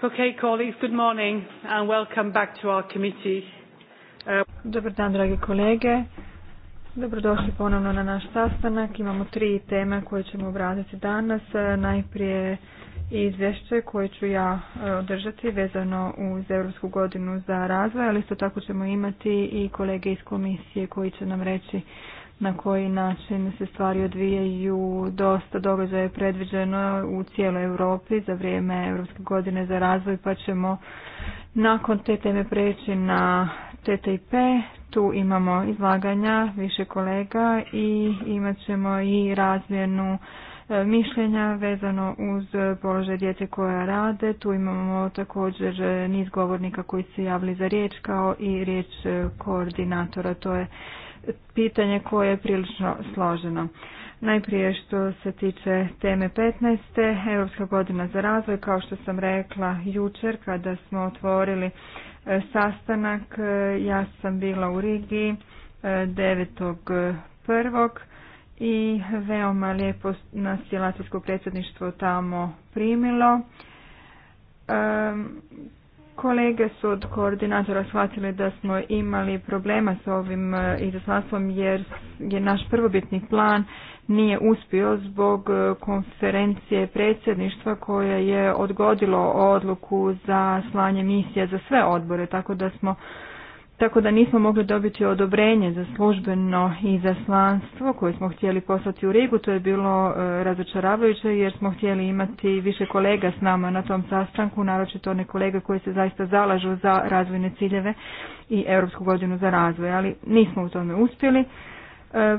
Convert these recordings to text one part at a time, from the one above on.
Okay, colleagues, good morning and welcome back to our committee. Uh, Dobar dan, dragi kolege. Dobrodošli ponovno na naš sastanak. Imamo tri teme koje ćemo obraditi danas. E, najprije izvješće koje ću ja e, održati vezano uz Europsku godinu za razvoj, ali isto tako ćemo imati i kolege iz komisije koji će nam reći na koji način se stvari odvijaju. Dosta događaja je predviđeno u cijeloj Europi za vrijeme Europske godine za razvoj, pa ćemo nakon te teme preći na TTIP. Tu imamo izlaganja više kolega i imat ćemo i razmjenu e, mišljenja vezano uz položaj djece koja rade. Tu imamo također niz govornika koji se javili za riječ kao i riječ e, koordinatora. To je pitanje koje je prilično složeno. Najprije što se tiče teme 15. Europska godina za razvoj, kao što sam rekla jučer kada smo otvorili e, sastanak, e, ja sam bila u Rigi 9.1. E, i veoma lijepo nas je Latvijsko predsjedništvo tamo primilo. Kolege su od koordinatora shvatili da smo imali problema s ovim e, izaslanstvom jer je naš prvobitni plan nije uspio zbog e, konferencije predsjedništva koje je odgodilo odluku za slanje misije za sve odbore, tako da smo tako da nismo mogli dobiti odobrenje za službeno slanstvo koje smo htjeli poslati u Rigu. To je bilo e, razočaravajuće jer smo htjeli imati više kolega s nama na tom sastanku, naročito one kolege koji se zaista zalažu za razvojne ciljeve i Europsku godinu za razvoj, ali nismo u tome uspjeli. E,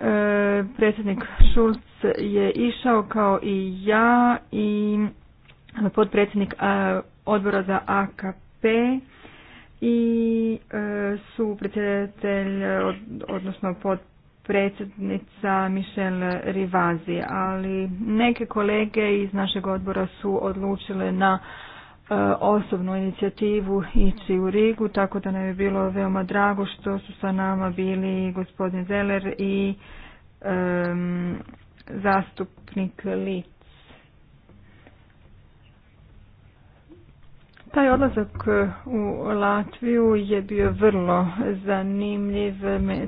e, predsjednik Šulc je išao kao i ja i podpredsjednik odbora za AKP i e, su predsjedatelj, odnosno pod predsjednica Rivazi, ali neke kolege iz našeg odbora su odlučile na e, osobnu inicijativu ići u Rigu, tako da nam je bilo veoma drago što su sa nama bili gospodin Zeller i e, zastupnik Lik. Taj odlazak e, u Latviju je bio vrlo zanimljiv.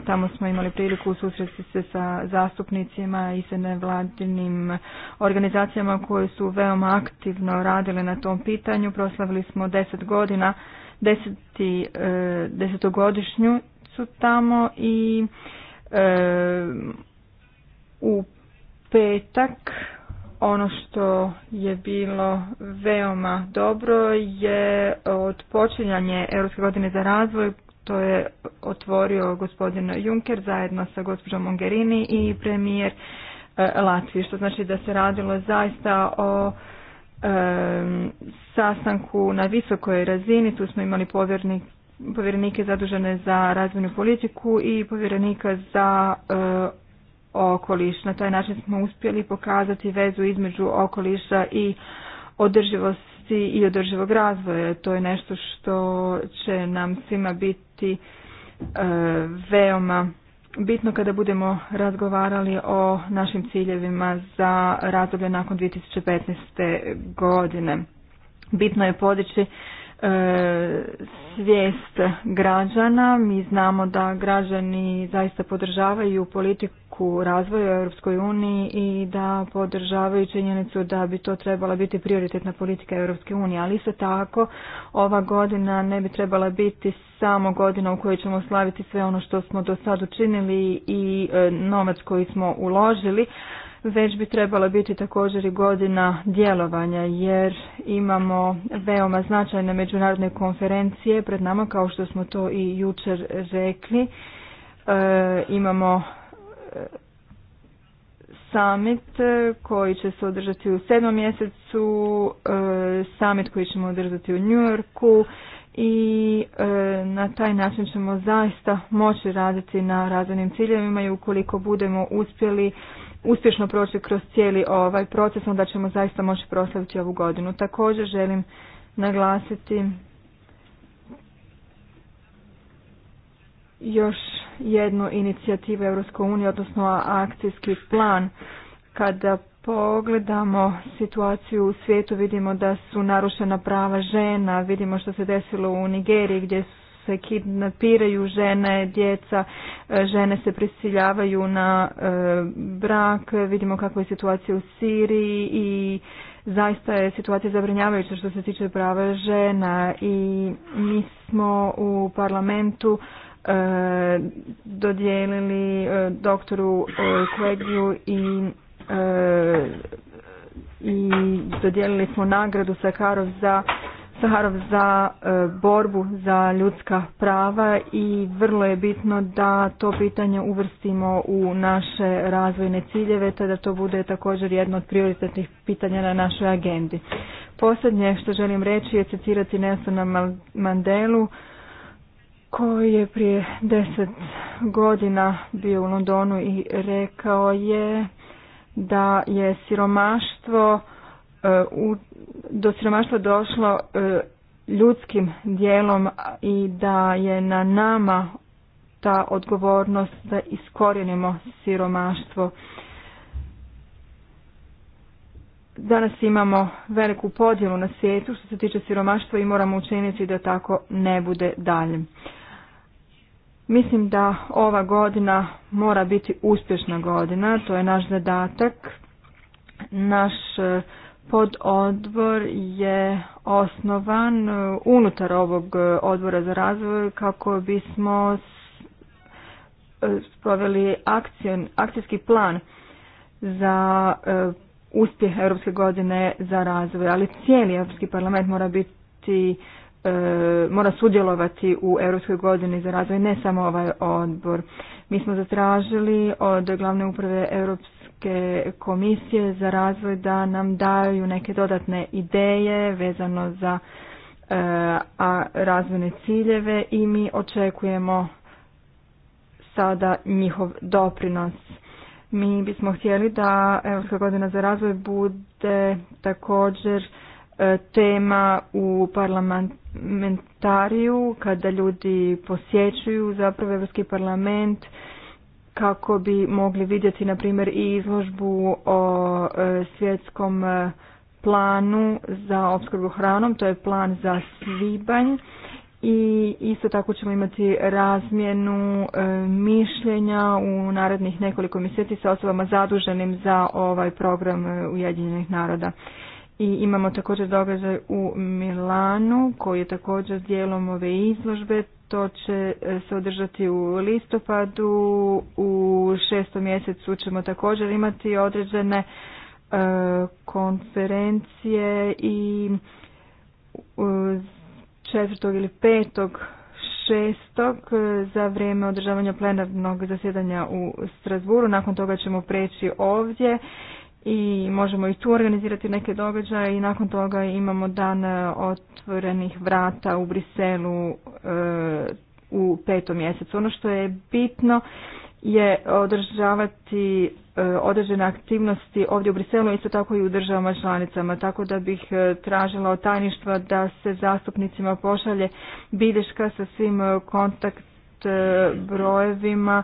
Tamo smo imali priliku susresti se sa zastupnicima i sa nevladinim organizacijama koje su veoma aktivno radile na tom pitanju. Proslavili smo deset godina, deseti, e, desetogodišnju su tamo i e, u petak ono što je bilo veoma dobro je od počinjanje Europske godine za razvoj, to je otvorio gospodin Juncker zajedno sa gospođom Mongerini i premijer e, Latvije, što znači da se radilo zaista o e, sastanku na visokoj razini, tu smo imali povjernik, povjerenike zadužene za razvojnu politiku i povjerenika za e, okoliš. Na taj način smo uspjeli pokazati vezu između okoliša i održivosti i održivog razvoja. To je nešto što će nam svima biti e, veoma bitno kada budemo razgovarali o našim ciljevima za razdoblje nakon 2015. godine. Bitno je podići E, svijest građana. Mi znamo da građani zaista podržavaju politiku razvoja u Europskoj uniji i da podržavaju činjenicu da bi to trebala biti prioritetna politika Europske unije, ali isto tako ova godina ne bi trebala biti samo godina u kojoj ćemo slaviti sve ono što smo do sad učinili i e, novac koji smo uložili, već bi trebala biti također i godina djelovanja jer imamo veoma značajne međunarodne konferencije pred nama kao što smo to i jučer rekli. E, imamo e, summit e, koji će se održati u sedmom mjesecu, e, summit koji ćemo održati u New Yorku i na taj način ćemo zaista moći raditi na razvojnim ciljevima i ukoliko budemo uspjeli uspješno proći kroz cijeli ovaj proces, onda ćemo zaista moći proslaviti ovu godinu. Također želim naglasiti još jednu inicijativu Europske unije, odnosno akcijski plan. Kada pogledamo situaciju u svijetu, vidimo da su narušena prava žena, vidimo što se desilo u Nigeriji gdje se kidnapiraju žene, djeca, e, žene se prisiljavaju na e, brak, vidimo kakva je situacija u Siriji i zaista je situacija zabrinjavajuća što se tiče prava žena i mi smo u parlamentu e, dodijelili doktoru Kvegiju i i dodijelili smo nagradu Sakarov za Saharov za e, borbu za ljudska prava i vrlo je bitno da to pitanje uvrstimo u naše razvojne ciljeve te da to bude također jedno od prioritetnih pitanja na našoj agendi. Posljednje što želim reći je citirati Nelsona Mandelu koji je prije deset godina bio u Londonu i rekao je da je siromaštvo e, u do siromaštva došlo e, ljudskim dijelom i da je na nama ta odgovornost da iskorjenimo siromaštvo. Danas imamo veliku podjelu na svijetu što se tiče siromaštva i moramo učiniti da tako ne bude dalje. Mislim da ova godina mora biti uspješna godina, to je naš zadatak. Naš Odbor je osnovan e, unutar ovog e, odbora za razvoj kako bismo e, sproveli akcijski plan za uspjeh Europske godine za razvoj, ali cijeli Europski parlament mora biti mora sudjelovati u Europskoj godini za razvoj, ne samo ovaj odbor. Mi smo zatražili od glavne uprave Europske Europske komisije za razvoj da nam daju neke dodatne ideje vezano za e, a razvojne ciljeve i mi očekujemo sada njihov doprinos. Mi bismo htjeli da Europska godina za razvoj bude također e, tema u parlamentariju kada ljudi posjećuju zapravo Europski parlament kako bi mogli vidjeti na primjer i izložbu o e, svjetskom e, planu za opskrbu hranom, to je plan za svibanj i isto tako ćemo imati razmjenu e, mišljenja u narednih nekoliko mjeseci sa osobama zaduženim za ovaj program Ujedinjenih naroda. I imamo također događaj u Milanu koji je također dijelom ove izložbe to će e, se održati u listopadu. U šestom mjesecu ćemo također imati određene e, konferencije i četvrtog ili petog šestog e, za vrijeme održavanja plenarnog zasjedanja u Strasburu. Nakon toga ćemo preći ovdje i možemo i tu organizirati neke događaje i nakon toga imamo dan e, otvorenih vrata u Briselu e, u petom mjesecu. Ono što je bitno je održavati e, određene aktivnosti ovdje u Briselu, isto tako i u državama članicama, tako da bih tražila od tajništva da se zastupnicima pošalje bilješka sa svim kontakt brojevima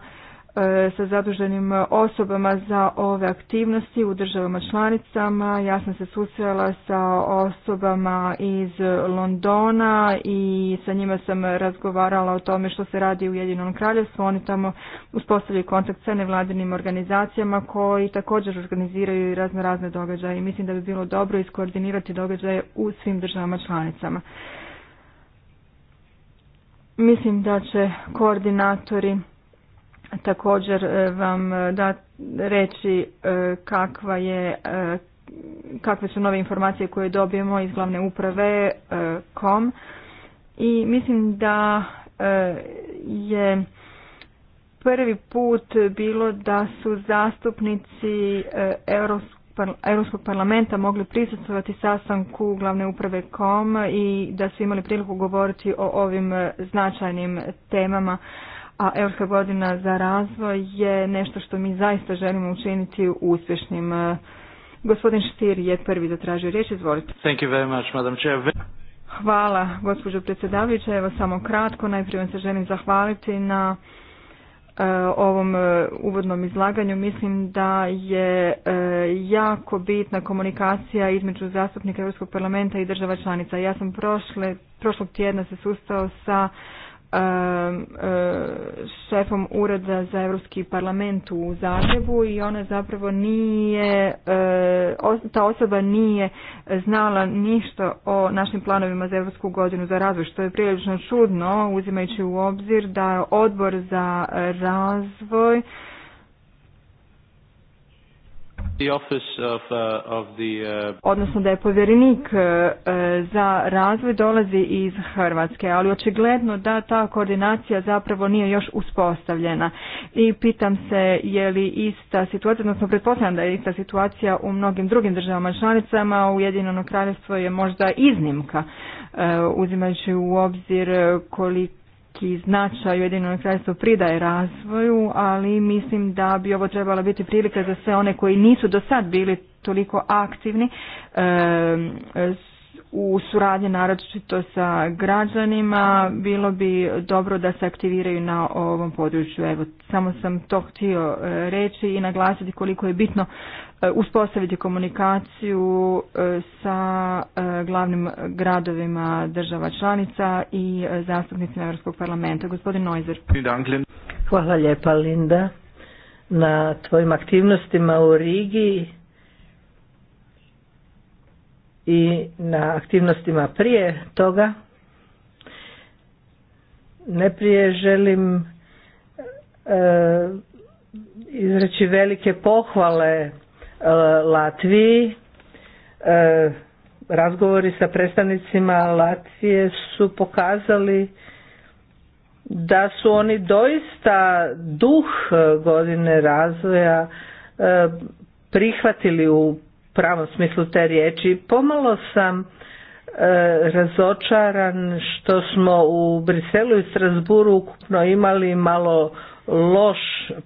E, sa zaduženim osobama za ove aktivnosti u državama članicama. Ja sam se susrela sa osobama iz Londona i sa njima sam razgovarala o tome što se radi u Jedinom kraljevstvu. Oni tamo uspostavljaju kontakt sa nevladinim organizacijama koji također organiziraju razno razne događaje i mislim da bi bilo dobro iskoordinirati događaje u svim državama članicama. Mislim da će koordinatori također e, vam e, da reći e, kakva je kakve su nove informacije koje dobijemo iz glavne uprave kom i mislim da je prvi put bilo da su zastupnici Europskog parlamenta mogli prisustvovati sastanku glavne uprave KOM i da su imali priliku govoriti o ovim značajnim temama a Europska godina za razvoj je nešto što mi zaista želimo učiniti uspješnim. Gospodin Štir je prvi zatražio riječ, izvolite. Thank you very much, Madam Hvala, gospođo predsjedavajuća. Evo samo kratko, najprije vam se želim zahvaliti na e, ovom e, uvodnom izlaganju mislim da je e, jako bitna komunikacija između zastupnika Europskog parlamenta i država članica. Ja sam prošle, prošlog tjedna se sustao sa Um, uh, šefom Ureda za Europski parlament u Zagrebu i ona zapravo nije, uh, ta osoba nije znala ništa o našim planovima za Europsku godinu za razvoj, što je prilično čudno uzimajući u obzir da odbor za razvoj Uh, uh, odnosno da je povjerenik uh, za razvoj dolazi iz Hrvatske, ali očigledno da ta koordinacija zapravo nije još uspostavljena. I pitam se je li ista situacija, odnosno pretpostavljam da je ista situacija u mnogim drugim državama članicama, Ujedinjeno kraljevstvo je možda iznimka, uzimajući u obzir koliko veliki značaj Ujedinjeno kraljstvo pridaje razvoju, ali mislim da bi ovo trebala biti prilika za sve one koji nisu do sad bili toliko aktivni u suradnji naročito sa građanima. Bilo bi dobro da se aktiviraju na ovom području. Evo, samo sam to htio eh, reći i naglasiti koliko je bitno E, uspostaviti komunikaciju e, sa e, glavnim gradovima država članica i zastupnicima Europskog parlamenta. Gospodin Neuser. Hvala lijepa Linda na tvojim aktivnostima u Rigi i na aktivnostima prije toga. Neprije želim izreći velike pohvale Eh, Latviji. Eh, razgovori sa predstavnicima Latvije su pokazali da su oni doista duh eh, godine razvoja prihvatili u pravom smislu te riječi. Pomalo sam razočaran što smo u Briselu i Strasburu ukupno imali malo loš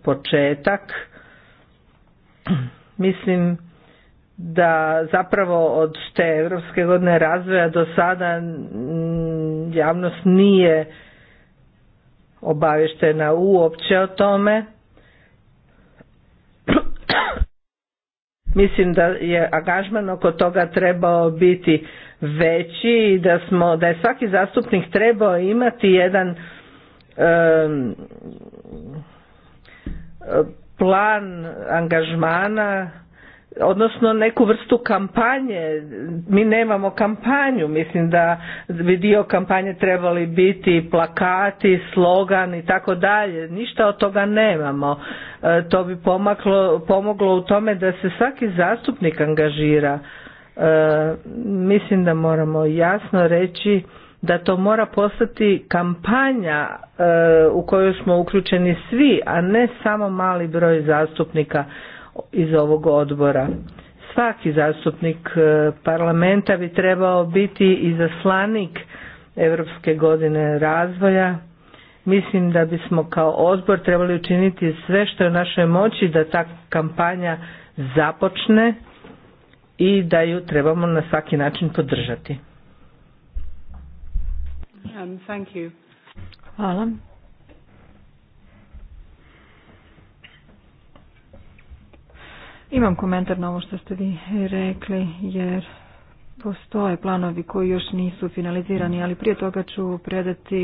početak. Mislim da zapravo od te Europske godine razvoja do sada javnost nije obavještena uopće o tome. Mislim da je angažman oko toga trebao biti veći i da, smo, da je svaki zastupnik trebao imati jedan plan angažmana odnosno neku vrstu kampanje. Mi nemamo kampanju, mislim da bi dio kampanje trebali biti plakati, slogan i tako dalje. Ništa od toga nemamo. E, to bi pomaklo, pomoglo u tome da se svaki zastupnik angažira. E, mislim da moramo jasno reći da to mora postati kampanja e, u koju smo uključeni svi, a ne samo mali broj zastupnika iz ovog odbora. Svaki zastupnik e, parlamenta bi trebao biti izaslanik Europske godine razvoja. Mislim da bismo kao odbor trebali učiniti sve što je u našoj moći da ta kampanja započne i da ju trebamo na svaki način podržati. Um, thank you. Hvala. Imam komentar na ovo što ste vi rekli, jer postoje planovi koji još nisu finalizirani, ali prije toga ću predati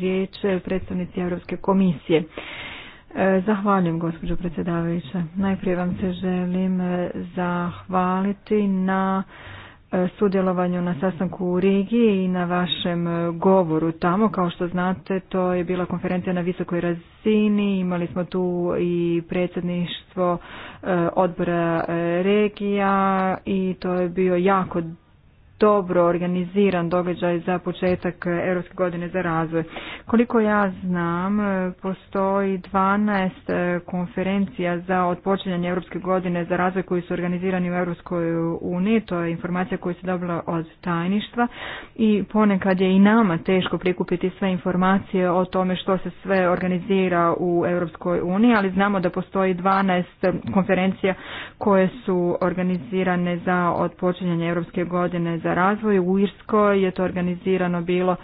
riječ predstavnici Europske komisije. E, zahvaljujem, gospođo predsjedavajuća. Najprije vam se želim e, zahvaliti na E, sudjelovanju na sastanku u regiji i na vašem e, govoru tamo. Kao što znate, to je bila konferencija na visokoj razini, imali smo tu i predsjedništvo e, odbora regija i to je bio jako dobro organiziran događaj za početak Europske godine za razvoj. Koliko ja znam, postoji 12 e, konferencija za odpočinjanje Europske godine za razvoj koji su organizirani u Europskoj uniji, to je informacija koju se dobila od tajništva i ponekad je i nama teško prikupiti sve informacije o tome što se sve organizira u Europskoj uniji, ali znamo da postoji 12 konferencija koje su organizirane za odpočinjanje Europske godine za razvoj. U Irskoj je to organizirano bilo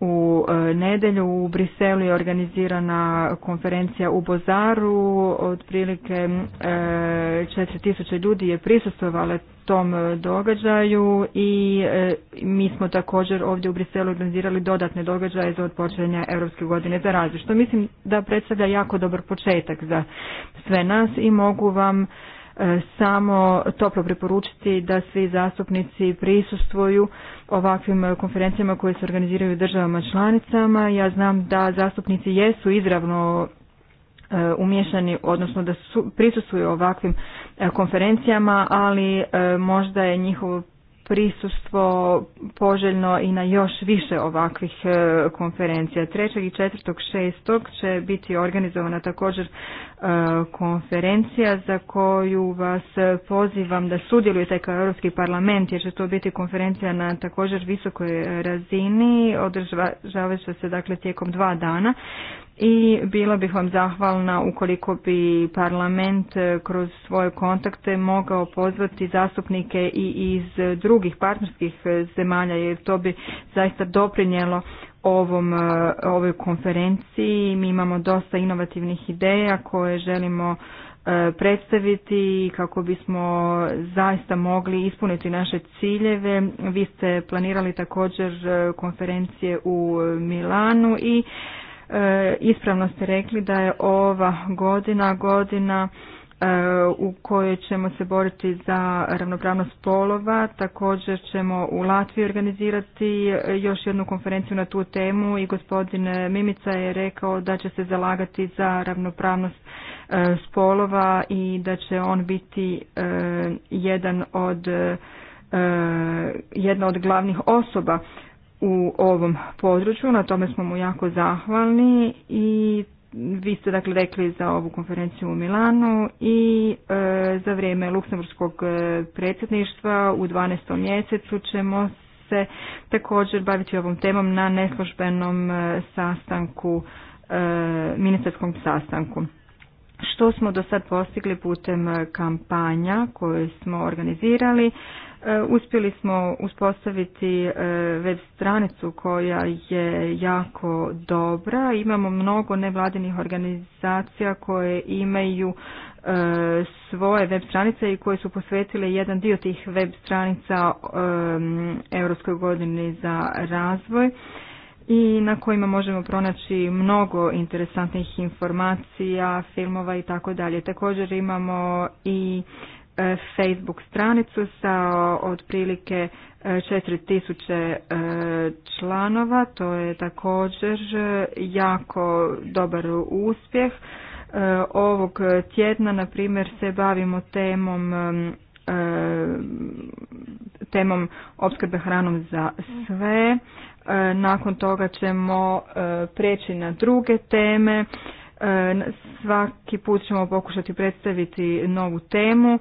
u e, nedelju u Briselu je organizirana konferencija u Bozaru, otprilike 4000 e, ljudi je prisustvovalo tom događaju i e, mi smo također ovdje u Briselu organizirali dodatne događaje za otpočenje Europske godine za razvoj, što mislim da predstavlja jako dobar početak za sve nas i mogu vam E, samo toplo preporučiti da svi zastupnici prisustvuju ovakvim konferencijama koje se organiziraju državama članicama. Ja znam da zastupnici jesu izravno e, umješani, odnosno da su, prisustuju ovakvim e, konferencijama, ali možda je njihov prisustvo poželjno i na još više ovakvih e, konferencija. 3. i 4. 6. će biti organizovana također e, konferencija za koju vas pozivam da sudjelujete kao Europski parlament jer će to biti konferencija na također visokoj e, razini, održava se dakle tijekom dva dana i bila bih vam zahvalna ukoliko bi parlament e, kroz svoje kontakte mogao pozvati zastupnike i iz drugih partnerskih e, zemalja jer to bi zaista doprinjelo ovom, e, ovoj konferenciji. Mi imamo dosta inovativnih ideja koje želimo predstaviti kako bismo zaista mogli ispuniti naše ciljeve. Vi ste planirali također konferencije u Milanu i E, ispravno ste rekli da je ova godina godina e, u kojoj ćemo se boriti za ravnopravnost polova. Također ćemo u Latviji organizirati e, još jednu konferenciju na tu temu i gospodin Mimica je rekao da će se zalagati za ravnopravnost spolova i da će on biti jedan od jedna od glavnih osoba u ovom području, na tome smo mu jako zahvalni i vi ste dakle rekli za ovu konferenciju u Milanu i e, za vrijeme luksemburskog e, predsjedništva u 12. mjesecu ćemo se također baviti ovom temom na neslužbenom e, sastanku, ministarskom sastanku. Što smo do sad postigli putem kampanja koje smo organizirali, E, uspjeli smo uspostaviti e, web stranicu koja je jako dobra. Imamo mnogo nevladinih organizacija koje imaju e, svoje web stranice i koje su posvetile jedan dio tih web stranica Europskoj godini za razvoj i na kojima možemo pronaći mnogo interesantnih informacija, filmova i tako dalje. Također imamo i E, Facebook stranicu sa otprilike 4000 e, e, članova. To je također jako dobar uspjeh. Ovog tjedna, na primjer, se bavimo temom temom opskrbe hranom za sve. Nakon toga ćemo preći na druge teme. Svaki put ćemo pokušati predstaviti novu temu.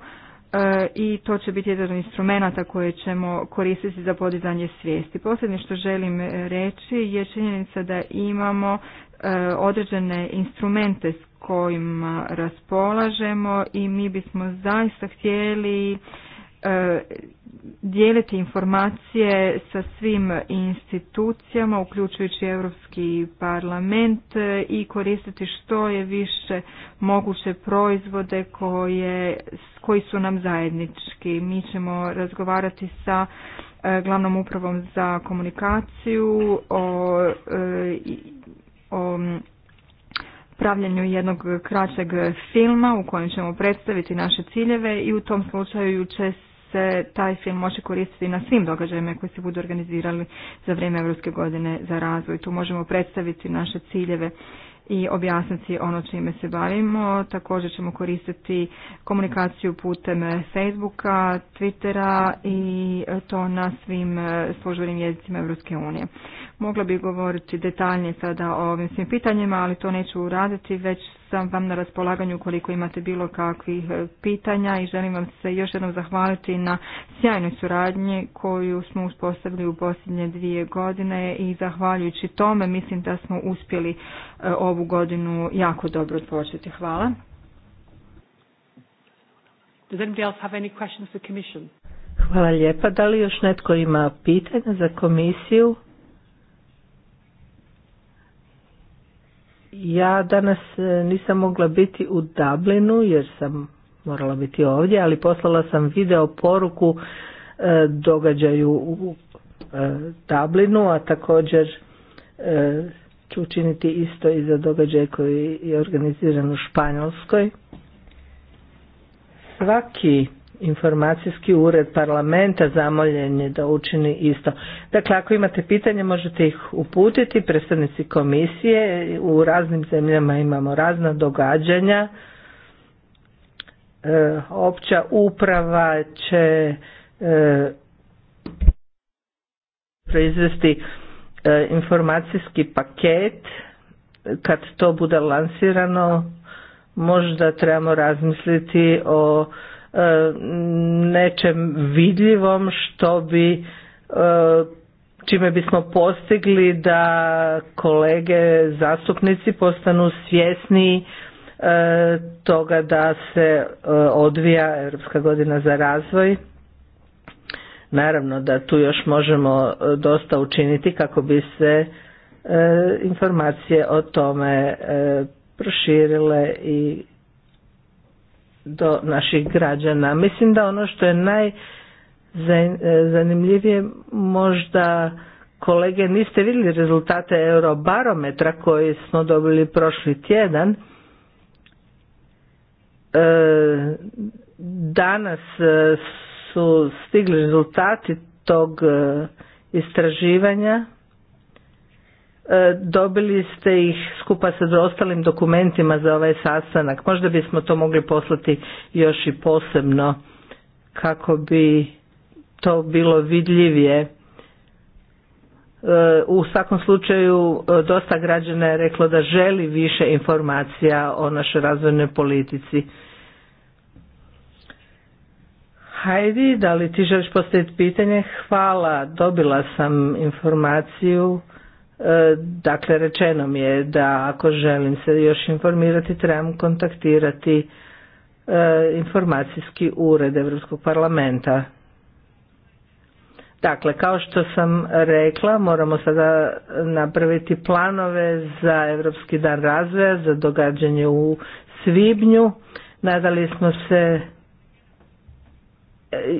E, i to će biti jedan od instrumenta koje ćemo koristiti za podizanje svijesti. Posljednje što želim reći je činjenica da imamo e, određene instrumente s kojima raspolažemo i mi bismo zaista htjeli e, dijeliti informacije sa svim institucijama, uključujući Europski parlament e, i koristiti što je više moguće proizvode koje, koji su nam zajednički. Mi ćemo razgovarati sa e, glavnom upravom za komunikaciju o, e, o pravljenju jednog kraćeg filma u kojem ćemo predstaviti naše ciljeve i u tom slučaju će se taj film može koristiti na svim događajima koji se budu organizirali za vrijeme Europske godine za razvoj. Tu možemo predstaviti naše ciljeve i objasniti ono čime se bavimo. Također ćemo koristiti komunikaciju putem Facebooka, Twittera i to na svim e, službenim jezicima Europske unije. Mogla bi govoriti detaljnije sada o ovim svim pitanjima, ali to neću uraditi, već sam vam na raspolaganju koliko imate bilo kakvih e, pitanja i želim vam se još jednom zahvaliti na sjajnoj suradnji koju smo uspostavili u posljednje dvije godine i zahvaljujući tome mislim da smo uspjeli e, ovu godinu jako dobro početi. Hvala. Hvala lijepa. Da li još netko ima pitanja za komisiju? Ja danas e, nisam mogla biti u Dublinu jer sam morala biti ovdje, ali poslala sam video poruku e, događaju u e, Dublinu, a također ću učiniti isto i za događaj koji je organiziran u Španjolskoj. Svaki informacijski ured parlamenta zamoljen je da učini isto. Dakle, ako imate pitanje možete ih uputiti predstavnici komisije. U raznim zemljama imamo razna događanja. E, opća uprava će e, proizvesti e, informacijski paket kad to bude lansirano možda trebamo razmisliti o E, nečem vidljivom što bi e, čime bismo postigli da kolege zastupnici postanu svjesniji e, toga da se odvija Europska godina za razvoj. Naravno da tu još možemo dosta učiniti kako bi se informacije o tome proširile i do naših građana. Mislim da ono što je najzanimljivije eh, možda kolege niste vidjeli rezultate eurobarometra koji smo dobili prošli tjedan. Eh, danas eh, su stigli rezultati tog istraživanja E, dobili ste ih skupa sa ostalim dokumentima za ovaj sastanak. Možda bismo to mogli poslati još i posebno kako bi to bilo vidljivije. E, u svakom slučaju e, dosta građana je reklo da želi više informacija o našoj razvojnoj politici. Hajdi, da li ti želiš postaviti pitanje? Hvala, dobila sam informaciju Dakle, rečeno mi je da ako želim se još informirati, trebam kontaktirati e, informacijski ured Europskog parlamenta. Dakle, kao što sam rekla, moramo sada napraviti planove za Europski dan razvoja, za događanje u svibnju. Nadali smo se e,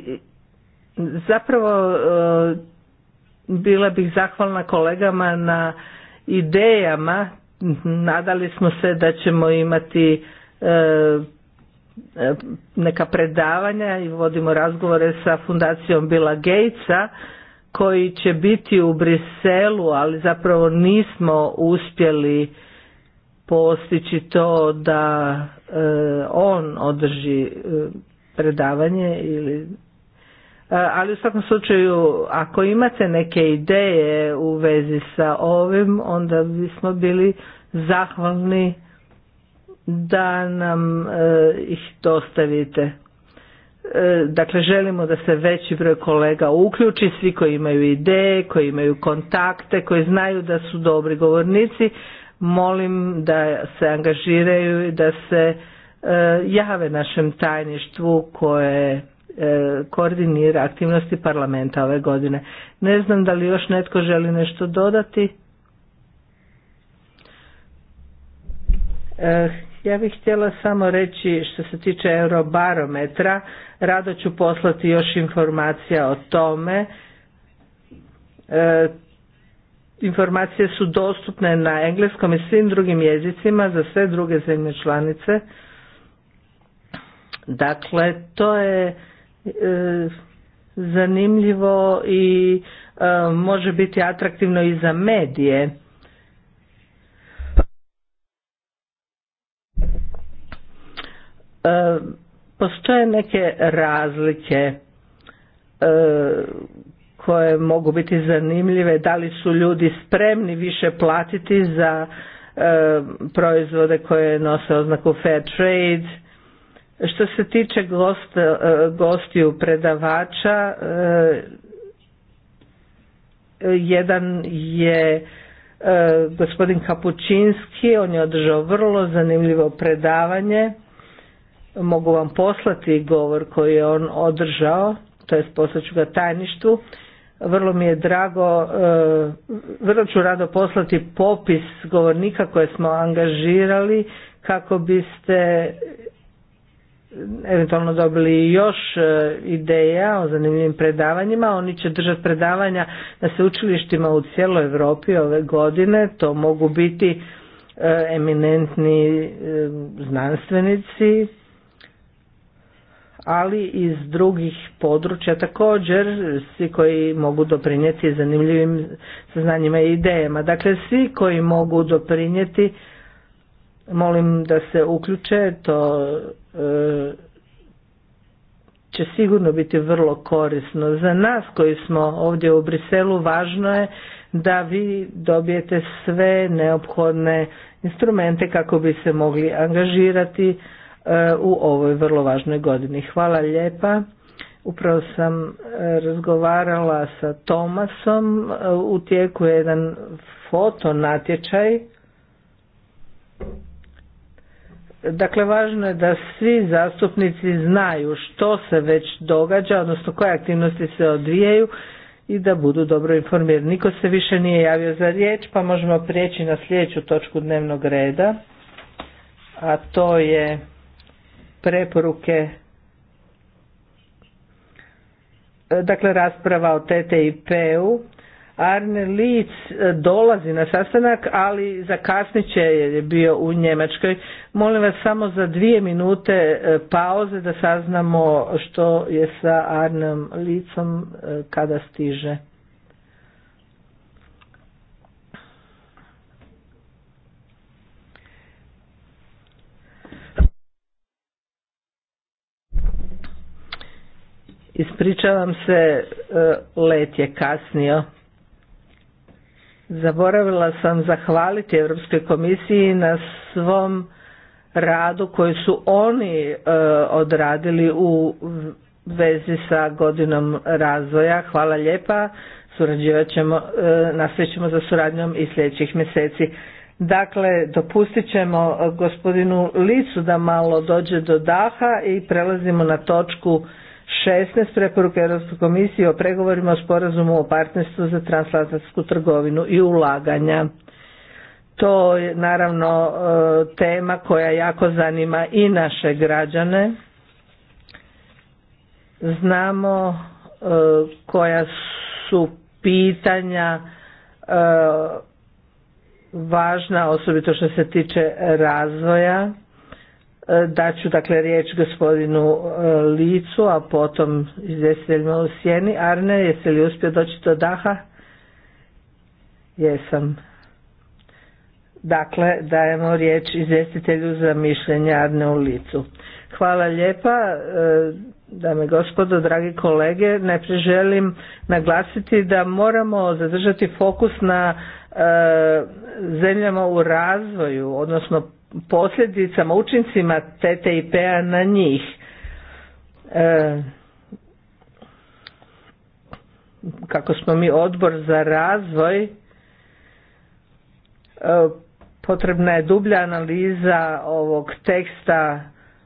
zapravo e, bila bih zahvalna kolegama na idejama. Nadali smo se da ćemo imati e, e, neka predavanja i vodimo razgovore sa fundacijom Bila Gatesa koji će biti u Briselu, ali zapravo nismo uspjeli postići to da e, on održi predavanje ili E, ali u svakom slučaju ako imate neke ideje u vezi sa ovim onda bismo bili zahvalni da nam e, ih dostavite e, dakle želimo da se veći broj kolega uključi, svi koji imaju ideje, koji imaju kontakte, koji znaju da su dobri govornici, molim da se angažiraju i da se jave našem tajništvu koje E, koordinira aktivnosti parlamenta ove godine. Ne znam da li još netko želi nešto dodati. E, ja bih htjela samo reći što se tiče eurobarometra, rado ću poslati još informacija o tome. E, informacije su dostupne na engleskom i svim drugim jezicima za sve druge zemlje članice. Dakle, to je E, zanimljivo i e, može biti atraktivno i za medije. E, postoje neke razlike koje mogu biti zanimljive, da li su ljudi spremni više platiti za proizvode koje nose oznaku fair trade, što se tiče gost, e, gostiju predavača, e, jedan je e, gospodin Kapučinski, on je održao vrlo zanimljivo predavanje. Mogu vam poslati govor koji je on održao, to je ću ga tajništvu. Vrlo mi je drago, vrlo ću rado poslati popis govornika koje smo angažirali kako biste eventualno dobili još e, ideja o zanimljivim predavanjima. Oni će držati predavanja na sveučilištima u cijeloj Europi ove godine. To mogu biti e, eminentni e, znanstvenici, ali iz drugih područja također, svi koji mogu doprinijeti zanimljivim saznanjima i idejama. Dakle, svi koji mogu doprinijeti, molim da se uključe, to E, će sigurno biti vrlo korisno. Za nas koji smo ovdje u Briselu važno je da vi dobijete sve neophodne instrumente kako bi se mogli angažirati e, u ovoj vrlo važnoj godini. Hvala lijepa. Upravo sam e, razgovarala sa Tomasom, u tijeku je jedan foto natječaj Dakle, važno je da svi zastupnici znaju što se već događa, odnosno koje aktivnosti se odvijaju i da budu dobro informirani. Niko se više nije javio za riječ, pa možemo prijeći na sljedeću točku dnevnog reda, a to je preporuke dakle rasprava o TTIP-u Arne Lic e, dolazi na sastanak, ali zakasnit će je bio u Njemačkoj. Molim vas samo za dvije minute e, pauze da saznamo što je sa Arnem Licom e, kada stiže. Ispričavam se, let je kasnio. Zaboravila sam zahvaliti Europskoj komisiji na svom radu koji su oni e, odradili u vezi sa godinom razvoja. Hvala lijepa. Surađivat ćemo, e, ćemo za suradnjom i sljedećih mjeseci. Dakle, dopustit ćemo e, gospodinu Licu da malo dođe do daha i prelazimo na točku 16 preporuka Europske komisije o pregovorima o sporazumu o partnerstvu za transatlantsku trgovinu i ulaganja. To je naravno e, tema koja jako zanima i naše građane. Znamo e, koja su pitanja e, važna osobito što se tiče razvoja E, daću dakle riječ gospodinu e, Licu, a potom izvjestiteljima u sjeni. Arne, jeste li uspio doći do daha? Jesam. Dakle, dajemo riječ izvjestitelju za mišljenje Arne u licu. Hvala lijepa, e, dame i gospodo, dragi kolege. Najprije želim naglasiti da moramo zadržati fokus na zemljama u razvoju, odnosno posljedicama, učincima TTIP-a na njih. E, kako smo mi odbor za razvoj, e, potrebna je dublja analiza ovog teksta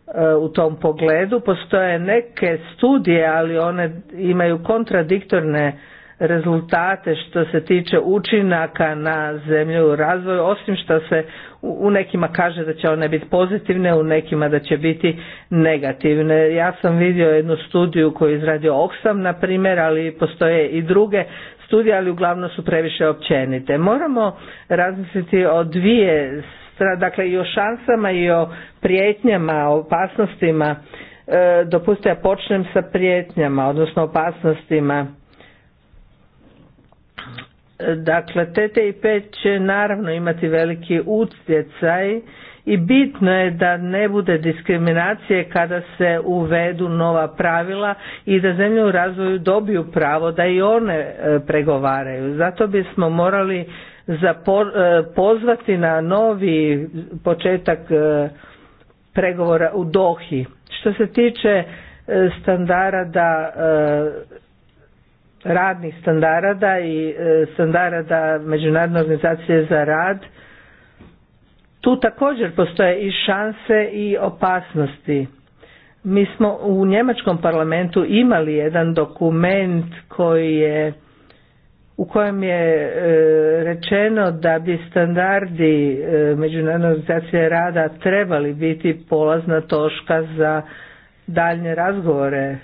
e, u tom pogledu. Postoje neke studije, ali one imaju kontradiktorne rezultate što se tiče učinaka na zemlju u razvoju, osim što se u nekima kaže da će one biti pozitivne, u nekima da će biti negativne. Ja sam vidio jednu studiju koju je izradio Oxfam, na primjer, ali postoje i druge studije, ali uglavnom su previše općenite. Moramo razmisliti o dvije, dakle i o šansama i o prijetnjama, opasnostima. E, dopustite ja počnem sa prijetnjama, odnosno opasnostima Dakle, TTIP će naravno imati veliki utjecaj i bitno je da ne bude diskriminacije kada se uvedu nova pravila i da zemlje u razvoju dobiju pravo da i one e, pregovaraju. Zato bismo morali e, pozvati na novi početak e, pregovora u Dohi. Što se tiče standarda radnih standarda i e, standarda Međunarodne organizacije za rad, tu također postoje i šanse i opasnosti. Mi smo u njemačkom parlamentu imali jedan dokument koji je u kojem je e, rečeno da bi standardi e, Međunarodne organizacije rada trebali biti polazna toška za daljnje razgovore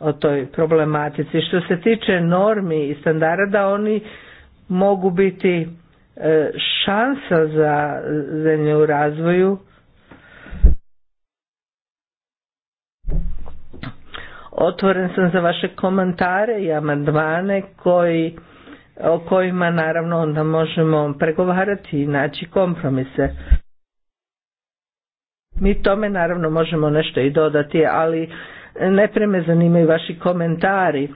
o toj problematici. Što se tiče normi i standarda, oni mogu biti e, šansa za zemlje u razvoju. Otvoren sam za vaše komentare i amandmane koji, o kojima naravno onda možemo pregovarati i naći kompromise. Mi tome naravno možemo nešto i dodati, ali nepreme zanimaju vaši komentari.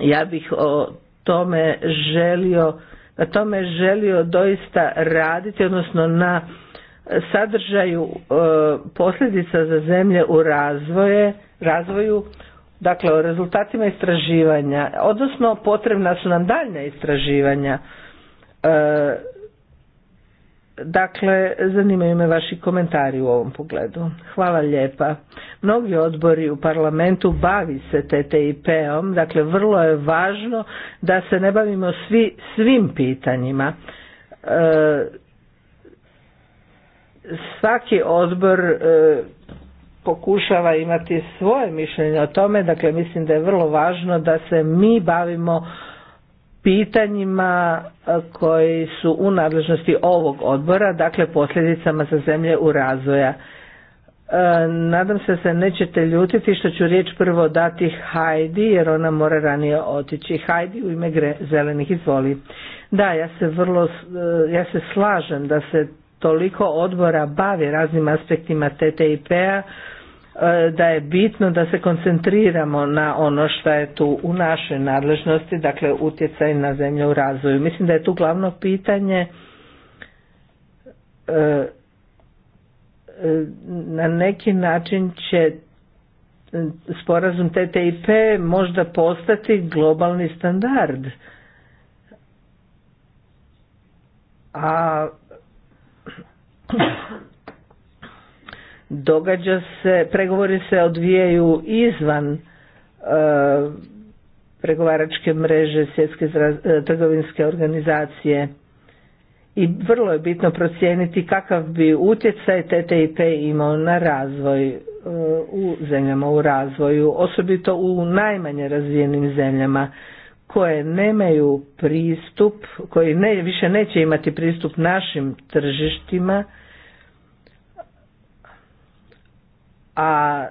Ja bih o tome želio, na tome želio doista raditi, odnosno na sadržaju e, posljedica za zemlje u razvoje, razvoju, dakle o rezultatima istraživanja, odnosno potrebna su nam daljnja istraživanja. E, Dakle, zanimaju me vaši komentari u ovom pogledu. Hvala lijepa. Mnogi odbori u parlamentu bavi se TTIP-om, dakle vrlo je važno da se ne bavimo svi svim pitanjima. E, svaki odbor e, pokušava imati svoje mišljenje o tome, dakle mislim da je vrlo važno da se mi bavimo pitanjima e, koji su u nadležnosti ovog odbora, dakle posljedicama za zemlje u razvoja. E, nadam se da se nećete ljutiti što ću riječ prvo dati Heidi jer ona mora ranije otići. Heidi u ime zelenih izvoli. Da, ja se vrlo, e, ja se slažem da se toliko odbora bavi raznim aspektima TTIP-a E, da je bitno da se koncentriramo na ono što je tu u našoj nadležnosti, dakle utjecaj na zemlju u razvoju. Mislim da je tu glavno pitanje e, e, na neki način će sporazum TTIP možda postati globalni standard. A događa se, pregovori se odvijaju izvan e, pregovaračke mreže svjetske e, trgovinske organizacije i vrlo je bitno procijeniti kakav bi utjecaj TTIP imao na razvoj e, u zemljama u razvoju, osobito u najmanje razvijenim zemljama koje nemaju pristup, koji više neće imati pristup našim tržištima a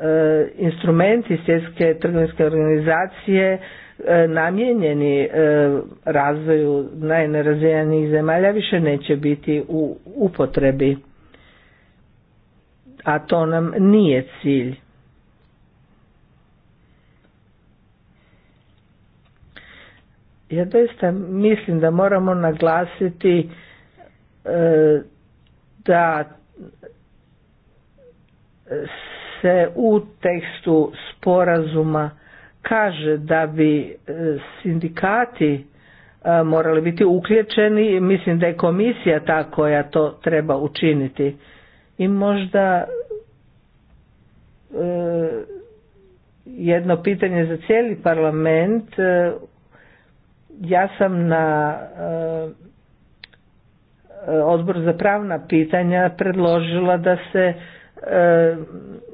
e, instrumenti svjetske trgovinske organizacije e, namijenjeni e, razvoju najnerazvijenijih zemalja više neće biti u upotrebi a to nam nije cilj ja doista mislim da moramo naglasiti da se u tekstu sporazuma kaže da bi e, sindikati e, morali biti uključeni, mislim da je komisija ta koja to treba učiniti. I možda e, jedno pitanje za cijeli parlament. Ja sam na odbor za pravna pitanja predložila da se E,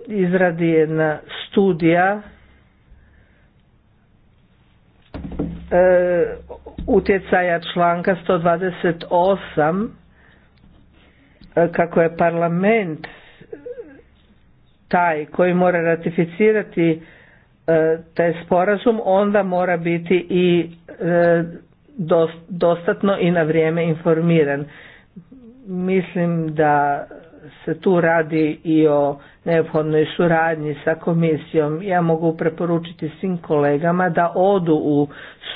izradi jedna studija e, utjecaja članka 128 e, kako je parlament taj koji mora ratificirati taj sporazum onda mora biti i dostatno i na vrijeme informiran. Mislim da se tu radi i o neophodnoj suradnji sa komisijom. Ja mogu preporučiti svim kolegama da odu u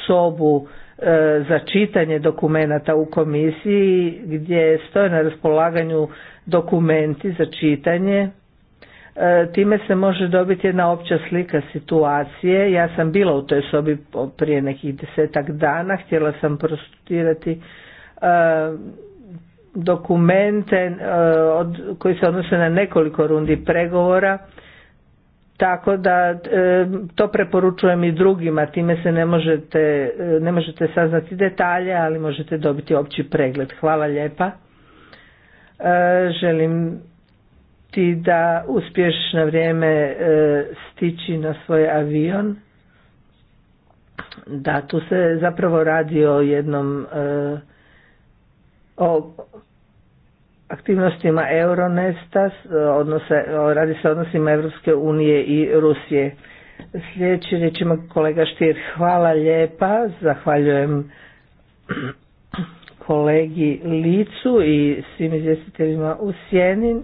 sobu e, za čitanje dokumenata u komisiji gdje stoje na raspolaganju dokumenti za čitanje. E, time se može dobiti jedna opća slika situacije. Ja sam bila u toj sobi prije nekih desetak dana, htjela sam prostudirati e, dokumente eh, koji se odnose na nekoliko rundi pregovora tako da eh, to preporučujem i drugima time se ne možete eh, ne možete saznati detalje ali možete dobiti opći pregled hvala lijepa želim ti da uspješ na vrijeme stići na svoj avion da tu se zapravo radi o jednom o aktivnostima Euronesta, e, e, radi se o odnosima Europske unije i Rusije. Sljedeći riječ ima kolega Štir. Hvala lijepa, zahvaljujem kolegi Licu i svim izvjestiteljima u Sjeni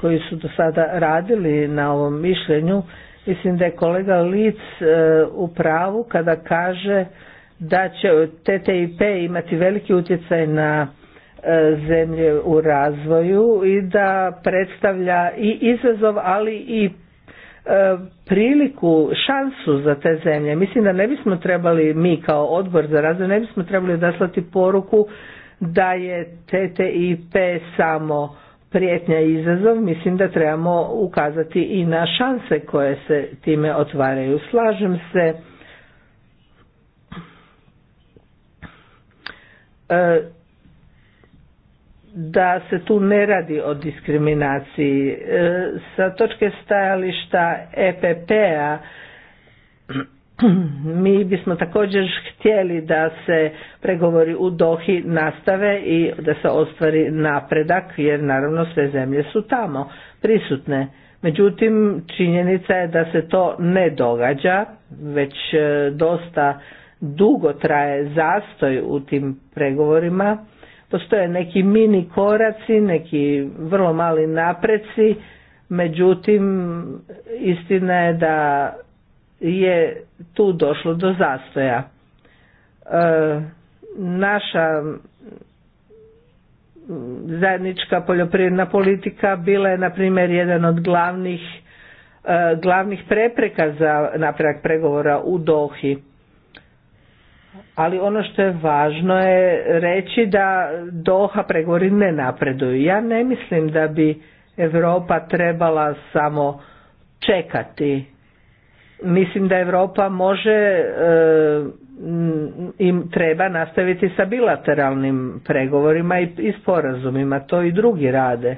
koji su do sada radili na ovom mišljenju. Mislim da je kolega Lic e, u pravu kada kaže da će TTIP imati veliki utjecaj na E, zemlje u razvoju i da predstavlja i izazov, ali i e, priliku, šansu za te zemlje. Mislim da ne bismo trebali, mi kao odbor za razvoj, ne bismo trebali odaslati poruku da je TTIP samo prijetnja i izazov, mislim da trebamo ukazati i na šanse koje se time otvaraju. Slažem se e, da se tu ne radi o diskriminaciji. E, sa točke stajališta EPP-a mi bismo također htjeli da se pregovori u Dohi nastave i da se ostvari napredak jer naravno sve zemlje su tamo prisutne. Međutim, činjenica je da se to ne događa, već e, dosta dugo traje zastoj u tim pregovorima Postoje neki mini koraci, neki vrlo mali napreci, međutim istina je da je tu došlo do zastoja. E, naša zajednička poljoprivredna politika bila je na primjer jedan od glavnih e, glavnih prepreka za napredak pregovora u Dohi ali ono što je važno je reći da Doha pregovori ne napreduju. Ja ne mislim da bi Europa trebala samo čekati. Mislim da Europa može e, im treba nastaviti sa bilateralnim pregovorima i sporazumima. To i drugi rade.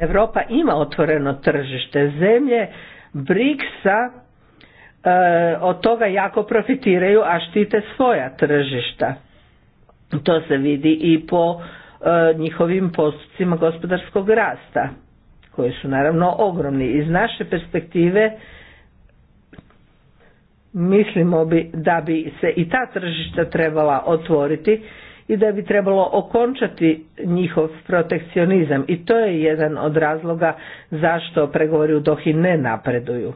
Europa ima otvoreno tržište zemlje, BRICS-a e, od toga jako profitiraju, a štite svoja tržišta. To se vidi i po e, njihovim postupcima gospodarskog rasta, koji su naravno ogromni. Iz naše perspektive mislimo bi da bi se i ta tržišta trebala otvoriti i da bi trebalo okončati njihov protekcionizam i to je jedan od razloga zašto pregovori u Dohi ne napreduju.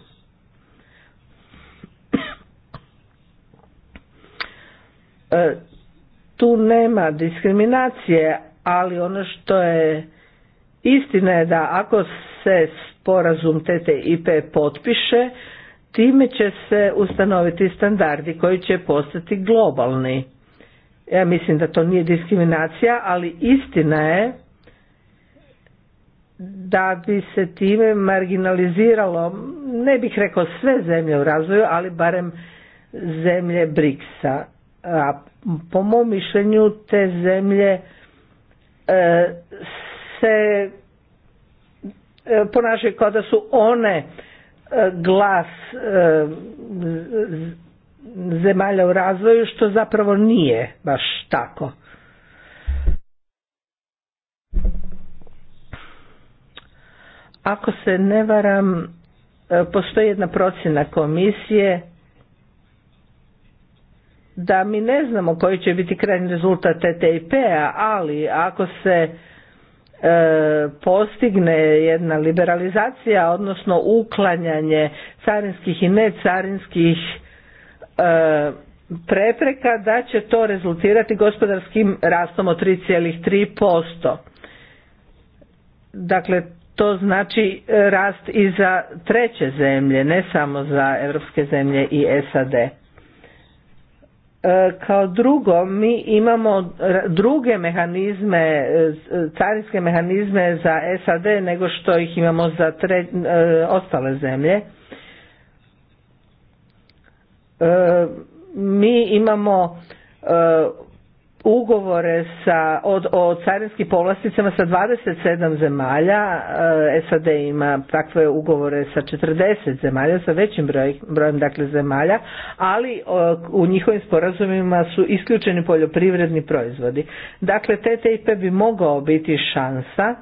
E, tu nema diskriminacije, ali ono što je istina je da ako se sporazum TTIP potpiše, time će se ustanoviti standardi koji će postati globalni ja mislim da to nije diskriminacija, ali istina je da bi se time marginaliziralo, ne bih rekao sve zemlje u razvoju, ali barem zemlje BRICS-a. po mom mišljenju te zemlje e, se e, ponašaju kao da su one e, glas e, zemalja u razvoju, što zapravo nije baš tako. Ako se ne varam, e, postoji jedna procjena komisije da mi ne znamo koji će biti krajnji rezultat TTIP-a, ali ako se e, postigne jedna liberalizacija, odnosno uklanjanje carinskih i necarinskih E, prepreka da će to rezultirati gospodarskim rastom od 3,3%. Dakle, to znači rast i za treće zemlje, ne samo za europske zemlje i SAD. E, kao drugo, mi imamo druge mehanizme, e, carinske mehanizme za SAD nego što ih imamo za tre, ostale zemlje. E, mi imamo e, ugovore sa, od, o carinskim povlasticama sa 27 zemalja, e, SAD ima takve ugovore sa 40 zemalja, sa većim brojem dakle zemalja, ali u njihovim sporazumima su isključeni poljoprivredni proizvodi. Dakle, TTIP bi mogao biti šansa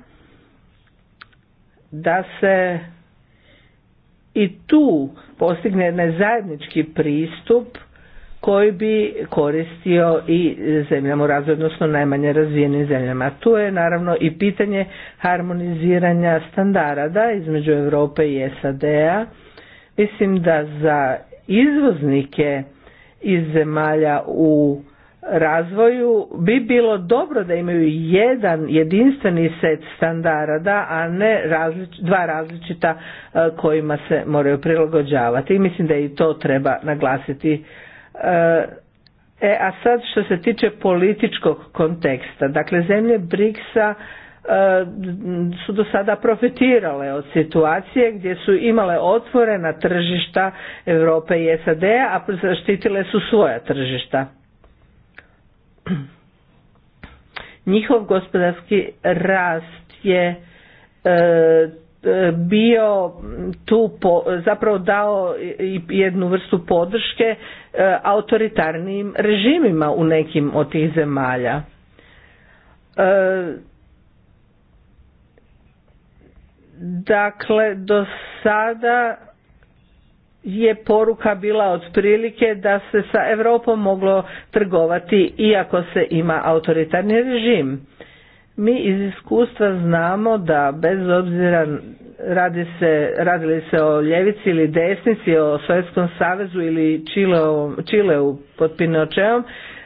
da se i tu postigne jedan zajednički pristup koji bi koristio i zemljama u razvoju, odnosno najmanje razvijenim zemljama. Tu je naravno i pitanje harmoniziranja standarda između Europe i SAD-a. Mislim da za izvoznike iz zemalja u razvoju bi bilo dobro da imaju jedan jedinstveni set standarda, a ne dva različita e, kojima se moraju prilagođavati. I mislim da i to treba naglasiti. E, e a sad što se tiče političkog konteksta, dakle zemlje brics e, su do sada profitirale od situacije gdje su imale otvorena tržišta Europe i SAD-a, a zaštitile su svoja tržišta Njihov gospodarski rast je e, e, bio tu po, zapravo dao jednu vrstu podrške e, autoritarnim režimima u nekim od tih zemalja. Dakle, do sada je poruka bila otprilike da se sa Europom moglo trgovati iako se ima autoritarni režim. Mi iz iskustva znamo da bez obzira radi se, radili se o ljevici ili desnici, o Sovjetskom savezu ili Čileu, Čileu pod Pinočeom,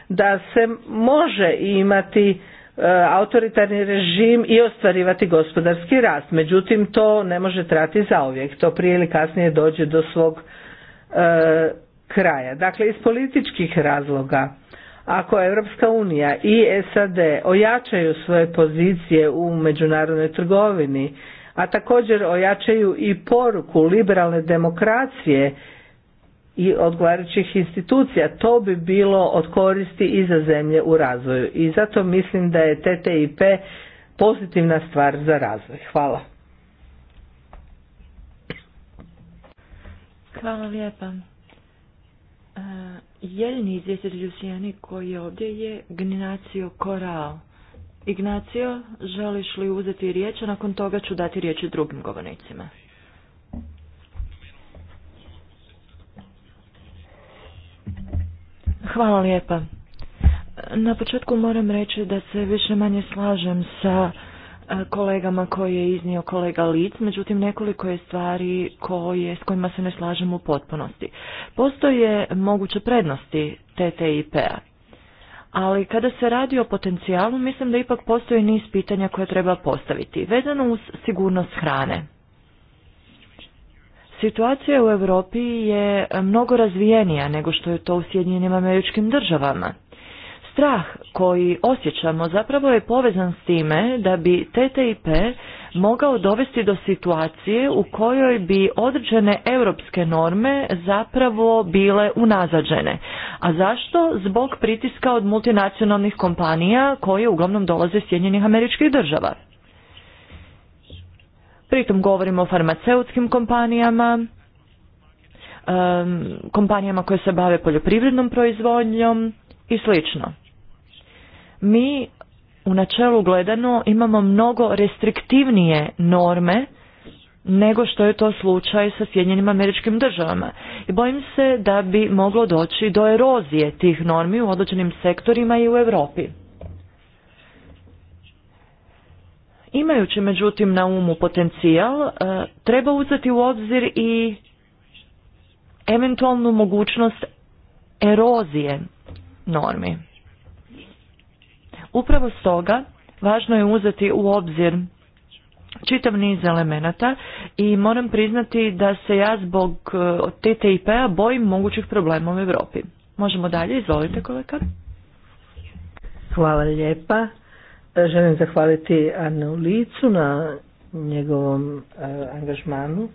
da se može imati E, autoritarni režim i ostvarivati gospodarski rast. Međutim, to ne može trati zauvijek. To prije ili kasnije dođe do svog e, kraja. Dakle, iz političkih razloga, ako Europska unija i SAD ojačaju svoje pozicije u međunarodnoj trgovini, a također ojačaju i poruku liberalne demokracije i odgovarajućih institucija. To bi bilo od koristi i za zemlje u razvoju i zato mislim da je TTIP pozitivna stvar za razvoj. Hvala. Hvala lijepa. E, Jedini izvjestitelj Ljusijani koji je ovdje je Ignacio Korao. Ignacio, želiš li uzeti riječ, a nakon toga ću dati riječ drugim govornicima. Hvala lijepa. Na početku moram reći da se više manje slažem sa e, kolegama koje je iznio kolega Lic, međutim nekoliko je stvari koje, s kojima se ne slažem u potpunosti. Postoje moguće prednosti TTIP-a, ali kada se radi o potencijalu, mislim da ipak postoji niz pitanja koje treba postaviti. Vezano uz sigurnost hrane, Situacija u Europi je mnogo razvijenija nego što je to u Sjedinjenim američkim državama. Strah koji osjećamo zapravo je povezan s time da bi TTIP mogao dovesti do situacije u kojoj bi određene europske norme zapravo bile unazađene. A zašto? Zbog pritiska od multinacionalnih kompanija koje uglavnom dolaze iz Sjedinjenih američkih država. Pritom govorimo o farmaceutskim kompanijama, kompanijama koje se bave poljoprivrednom proizvodnjom i sl. Mi u načelu gledano imamo mnogo restriktivnije norme nego što je to slučaj sa Sjedinjenim američkim državama. I bojim se da bi moglo doći do erozije tih normi u određenim sektorima i u Europi. Imajući međutim na umu potencijal, e, treba uzeti u obzir i eventualnu mogućnost erozije normi. Upravo stoga važno je uzeti u obzir čitav niz elemenata i moram priznati da se ja zbog e, TTIP-a bojim mogućih problema u Europi. Možemo dalje, izvolite kolega. Hvala lijepa. Želim zahvaliti na Licu na njegovom e, angažmanu.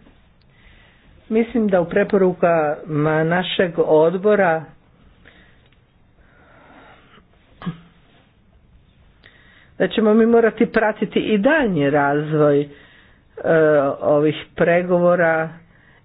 Mislim da u preporukama našeg odbora da ćemo mi morati pratiti i daljnji razvoj e, ovih pregovora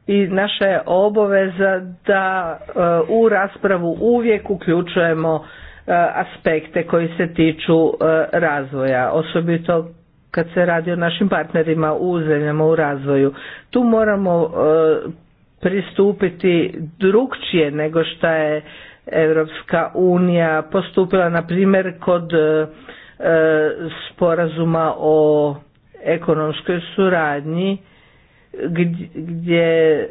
i naša je obaveza da e, u raspravu uvijek uključujemo Eh, aspekte koji se tiču eh, razvoja, osobito kad se radi o našim partnerima u zemljama u razvoju. Tu moramo eh, pristupiti drugčije nego što je Europska unija postupila na primjer kod sporazuma o ekonomskoj suradnji gdje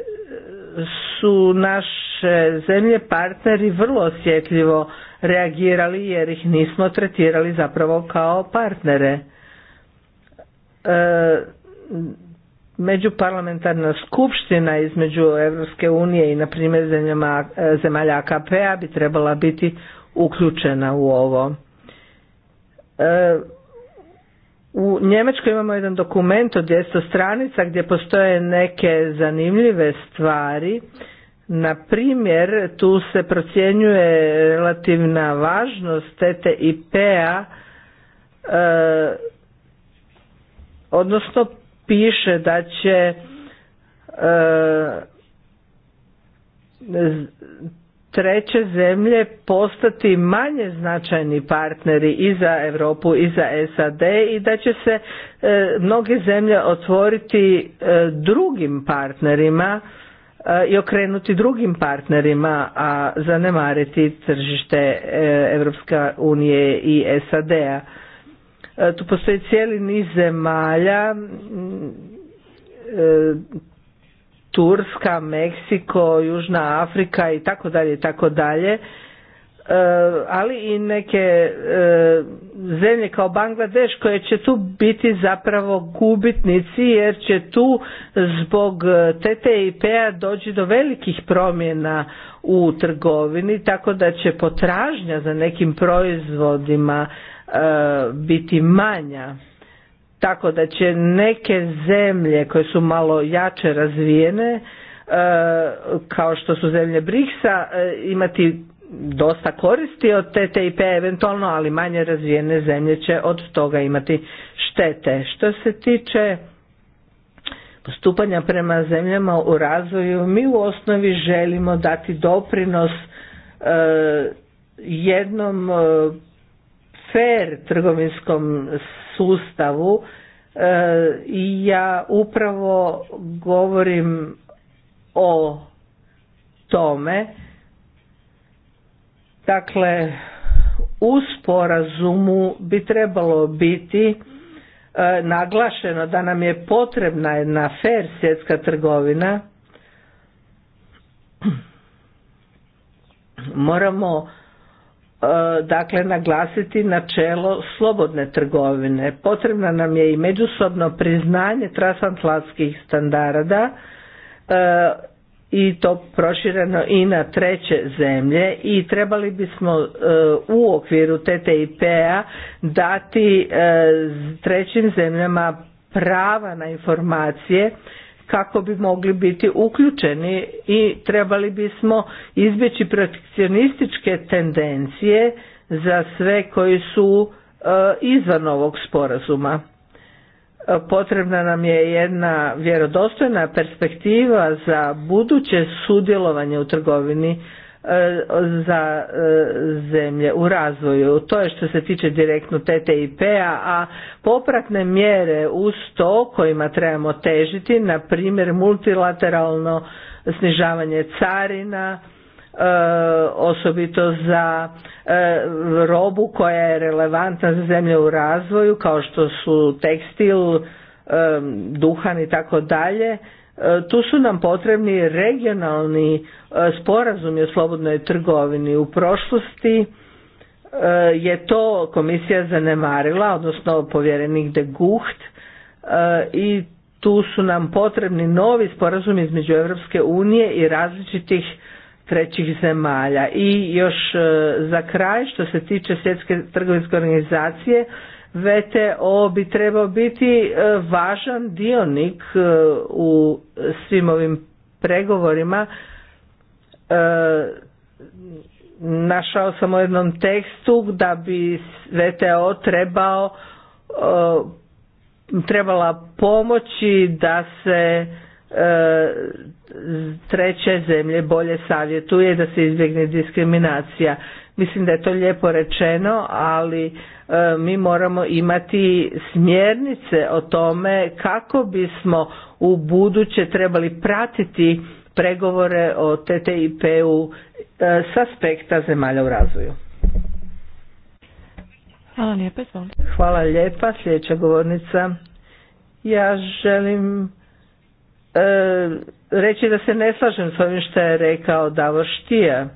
su naše zemlje partneri vrlo osjetljivo reagirali jer ih nismo tretirali zapravo kao partnere. E, međuparlamentarna skupština između Europske unije i na primjer e, zemalja akp p-a bi trebala biti uključena u ovo. E, u Njemačkoj imamo jedan dokument od 200 stranica gdje postoje neke zanimljive stvari na primjer, tu se procjenjuje relativna važnost TTIP-a, e, odnosno piše da će e, treće zemlje postati manje značajni partneri i za Europu i za SAD i da će se e, mnoge zemlje otvoriti drugim partnerima E, i okrenuti drugim partnerima, a zanemariti tržište Europska unije i SAD-a. E, tu postoji cijeli niz zemalja, e, Turska, Meksiko, Južna Afrika i tako dalje tako dalje Eh, ali i neke eh, zemlje kao Bangladeš koje će tu biti zapravo gubitnici jer će tu zbog eh, TTIP-a doći do velikih promjena u trgovini tako da će potražnja za nekim proizvodima biti manja tako da će neke zemlje koje su malo jače razvijene kao što su zemlje brics imati dosta koristi od TTIP eventualno, ali manje razvijene zemlje će od toga imati štete. Što se tiče postupanja prema zemljama u razvoju, mi u osnovi želimo dati doprinos e, jednom e, trgovinskom sustavu e, i ja upravo govorim o tome Dakle, u sporazumu bi trebalo biti e, naglašeno da nam je potrebna jedna fer svjetska trgovina. Moramo e, dakle naglasiti načelo slobodne trgovine. Potrebna nam je i međusobno priznanje transatlantskih standarda e, i to prošireno i na treće zemlje i trebali bismo e, u okviru TTIP-a dati e, trećim zemljama prava na informacije kako bi mogli biti uključeni i trebali bismo izbjeći protekcionističke tendencije za sve koji su e, izvan ovog sporazuma. E, potrebna nam je jedna vjerodostojna perspektiva za buduće sudjelovanje u trgovini e, za e, zemlje u razvoju. To je što se tiče direktno TTIP-a, a popratne mjere uz to kojima trebamo težiti, na primjer multilateralno snižavanje carina, E, osobito za e, robu koja je relevantna za zemlje u razvoju kao što su tekstil, e, duhan i tako dalje. Tu su nam potrebni regionalni sporazumi o slobodnoj trgovini. U prošlosti je to komisija zanemarila, odnosno povjerenik de guht i tu su nam potrebni novi sporazumi između Europske unije i različitih trećih zemalja. I još e, za kraj što se tiče svjetske trgovinske organizacije VTO bi trebao biti e, važan dionik e, u svim ovim pregovorima. Našao sam u jednom tekstu da bi VTO trebao trebala pomoći da se E, treće zemlje bolje savjetuje da se izbjegne diskriminacija. Mislim da je to lijepo rečeno, ali e, mi moramo imati smjernice o tome kako bismo u buduće trebali pratiti pregovore o TTIP-u e, s aspekta zemalja u razvoju. Hvala lijepa, Hvala lijepa, sljedeća govornica. Ja želim E, reći da se ne slažem s ovim što je rekao Davor Štija.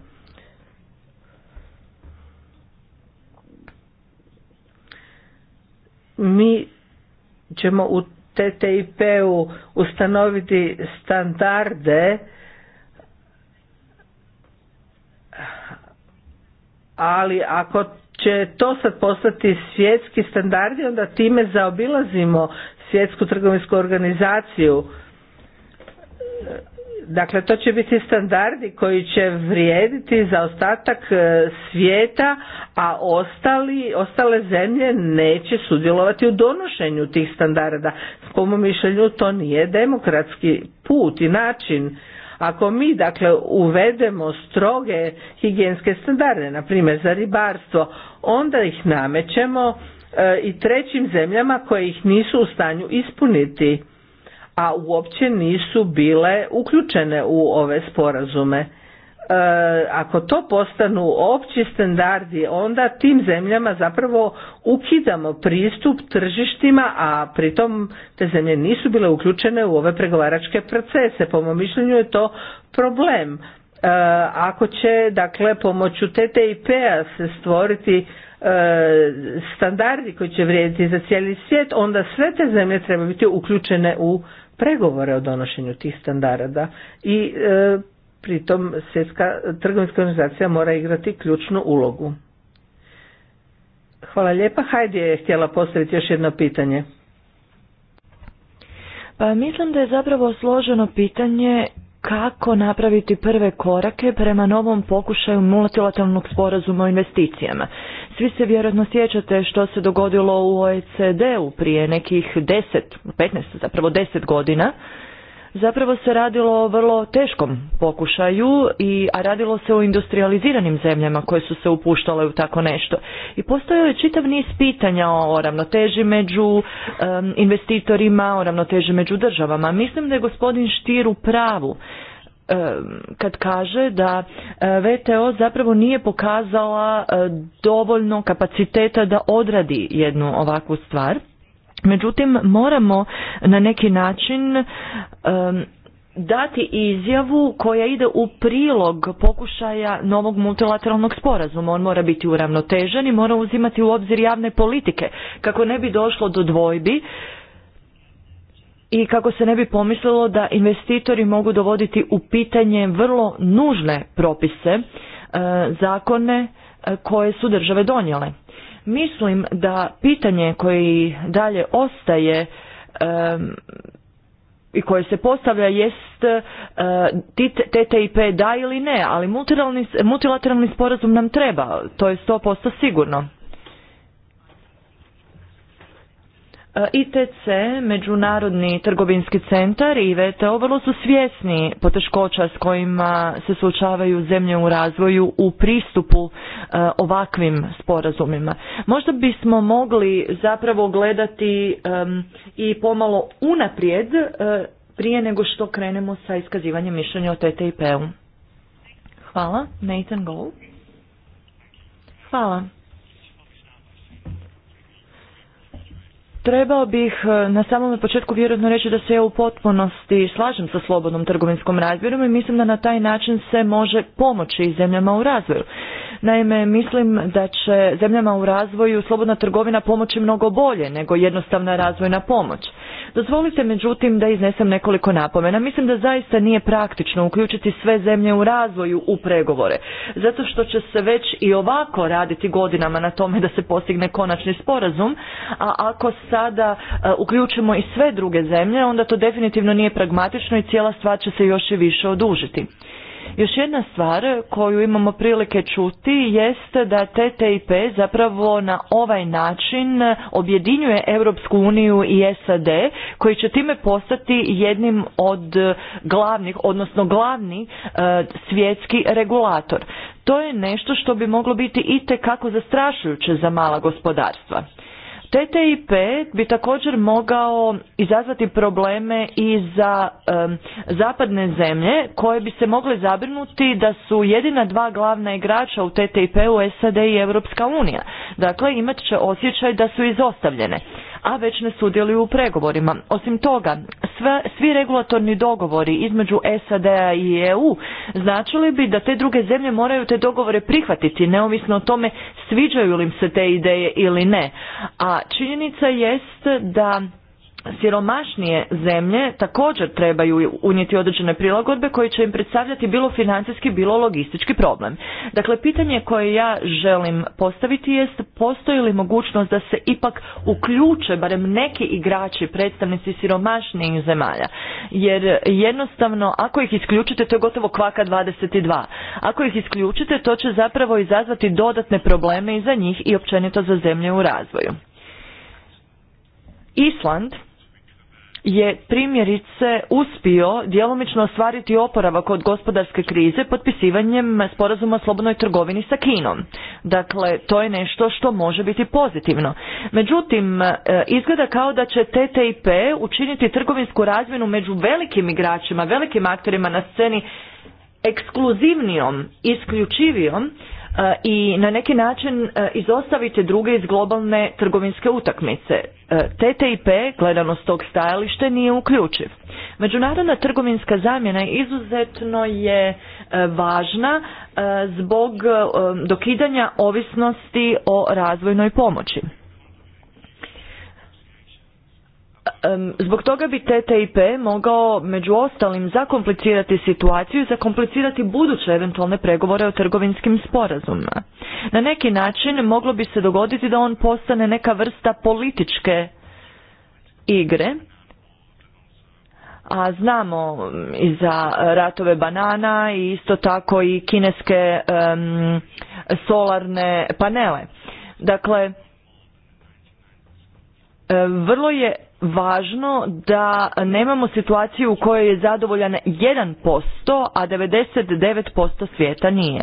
Mi ćemo u TTIP-u ustanoviti standarde ali ako će to sad postati svjetski standardi onda time zaobilazimo svjetsku trgovinsku organizaciju Dakle, to će biti standardi koji će vrijediti za ostatak e, svijeta, a ostali, ostale zemlje neće sudjelovati u donošenju tih standarda. Po mom mišljenju to nije demokratski put i način. Ako mi dakle uvedemo stroge higijenske standarde, na primjer za ribarstvo, onda ih namećemo e, i trećim zemljama koje ih nisu u stanju ispuniti a uopće nisu bile uključene u ove sporazume. E, ako to postanu opći standardi, onda tim zemljama zapravo ukidamo pristup tržištima, a pritom te zemlje nisu bile uključene u ove pregovaračke procese. Po mom mišljenju je to problem. E, ako će dakle pomoću TTIP-a se stvoriti e, standardi koji će vrijediti za cijeli svijet, onda sve te zemlje treba biti uključene u pregovore o donošenju tih standarda i e, pritom svjetska trgovinska organizacija mora igrati ključnu ulogu. Hvala lijepa. Hajdi je htjela postaviti još jedno pitanje. Pa mislim da je zapravo složeno pitanje kako napraviti prve korake prema novom pokušaju multilateralnog sporazuma o investicijama. Svi se vjerojatno sjećate što se dogodilo u OECD-u prije nekih 10, 15, zapravo 10 godina Zapravo se radilo o vrlo teškom pokušaju, i, a radilo se o industrializiranim zemljama koje su se upuštale u tako nešto. I postojao je čitav niz pitanja o ravnoteži među investitorima, o ravnoteži među državama. Mislim da je gospodin Štir u pravu kad kaže da e, VTO zapravo nije pokazala e, dovoljno kapaciteta da odradi jednu ovakvu stvar Međutim, moramo na neki način dati izjavu koja ide u prilog pokušaja novog multilateralnog sporazuma. On mora biti uravnotežen i mora uzimati u obzir javne politike kako ne bi došlo do dvojbi i kako se ne bi pomislilo da investitori mogu dovoditi u pitanje vrlo nužne propise, eh, zakone eh, koje su države donijele. Mislim da pitanje koje dalje ostaje i koje se postavlja jest TTIP eh, da ili ne, ali multilateralni, multilateralni sporazum nam treba, to je 100% sigurno. ITC, Međunarodni trgovinski centar i VTO vrlo su svjesni poteškoća s kojima se suočavaju zemlje u razvoju u pristupu e, ovakvim sporazumima. Možda bismo mogli zapravo gledati i pomalo unaprijed e, prije nego što krenemo sa iskazivanjem mišljenja o TTIP-u. Hvala, Nathan Gold. Hvala. Trebao bih e, na samom početku vjerojatno reći da se ja u potpunosti slažem sa slobodnom trgovinskom razmjerom i mislim da na taj način se može pomoći zemljama u razvoju. Naime, mislim da će zemljama u razvoju slobodna trgovina pomoći mnogo bolje nego jednostavna razvojna pomoć. Dozvolite međutim da iznesem nekoliko napomena. Mislim da zaista nije praktično uključiti sve zemlje u razvoju u pregovore, zato što će se već i ovako raditi godinama na tome da se postigne konačni sporazum, a ako sada e, uključimo i sve druge zemlje, onda to definitivno nije pragmatično i cijela stvar će se još i više odužiti. Još jedna stvar koju imamo prilike čuti jest da TTIP zapravo na ovaj način objedinjuje Europsku uniju i SAD koji će time postati jednim od glavnih, odnosno glavni e, svjetski regulator. To je nešto što bi moglo biti i kako zastrašujuće za mala gospodarstva. TTIP bi također mogao izazvati probleme i za zapadne zemlje koje bi se mogle zabrinuti da su jedina dva glavna igrača u TTIP-u SAD i Europska unija. Dakle, imat će osjećaj da su izostavljene a već ne sudjeluju u pregovorima. Osim toga, sve, svi regulatorni dogovori između SAD-a i EU značili bi da te druge zemlje moraju te dogovore prihvatiti, neovisno o tome sviđaju li im se te ideje ili ne. A činjenica jest da siromašnije zemlje također trebaju unijeti određene prilagodbe koje će im predstavljati bilo financijski, bilo logistički problem. Dakle, pitanje koje ja želim postaviti jest postoji li mogućnost da se ipak uključe barem neki igrači, predstavnici siromašnijih zemalja. Jer jednostavno, ako ih isključite, to je gotovo kvaka 22. Ako ih isključite, to će zapravo izazvati dodatne probleme i za njih i općenito za zemlje u razvoju. Island je primjerice uspio djelomično ostvariti oporavak od gospodarske krize potpisivanjem sporazuma o slobodnoj trgovini sa Kinom. Dakle, to je nešto što može biti pozitivno. Međutim, e, izgleda kao da će TTIP učiniti trgovinsku razmjenu među velikim igračima, velikim aktorima na sceni ekskluzivnijom, isključivijom E, i na neki način e, izostavite druge iz globalne trgovinske utakmice. E, TTIP, gledano s tog stajalište, nije uključiv. Međunarodna trgovinska zamjena izuzetno je važna zbog dokidanja ovisnosti o razvojnoj pomoći. Zbog toga bi TTIP mogao među ostalim zakomplicirati situaciju i zakomplicirati buduće eventualne pregovore o trgovinskim sporazumima. Na neki način moglo bi se dogoditi da on postane neka vrsta političke igre, a znamo i za ratove banana i isto tako i kineske solarne panele. Dakle, vrlo je važno da nemamo situaciju u kojoj je zadovoljan 1%, a 99% svijeta nije.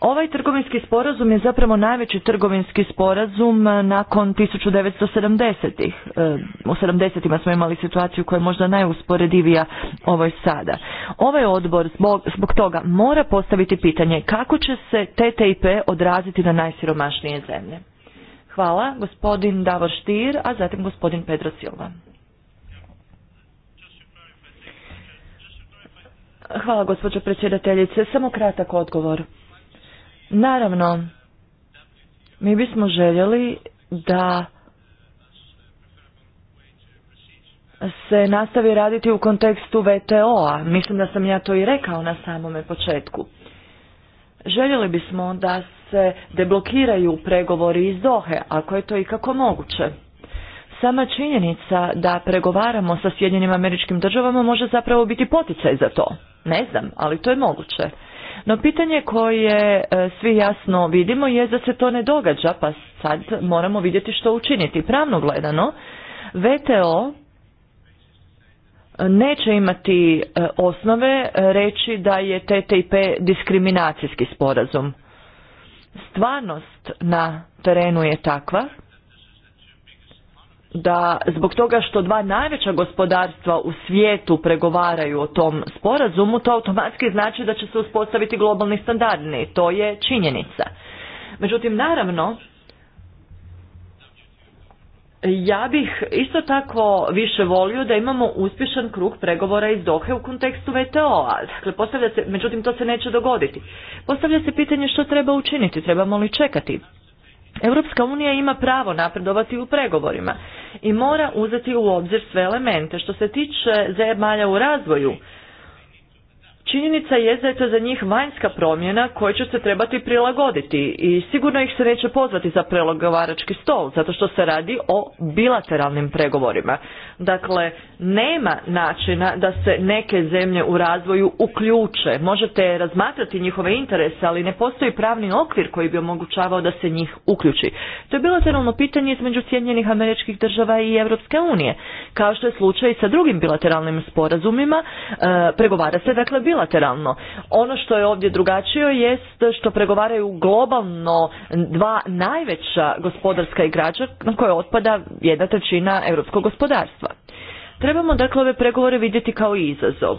Ovaj trgovinski sporazum je zapravo najveći trgovinski sporazum nakon 1970-ih. E, u 70-ima smo imali situaciju koja je možda najusporedivija ovoj sada. Ovaj odbor zbog, zbog toga mora postaviti pitanje kako će se TTIP odraziti na najsiromašnije zemlje. Hvala, gospodin Davor Štir, a zatim gospodin Pedro Silva. Hvala, gospođo predsjedateljice. Samo kratak odgovor. Naravno, mi bismo željeli da se nastavi raditi u kontekstu VTO-a. Mislim da sam ja to i rekao na samome početku. Željeli bismo da se deblokiraju pregovori iz Dohe, ako je to ikako moguće. Sama činjenica da pregovaramo sa Sjedinjenim američkim državama može zapravo biti poticaj za to. Ne znam, ali to je moguće. No pitanje koje e, svi jasno vidimo je da se to ne događa, pa sad moramo vidjeti što učiniti. Pravno gledano, VTO neće imati e, osnove reći da je TTIP diskriminacijski sporazum. Stvarnost na terenu je takva da zbog toga što dva najveća gospodarstva u svijetu pregovaraju o tom sporazumu, to automatski znači da će se uspostaviti globalni standardni. To je činjenica. Međutim, naravno, ja bih isto tako više volio da imamo uspješan krug pregovora iz Dohe u kontekstu VTO-a. Dakle, postavlja se, međutim, to se neće dogoditi. Postavlja se pitanje što treba učiniti, trebamo li čekati. Europska unija ima pravo napredovati u pregovorima i mora uzeti u obzir sve elemente. Što se tiče zemalja u razvoju, Činjenica je da je to za njih vanjska promjena koje će se trebati prilagoditi i sigurno ih se neće pozvati za prelogovarački stol zato što se radi o bilateralnim pregovorima. Dakle, nema načina da se neke zemlje u razvoju uključe. Možete razmatrati njihove interese, ali ne postoji pravni okvir koji bi omogućavao da se njih uključi. To je bilateralno pitanje između Sjedinjenih američkih država i Europske unije. Kao što je slučaj sa drugim bilateralnim sporazumima, e, pregovara se dakle bilateralno bilateralno. Ono što je ovdje drugačije jest što pregovaraju globalno dva najveća gospodarska igrača na koje otpada jedna trećina europskog gospodarstva. Trebamo dakle ove pregovore vidjeti kao izazov.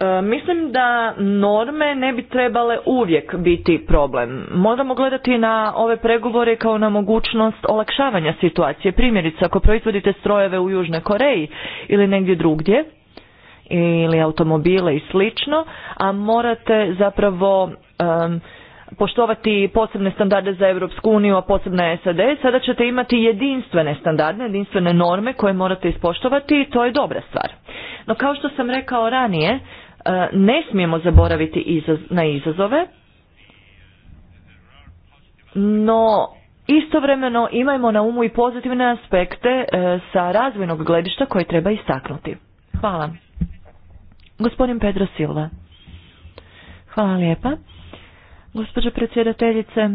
E, mislim da norme ne bi trebale uvijek biti problem. Moramo gledati na ove pregovore kao na mogućnost olakšavanja situacije. Primjerice, ako proizvodite strojeve u Južnoj Koreji ili negdje drugdje, ili automobile i slično, a morate zapravo poštovati posebne standarde za Europsku uniju, a posebne SAD. Sada ćete imati jedinstvene standarde, jedinstvene norme koje morate ispoštovati i to je dobra stvar. No kao što sam rekao ranije, eh, ne smijemo zaboraviti na izazove, no istovremeno imajmo na umu i pozitivne aspekte eh, sa razvojnog gledišta koje treba istaknuti. Hvala. Gospodin Pedro Silva. Hvala lijepa. Gospođo predsjedateljice,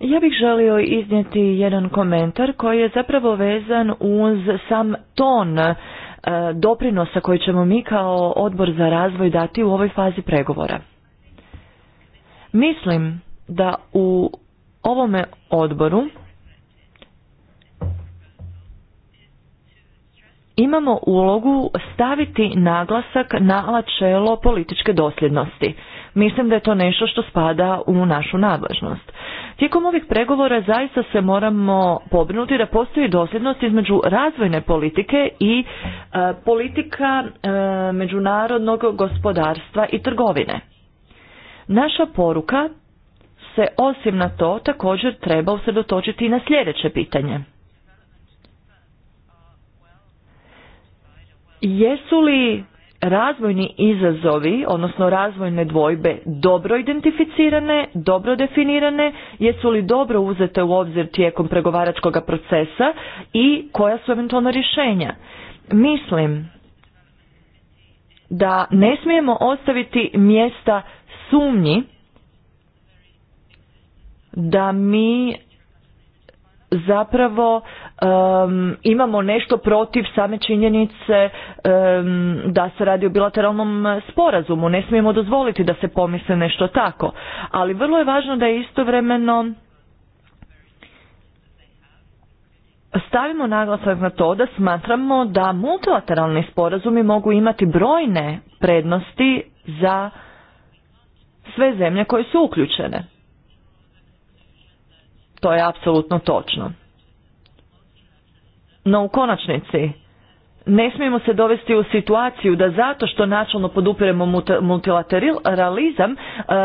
Ja bih želio iznijeti jedan komentar koji je zapravo vezan uz sam ton e, doprinosa koji ćemo mi kao odbor za razvoj dati u ovoj fazi pregovora. Mislim da u ovome odboru imamo ulogu staviti naglasak na načelo političke dosljednosti. Mislim da je to nešto što spada u našu nadležnost. Tijekom ovih pregovora zaista se moramo pobrinuti da postoji dosljednost između razvojne politike i e, politika e, međunarodnog gospodarstva i trgovine. Naša poruka se osim na to također treba usredotočiti i na sljedeće pitanje. Jesu li razvojni izazovi, odnosno razvojne dvojbe, dobro identificirane, dobro definirane, jesu li dobro uzete u obzir tijekom pregovaračkog procesa i koja su eventualna rješenja? Mislim da ne smijemo ostaviti mjesta sumnji da mi zapravo imamo nešto protiv same činjenice da se radi o bilateralnom sporazumu. Ne smijemo dozvoliti da se pomisle nešto tako. Ali vrlo je važno da je istovremeno stavimo naglasak na to da smatramo da multilateralni sporazumi mogu imati brojne prednosti za sve zemlje koje su uključene. To je apsolutno točno. No u konačnici ne smijemo se dovesti u situaciju da zato što načelno podupiremo multilateralizam e,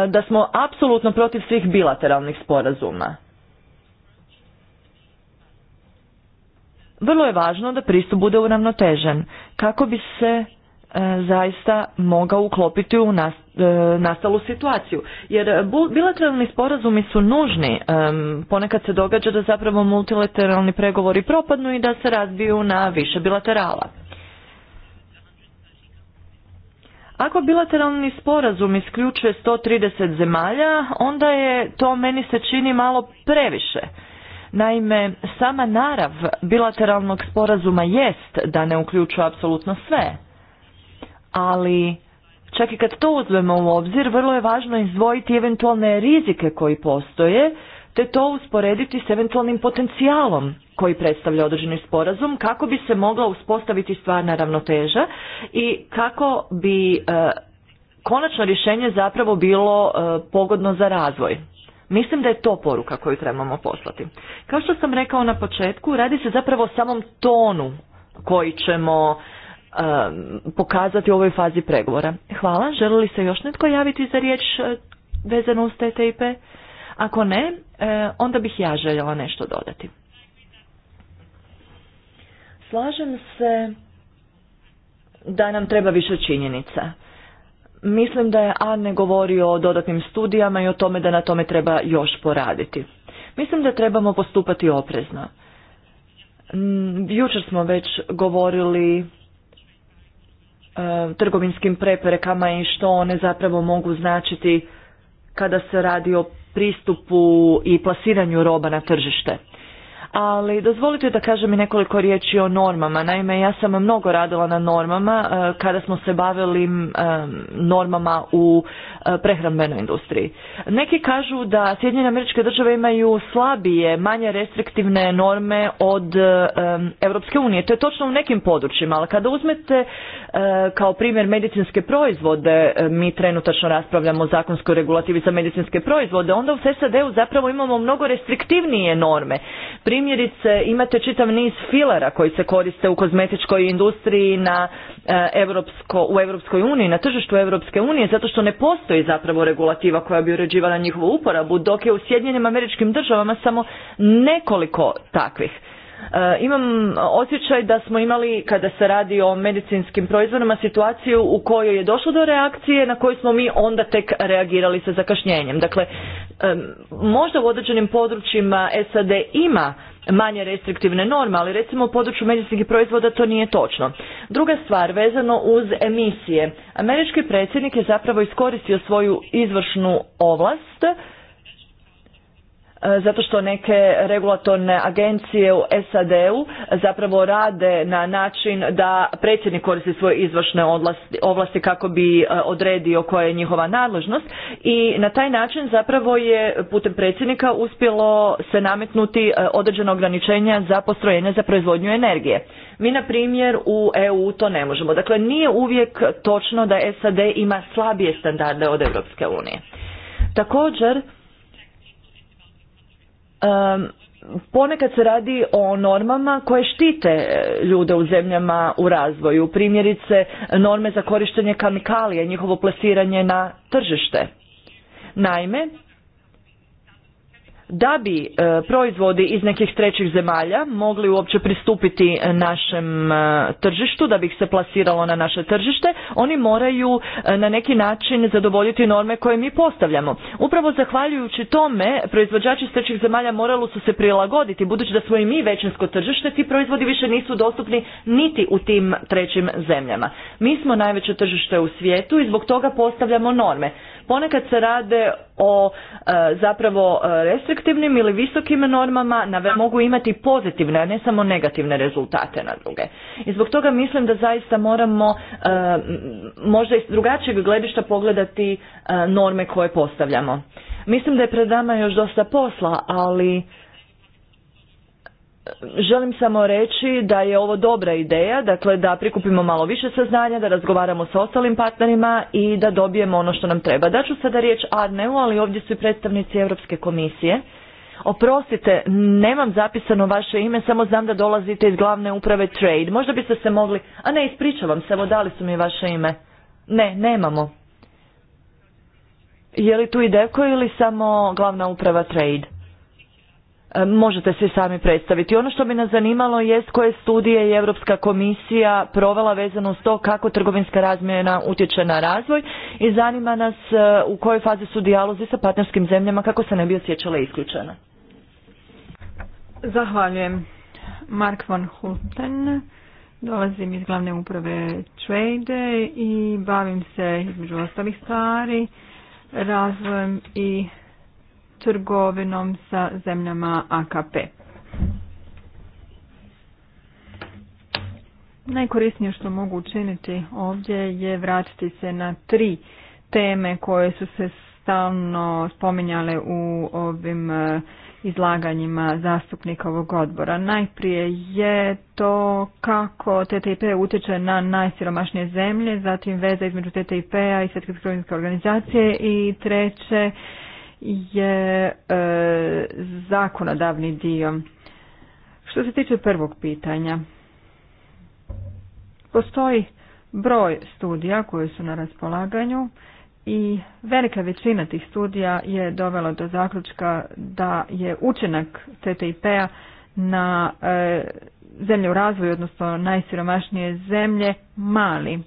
da smo apsolutno protiv svih bilateralnih sporazuma. Vrlo je važno da pristup bude uravnotežen kako bi se E, zaista mogao uklopiti u e, nastalu situaciju. Jer e, bilateralni sporazumi su nužni. Ponekad se događa da zapravo multilateralni pregovori propadnu i da se razbiju na više bilaterala. Ako bilateralni sporazum isključuje 130 zemalja, onda je to meni se čini malo previše. Naime, sama narav bilateralnog sporazuma jest da ne uključuje apsolutno sve ali čak i kad to uzmemo u obzir, vrlo je važno izdvojiti eventualne rizike koji postoje, te to usporediti s eventualnim potencijalom koji predstavlja određeni sporazum kako bi se mogla uspostaviti stvarna ravnoteža i kako bi e, konačno rješenje zapravo bilo e, pogodno za razvoj. Mislim da je to poruka koju trebamo poslati. Kao što sam rekao na početku, radi se zapravo o samom tonu koji ćemo Um, pokazati u ovoj fazi pregovora. Hvala. Želi li se još netko javiti za riječ e, vezano uz TTIP? Ako ne, e, onda bih ja željela nešto dodati. Slažem se da nam treba više činjenica. Mislim da je ne govorio o dodatnim studijama i o tome da na tome treba još poraditi. Mislim da trebamo postupati oprezno. Jučer smo već govorili E, trgovinskim preprekama i što one zapravo mogu značiti kada se radi o pristupu i plasiranju roba na tržište. Ali dozvolite da kažem i nekoliko riječi o normama. Naime, ja sam mnogo radila na normama e, kada smo se bavili e, normama u prehrambenoj industriji. Neki kažu da Sjedinjene američke države imaju slabije, manje restriktivne norme od Europske unije. To je točno u nekim područjima, ali kada uzmete E, kao primjer medicinske proizvode, e, mi trenutačno raspravljamo o zakonskoj regulativi za medicinske proizvode, onda u SAD-u zapravo imamo mnogo restriktivnije norme. Primjerice, imate čitav niz filara koji se koriste u kozmetičkoj industriji na e, Evropsko, u Europskoj uniji, na tržištu Europske unije, zato što ne postoji zapravo regulativa koja bi uređivala njihovu uporabu, dok je u Sjedinjenim američkim državama samo nekoliko takvih. E, imam osjećaj da smo imali, kada se radi o medicinskim proizvodima, situaciju u kojoj je došlo do reakcije na koju smo mi onda tek reagirali sa zakašnjenjem. Dakle, e, možda u određenim područjima SAD ima manje restriktivne norme, ali recimo u području medicinskih proizvoda to nije točno. Druga stvar, vezano uz emisije. Američki predsjednik je zapravo iskoristio svoju izvršnu ovlast zato što neke regulatorne agencije u SAD-u zapravo rade na način da predsjednik koristi svoje izvršne ovlasti kako bi e, odredio koja je njihova nadležnost i na taj način zapravo je putem predsjednika uspjelo se nametnuti e, određena ograničenja za postrojenje za proizvodnju energije. Mi, na primjer, u EU to ne možemo. Dakle, nije uvijek točno da SAD ima slabije standarde od Europske unije. Također, Ponekad se radi o normama koje štite e, ljude u zemljama u razvoju, primjerice norme za korištenje kamikalija i njihovo plasiranje na tržište. Naime, da bi e, proizvodi iz nekih trećih zemalja mogli uopće pristupiti e, našem e, tržištu, da bi ih se plasiralo na naše tržište, oni moraju na neki način zadovoljiti norme koje mi postavljamo. Upravo zahvaljujući tome, proizvođači iz trećih zemalja morali su se prilagoditi, budući da smo i mi većinsko tržište, ti proizvodi više nisu dostupni niti u tim trećim zemljama. Mi smo najveće tržište u svijetu i zbog toga postavljamo norme. Ponekad se rade o zapravo restriktivnim ili visokim normama mogu imati pozitivne, a ne samo negativne rezultate na druge. I zbog toga mislim da zaista moramo e, možda iz drugačijeg gledišta pogledati e, norme koje postavljamo. Mislim da je pred nama još dosta posla, ali Želim samo reći da je ovo dobra ideja, dakle da prikupimo malo više saznanja, da razgovaramo sa ostalim partnerima i da dobijemo ono što nam treba. Daću sada riječ Arneu, ali ovdje su i predstavnici Europske komisije. Oprostite, nemam zapisano vaše ime, samo znam da dolazite iz glavne uprave Trade. Možda biste se mogli... A ne, ispričavam se, evo dali su mi vaše ime. Ne, nemamo. Je li tu i Deko ili samo glavna uprava Trade? E, možete se sami predstaviti. Ono što bi nas zanimalo jest koje studije je Europska komisija provela vezano s to kako trgovinska razmjena utječe na razvoj i zanima nas e, u kojoj fazi su dijalozi sa partnerskim zemljama kako se ne bi osjećala isključena. Zahvaljujem. Mark von Hulten, dolazim iz glavne uprave Trade i bavim se između ostalih stvari razvojem i trgovinom sa zemljama AKP. Najkorisnije što mogu učiniti ovdje je vratiti se na tri teme koje su se stalno spominjale u ovim e, izlaganjima zastupnika ovog odbora. Najprije je to kako TTIP utječe na najsiromašnije zemlje, zatim veza između TTIP-a i Svjetske organizacije i treće je e, zakonodavni dio. Što se tiče prvog pitanja, postoji broj studija koje su na raspolaganju i velika većina tih studija je dovela do zaključka da je učinak TTIP-a na e, zemlje u razvoju, odnosno najsiromašnije zemlje, mali.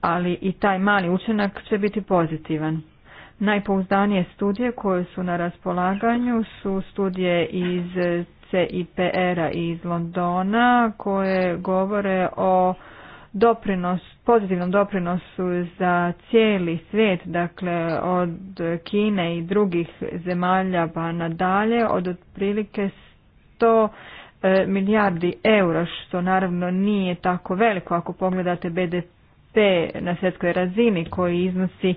Ali i taj mali učinak će biti pozitivan. Najpouzdanije studije koje su na raspolaganju su studije iz CIPR-a iz Londona koje govore o doprinos, pozitivnom doprinosu za cijeli svijet, dakle od Kine i drugih zemalja pa nadalje, od otprilike 100 e, milijardi eura, što naravno nije tako veliko ako pogledate BDP na svjetskoj razini koji iznosi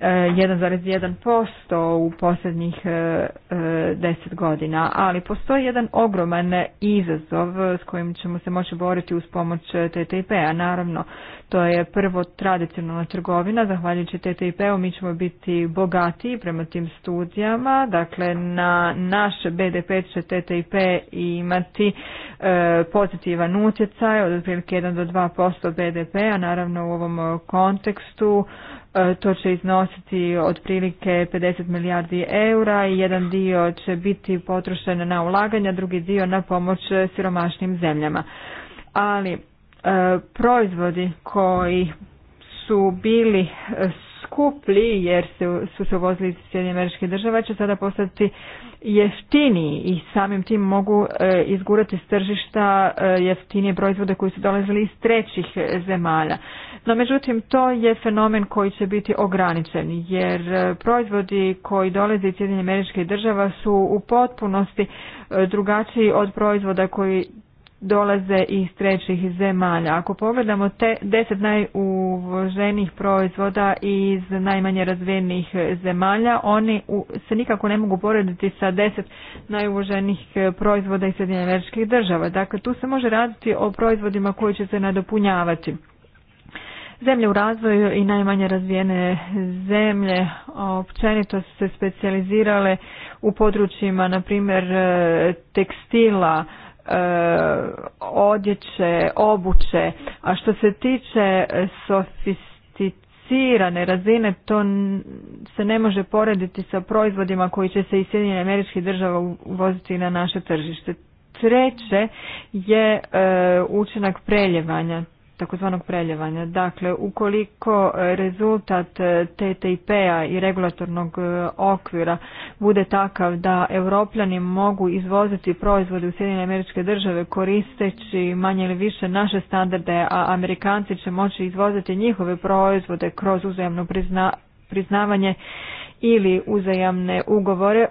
1,1% u posljednjih 10 e, e, godina, ali postoji jedan ogroman izazov s kojim ćemo se moći boriti uz pomoć e, TTIP-a. Naravno, to je prvo tradicionalna trgovina, zahvaljujući TTIP-u mi ćemo biti bogatiji prema tim studijama, dakle na naš BDP će TTIP imati pozitivan utjecaj od otprilike 1 do 2% BDP-a, naravno u ovom kontekstu E, to će iznositi otprilike 50 milijardi eura i jedan dio će biti potrošen na ulaganja, drugi dio na pomoć siromašnim zemljama. Ali e, proizvodi koji su bili skuplji jer su, su se uvozili iz Sjedinje Američke država će sada postati jeftiniji i samim tim mogu e, izgurati s tržišta e, jeftinije proizvode koji su dolazili iz trećih e, zemalja. No međutim to je fenomen koji će biti ograničen jer proizvodi koji dolaze iz Sjedinje Američke država su u potpunosti drugačiji od proizvoda koji dolaze iz trećih zemalja. Ako pogledamo te deset najuvoženijih proizvoda iz najmanje razvijenih zemalja, oni se nikako ne mogu porediti sa deset najuvoženijih proizvoda iz Sjedinjene američkih država. Dakle, tu se može raditi o proizvodima koji će se nadopunjavati. Zemlje u razvoju i najmanje razvijene zemlje općenito su se specijalizirale u područjima, na primjer, e, tekstila, E, odjeće, obuće. A što se tiče sofisticirane razine, to se ne može porediti sa proizvodima koji će se iz Sjedinjene američkih država uvoziti na naše tržište. Treće je e, učinak preljevanja takozvanog preljevanja. Dakle, ukoliko e, rezultat e, TTIP-a i regulatornog e, okvira bude takav da europljani mogu izvoziti proizvode u Sjedinjene američke države koristeći manje ili više naše standarde, a amerikanci će moći izvoziti njihove proizvode kroz uzajamno priznavanje ili uzajamne ugovore,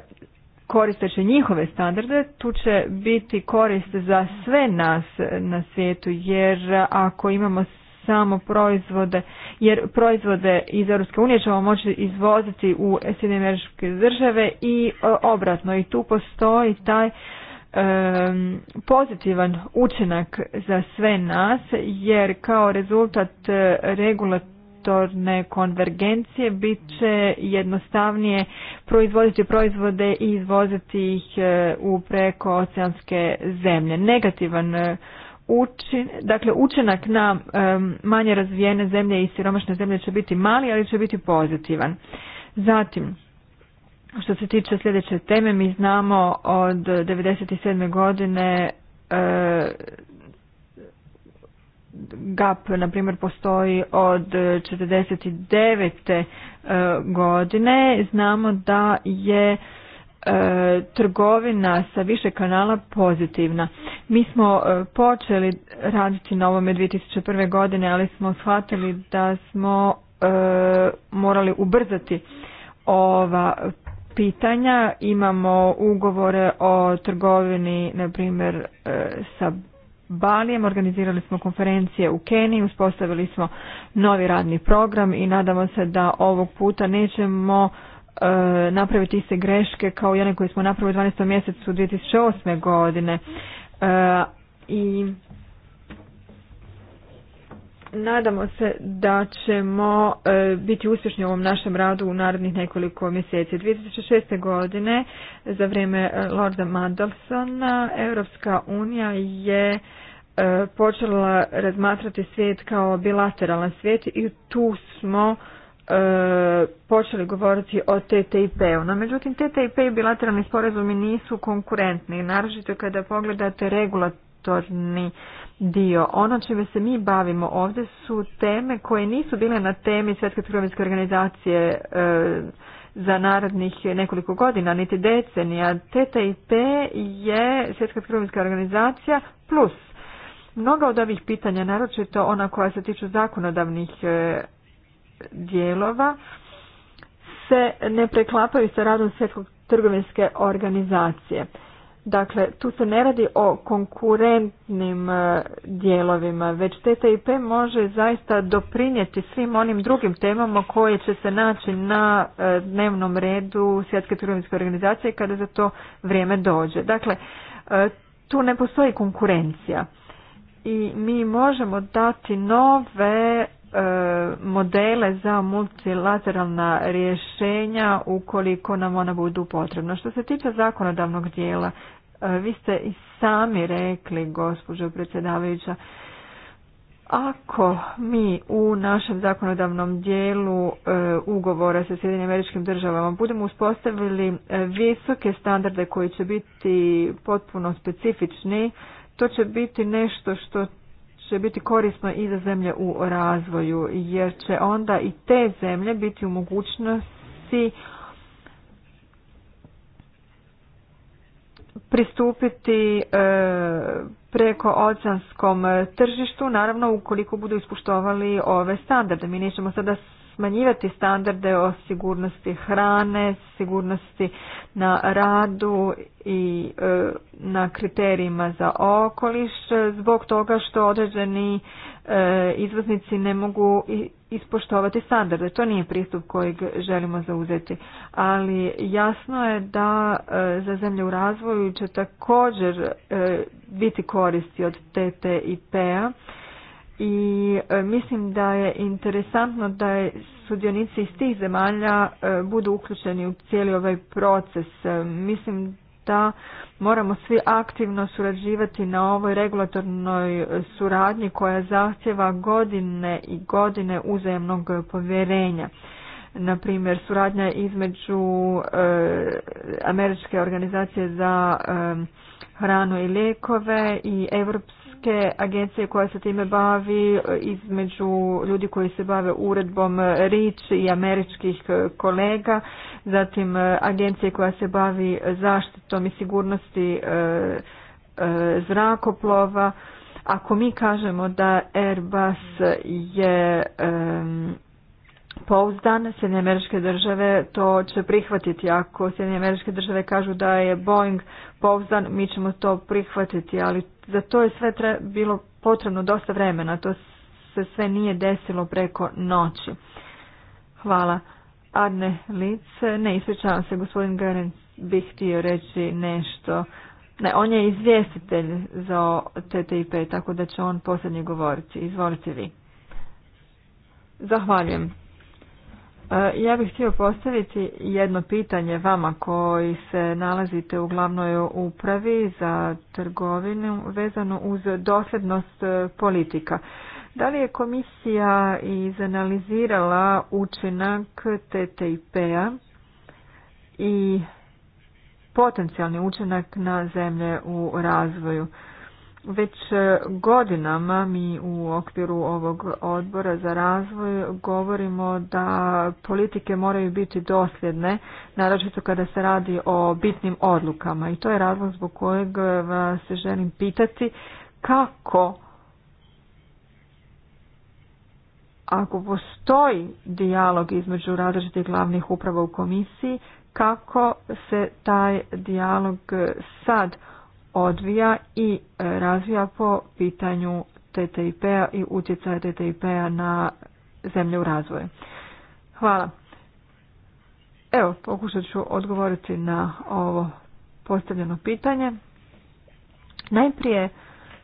koristeći njihove standarde, tu će biti korist za sve nas na svijetu, jer ako imamo samo proizvode, jer proizvode iz Europske unije ćemo moći izvoziti u Sjedinjene američke države i e, obratno i tu postoji taj pozitivan učinak za sve nas jer kao rezultat e, regulat konvergencije bit će jednostavnije proizvoditi proizvode i izvoziti ih e, u oceanske zemlje. Negativan e, učin, dakle učinak na e, manje razvijene zemlje i siromašne zemlje će biti mali, ali će biti pozitivan. Zatim, što se tiče sljedeće teme, mi znamo od 1997. godine GAP, na primjer, postoji od 49. E, godine. Znamo da je e, trgovina sa više kanala pozitivna. Mi smo e, počeli raditi na ovome 2001. godine, ali smo shvatili da smo morali ubrzati ova pitanja. Imamo ugovore o trgovini, na primjer, sa Balijem, organizirali smo konferencije u Keniji, uspostavili smo novi radni program i nadamo se da ovog puta nećemo e, napraviti iste greške kao i one koje smo napravili u 12. mjesecu 2008. godine. E, I Nadamo se da ćemo e, biti uspješni u ovom našem radu u narednih nekoliko mjeseci. 2006. godine za vrijeme e, Lorda Mandelsona Europska unija je e, počela razmatrati svijet kao bilateralan svijet i tu smo počeli govoriti o TTIP-u. No, međutim, TTIP i bilateralni sporazumi nisu konkurentni, naročito kada pogledate regulatorni dio. Ono čime se mi bavimo ovdje su teme koje nisu bile na temi Svjetske trgovinske organizacije e, za narodnih nekoliko godina, niti decenija. TTIP je Svjetska trgovinska organizacija plus. Mnoga od ovih pitanja, naročito ona koja se tiču zakonodavnih e, dijelova, se ne preklapaju sa radom Svjetskog trgovinske organizacije. Dakle, tu se ne radi o konkurentnim e, dijelovima, već TTIP može zaista doprinijeti svim onim drugim temama koje će se naći na e, dnevnom redu Svjetske trgovinske organizacije kada za to vrijeme dođe. Dakle, e, tu ne postoji konkurencija i mi možemo dati nove modele za multilateralna rješenja ukoliko nam ona budu potrebna. Što se tiče zakonodavnog dijela, E, vi ste i sami rekli, gospođo predsjedavajuća, ako mi u našem zakonodavnom dijelu e, ugovora sa Sjedinim američkim državama budemo uspostavili e, visoke standarde koji će biti potpuno specifični, to će biti nešto što će biti korisno i za zemlje u razvoju, jer će onda i te zemlje biti u mogućnosti pristupiti e, preko oceanskom e, tržištu, naravno ukoliko budu ispuštovali ove standarde. Mi nećemo sada smanjivati standarde o sigurnosti hrane, sigurnosti na radu i e, na kriterijima za okoliš zbog toga što određeni e, izvoznici ne mogu ispoštovati standarde. To nije pristup kojeg želimo zauzeti. Ali jasno je da e, za zemlje u razvoju će također biti koristi od TTIP-a i e, mislim da je interesantno da je sudionici iz tih zemalja e, budu uključeni u cijeli ovaj proces. E, mislim da moramo svi aktivno surađivati na ovoj regulatornoj suradnji koja zahtjeva godine i godine uzajemnog povjerenja. Na suradnja između Američke organizacije za hranu i lijekove i Evropske neke agencije koja se time bavi između ljudi koji se bave uredbom Rič i američkih kolega, zatim e, agencije koja se bavi zaštitom i sigurnosti e, e, zrakoplova. Ako mi kažemo da Airbus je pouzdan, Sjedinje američke države to će prihvatiti. Ako Sjedinje američke države kažu da je Boeing pouzdan, mi ćemo to prihvatiti, ali za to je sve bilo potrebno dosta vremena, to se sve nije desilo preko noći. Hvala. Adne Lice, ne ispričavam se, gospodin Garen bi htio reći nešto. Ne, on je izvjestitelj za TTIP, tako da će on posljednji govoriti. Izvolite vi. Zahvaljujem. E, ja bih htio postaviti jedno pitanje vama koji se nalazite u glavnoj upravi za trgovinu vezano uz dosljednost e, politika. Da li je komisija izanalizirala učinak TTIP-a i potencijalni učinak na zemlje u razvoju? Već e, godinama mi u okviru ovog odbora za razvoj govorimo da politike moraju biti dosljedne, naročito kada se radi o bitnim odlukama i to je razlog zbog kojeg se želim pitati kako ako postoji dijalog između različitih glavnih uprava u komisiji, kako se taj dijalog sad odvija i e, razvija po pitanju TTIP-a i utjecaja TTIP-a na zemlje u razvoju. Hvala. Evo, pokušat ću odgovoriti na ovo postavljeno pitanje. Najprije,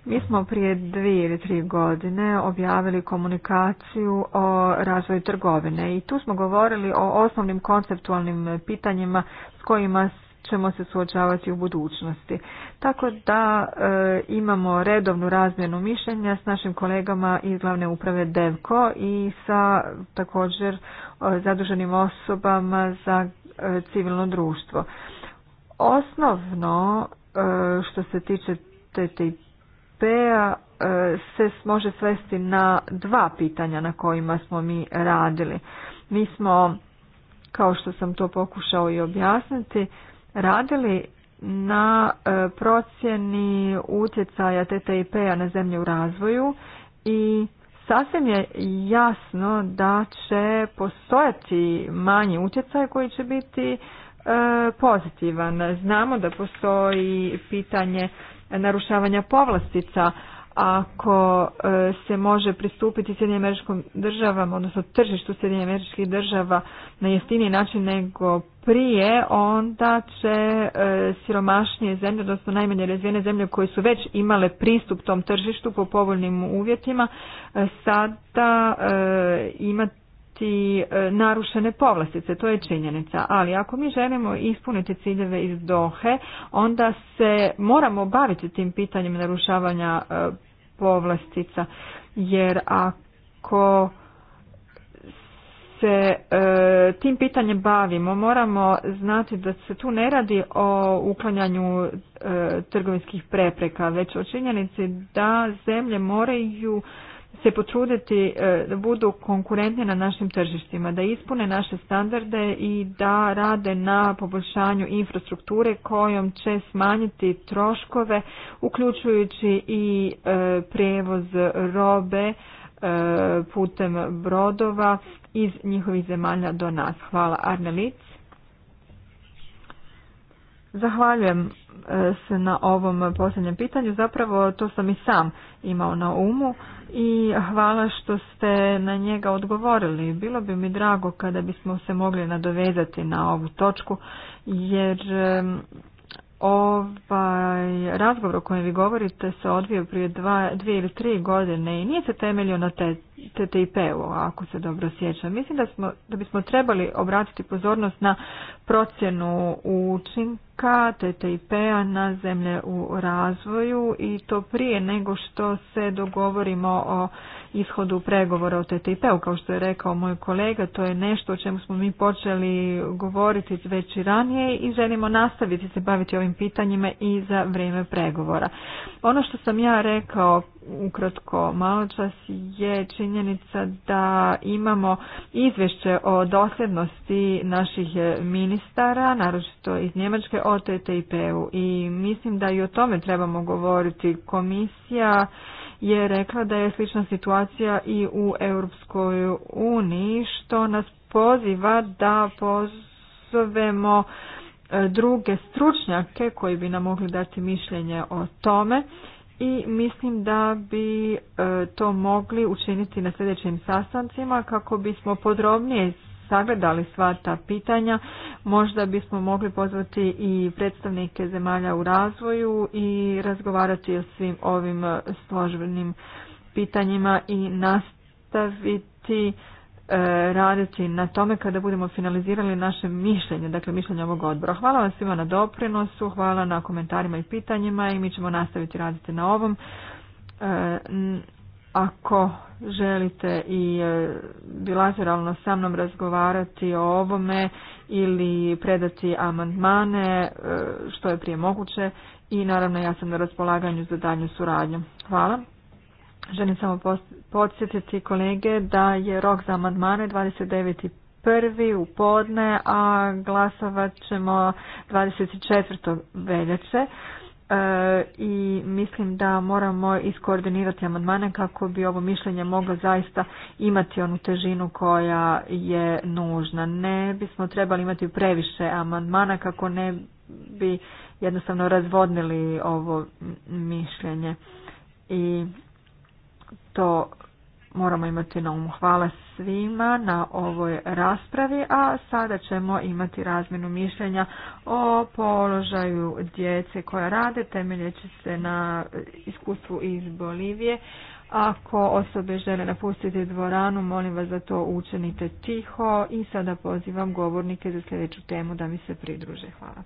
mi smo prije dvije ili tri godine objavili komunikaciju o razvoju trgovine i tu smo govorili o osnovnim konceptualnim pitanjima s kojima ćemo se suočavati u budućnosti. Tako da e, imamo redovnu razmjenu mišljenja s našim kolegama iz glavne uprave DEVKO i sa također e, zaduženim osobama za e, civilno društvo. Osnovno što se tiče TTIP-a se može svesti na dva pitanja na kojima smo mi radili. Mi smo, kao što sam to pokušao i objasniti, radili na e, procjeni utjecaja TTIP-a na zemlje u razvoju i sasvim je jasno da će postojati manji utjecaj koji će biti e, pozitivan. Znamo da postoji pitanje narušavanja povlastica ako e, se može pristupiti Sjedinim američkim državama, odnosno tržištu sjedinje američkih država na jeftiniji način nego prije, onda će e, siromašnije zemlje, odnosno najmanje razvijene zemlje koje su već imale pristup tom tržištu po povoljnim uvjetima, e, sada e, imati narušene povlastice, to je činjenica. Ali ako mi želimo ispuniti ciljeve iz Dohe, onda se moramo baviti tim pitanjem narušavanja povlastica, jer ako se e, tim pitanjem bavimo moramo znati da se tu ne radi o uklanjanju e, trgovinskih prepreka već o činjenici da zemlje moraju se potruditi e, da budu konkurentne na našim tržištima da ispune naše standarde i da rade na poboljšanju infrastrukture kojom će smanjiti troškove uključujući i e, prijevoz robe E, putem brodova iz njihovih zemalja do nas. Hvala Arne Zahvaljujem e, se na ovom posljednjem pitanju. Zapravo to sam i sam imao na umu i hvala što ste na njega odgovorili. Bilo bi mi drago kada bismo se mogli nadovezati na ovu točku jer Ovaj razgovor o kojem vi govorite se odvio prije dva, dvije ili tri godine i nije se temeljio na te TTIP-u, ako se dobro sjećam. Mislim da, smo, da bismo trebali obratiti pozornost na procjenu učinka TTIP-a na zemlje u razvoju i to prije nego što se dogovorimo o ishodu pregovora o TTIP-u. Kao što je rekao moj kolega, to je nešto o čemu smo mi počeli govoriti već i ranije i želimo nastaviti se baviti ovim pitanjima i za vrijeme pregovora. Ono što sam ja rekao ukratko malo čas je činjenica da imamo izvješće o dosljednosti naših ministara, naročito iz Njemačke, o TTIP-u i mislim da i o tome trebamo govoriti. Komisija je rekla da je slična situacija i u Europskoj uniji, što nas poziva da pozovemo e, druge stručnjake koji bi nam mogli dati mišljenje o tome i mislim da bi e, to mogli učiniti na sljedećim sastancima kako bismo podrobnije sagledali sva ta pitanja. Možda bismo mogli pozvati i predstavnike zemalja u razvoju i razgovarati o svim ovim složenim pitanjima i nastaviti E, raditi na tome kada budemo finalizirali naše mišljenje, dakle mišljenje ovog odbora. Hvala vam svima na doprinosu, hvala na komentarima i pitanjima i mi ćemo nastaviti raditi na ovom. E, ako želite i e, bilateralno sa mnom razgovarati o ovome ili predati amandmane što je prije moguće i naravno ja sam na raspolaganju za daljnju suradnju. Hvala. Želim samo podsjetiti kolege da je rok za amandmane 29.1. u podne, a glasovat ćemo 24. veljače. E, I mislim da moramo iskoordinirati amandmane kako bi ovo mišljenje moglo zaista imati onu težinu koja je nužna. Ne bismo trebali imati previše amandmana kako ne bi jednostavno razvodnili ovo mišljenje. I to moramo imati na umu. Hvala svima na ovoj raspravi, a sada ćemo imati razmjenu mišljenja o položaju djece koja rade, temeljeći se na iskustvu iz Bolivije. Ako osobe žele napustiti dvoranu, molim vas da to učinite tiho i sada pozivam govornike za sljedeću temu da mi se pridruže. Hvala.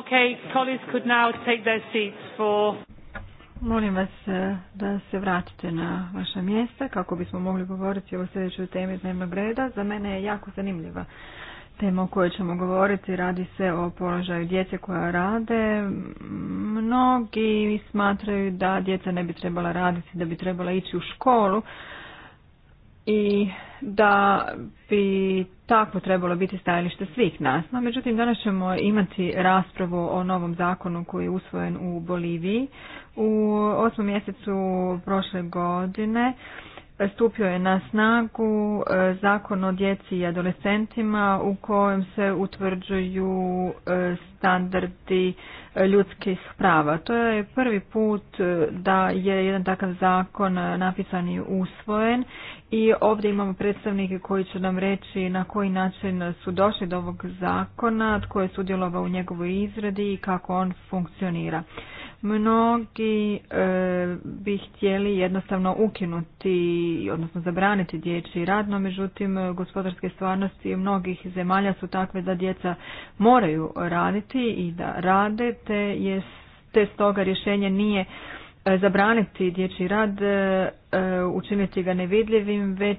Okay, colleagues could now take their seats for... Molim vas eh, da se vratite na vaša mjesta kako bismo mogli govoriti o sljedećoj temi dnevnog reda. Za mene je jako zanimljiva tema o kojoj ćemo govoriti. Radi se o položaju djece koja rade. Mnogi smatraju da djeca ne bi trebala raditi, da bi trebala ići u školu i da bi tako trebalo biti stajalište svih nas. No, međutim, danas ćemo imati raspravu o novom zakonu koji je usvojen u Boliviji. U osmom mjesecu prošle godine stupio je na snagu e, zakon o djeci i adolescentima u kojem se utvrđuju e, standardi e, ljudskih prava. To je prvi put da je jedan takav zakon napisan i usvojen i ovdje imamo predstavnike koji će nam reći na koji način su došli do ovog zakona, tko je sudjelovao u njegovoj izradi i kako on funkcionira. Mnogi e, bi htjeli jednostavno ukinuti, odnosno zabraniti dječji rad, no međutim gospodarske stvarnosti mnogih zemalja su takve da djeca moraju raditi i da rade, te, je, te stoga rješenje nije E, zabraniti dječji rad, e, e, učiniti ga nevidljivim, već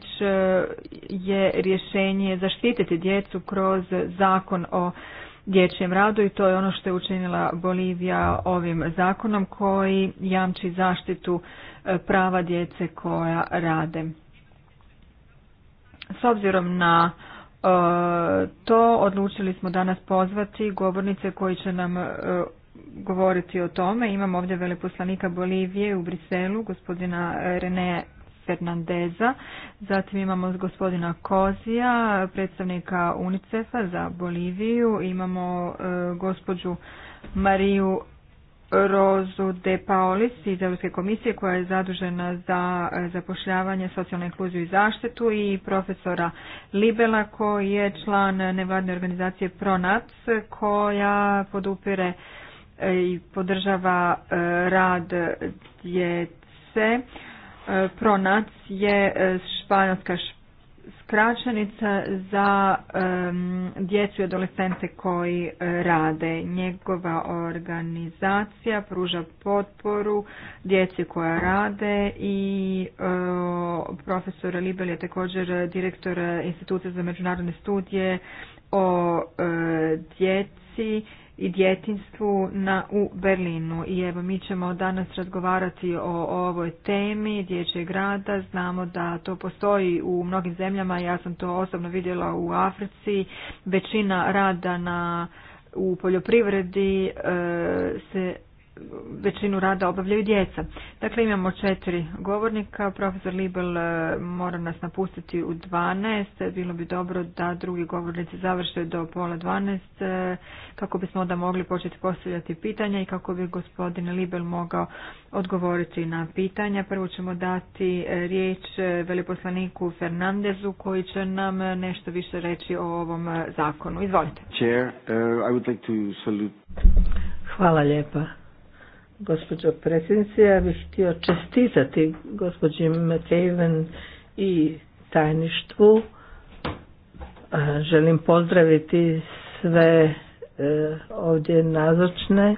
je rješenje zaštititi djecu kroz zakon o dječjem radu i to je ono što je učinila Bolivija ovim zakonom koji jamči zaštitu prava djece koja rade. S obzirom na to odlučili smo danas pozvati govornice koji će nam govoriti o tome. Imamo ovdje veleposlanika Bolivije u Briselu, gospodina René Fernandeza. Zatim imamo gospodina Kozija, predstavnika UNICEF-a za Boliviju. Imamo e, gospođu Mariju Rozu De Paolis iz Europske komisije koja je zadužena za e, zapošljavanje, socijalnu inkluziju i zaštitu i profesora Libela koji je član nevladne organizacije PRONAC koja podupire E, i podržava e, rad djece. E, pronac je španjolska skraćenica za djecu i adolescente koji rade. Njegova organizacija pruža potporu djeci koja rade i profesor Libel je također direktor institucije za međunarodne studije o djeci i djetinstvu na, u Berlinu. I evo mi ćemo danas razgovarati o, ovoj temi dječjeg rada. Znamo da to postoji u mnogim zemljama, ja sam to osobno vidjela u Africi. Većina rada na u poljoprivredi e, se većinu rada obavljaju djeca. Dakle, imamo četiri govornika. Profesor Libel e, mora nas napustiti u 12. Bilo bi dobro da drugi govornici završe do pola 12. E, kako bismo onda mogli početi postavljati pitanja i kako bi gospodin Libel mogao odgovoriti na pitanja. Prvo ćemo dati e, riječ veliposlaniku Fernandezu koji će nam nešto više reći o ovom zakonu. Izvolite. Hvala lijepa gospođo predsjednice. Ja bih htio čestitati gospođi McAven i tajništvu. E, želim pozdraviti sve e, ovdje nazočne.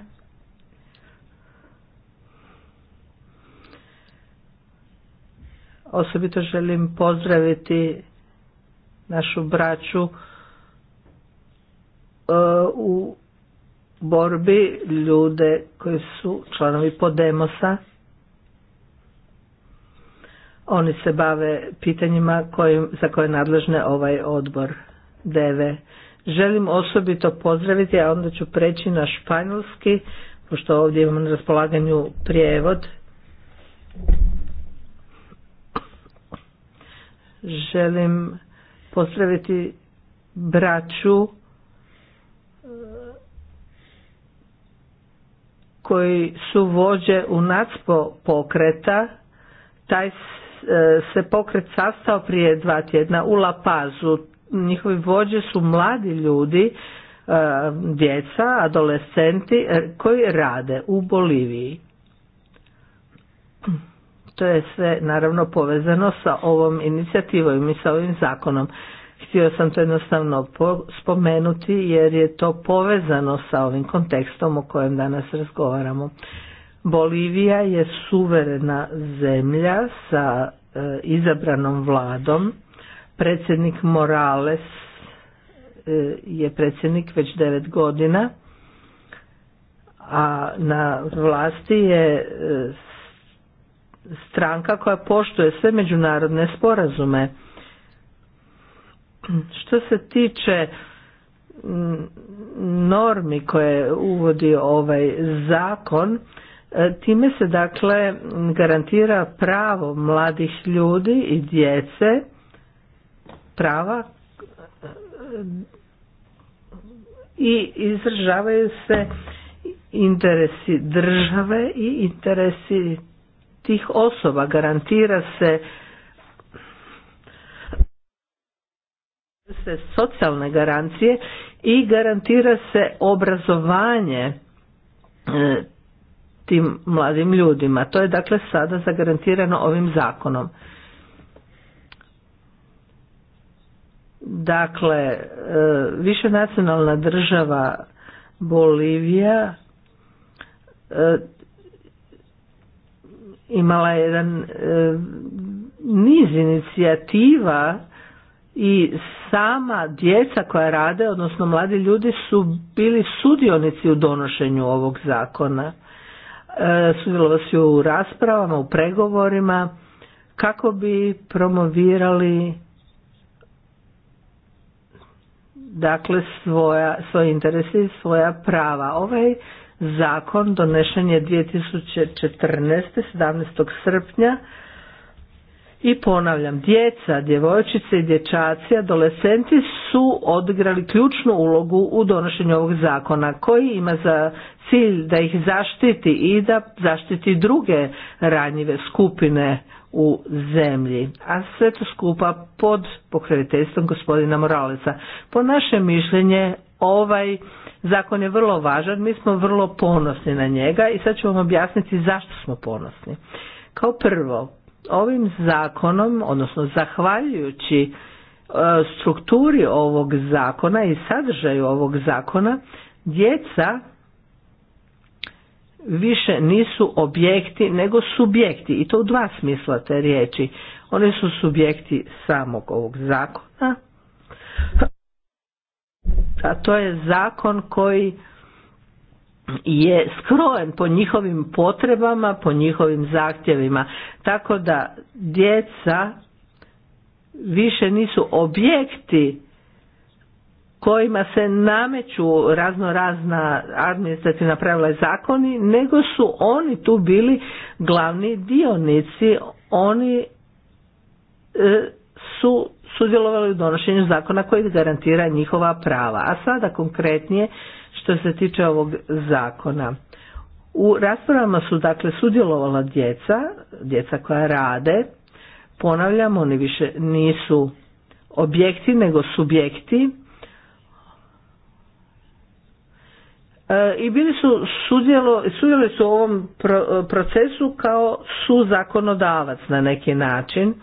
Osobito želim pozdraviti našu braću e, u borbi ljude koji su članovi Podemosa. Oni se bave pitanjima kojim, za koje nadležne ovaj odbor deve. Želim osobito pozdraviti, a onda ću preći na španjolski, pošto ovdje imam na raspolaganju prijevod. Želim pozdraviti braću koji su vođe u NACPO pokreta, taj e, se pokret sastao prije dva tjedna u La Pazu. Njihovi vođe su mladi ljudi, e, djeca, adolescenti e, koji rade u Boliviji. To je sve naravno povezano sa ovom inicijativom i sa ovim zakonom htio sam to jednostavno spomenuti jer je to povezano sa ovim kontekstom o kojem danas razgovaramo. Bolivija je suverena zemlja sa e, izabranom vladom. Predsjednik Morales e, je predsjednik već devet godina, a na vlasti je e, stranka koja poštuje sve međunarodne sporazume što se tiče mm, normi koje uvodi ovaj zakon, e, time se dakle garantira pravo mladih ljudi i djece, prava e, i izražavaju se interesi države i interesi tih osoba. Garantira se se socijalne garancije i garantira se obrazovanje e, tim mladim ljudima. To je dakle sada zagarantirano ovim zakonom. Dakle, e, više nacionalna država Bolivija e, imala jedan niz inicijativa i sama djeca koja rade, odnosno mladi ljudi su bili sudionici u donošenju ovog zakona. E, su u raspravama, u pregovorima kako bi promovirali dakle svoja, svoje interese i svoja prava. Ovaj zakon donešen je 2014. 17. srpnja i ponavljam, djeca, djevojčice i dječaci, adolescenti su odigrali ključnu ulogu u donošenju ovog zakona koji ima za cilj da ih zaštiti i da zaštiti druge ranjive skupine u zemlji, a sve to skupa pod pokraviteljstvom gospodina Moralica. Po naše mišljenje ovaj zakon je vrlo važan, mi smo vrlo ponosni na njega i sad ću vam objasniti zašto smo ponosni. Kao prvo, ovim zakonom, odnosno zahvaljujući e, strukturi ovog zakona i sadržaju ovog zakona, djeca više nisu objekti nego subjekti i to u dva smisla te riječi. Oni su subjekti samog ovog zakona, a to je zakon koji je skrojen po njihovim potrebama, po njihovim zahtjevima. Tako da djeca više nisu objekti kojima se nameću razno razna administrativna pravila i zakoni, nego su oni tu bili glavni dionici, oni e, su sudjelovali u donošenju zakona koji garantira njihova prava. A sada konkretnije što se tiče ovog zakona. U raspravama su dakle sudjelovala djeca, djeca koja rade, ponavljam, oni više nisu objekti nego subjekti e, i bili su sudjelo, sudjeli su u ovom procesu kao su zakonodavac na neki način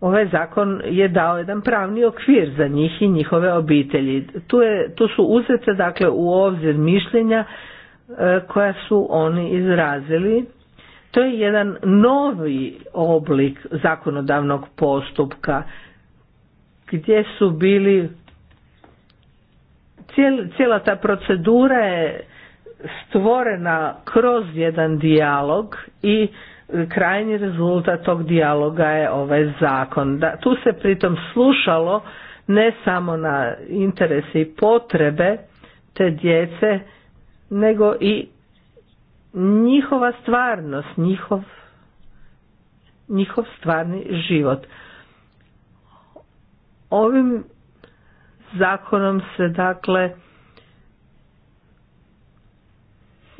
Ovaj zakon je dao jedan pravni okvir za njih i njihove obitelji. Tu, je, tu su uzete dakle u obzir mišljenja e, koja su oni izrazili. To je jedan novi oblik zakonodavnog postupka gdje su bili cijela ta procedura je stvorena kroz jedan dijalog i krajnji rezultat tog dijaloga je ovaj zakon. Da, tu se pritom slušalo ne samo na interese i potrebe te djece, nego i njihova stvarnost, njihov, njihov stvarni život. Ovim zakonom se dakle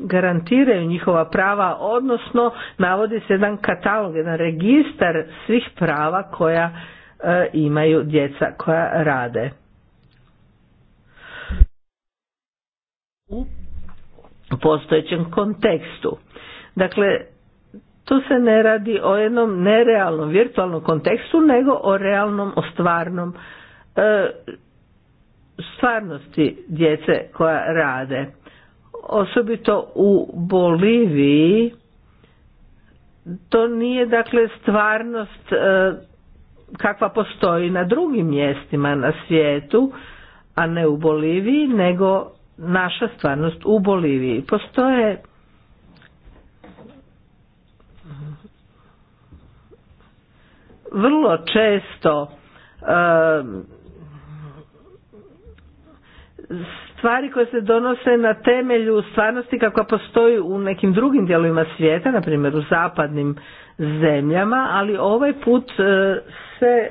garantiraju njihova prava, odnosno navodi se jedan katalog, jedan registar svih prava koja e, imaju djeca koja rade. U postojećem kontekstu. Dakle, tu se ne radi o jednom nerealnom virtualnom kontekstu, nego o realnom, o stvarnom e, stvarnosti djece koja rade osobito u Boliviji to nije dakle stvarnost e, kakva postoji na drugim mjestima na svijetu, a ne u Boliviji, nego naša stvarnost u Boliviji. Postoje vrlo često e, stvari koje se donose na temelju stvarnosti kakva postoji u nekim drugim dijelovima svijeta, na primjer u zapadnim zemljama, ali ovaj put e, se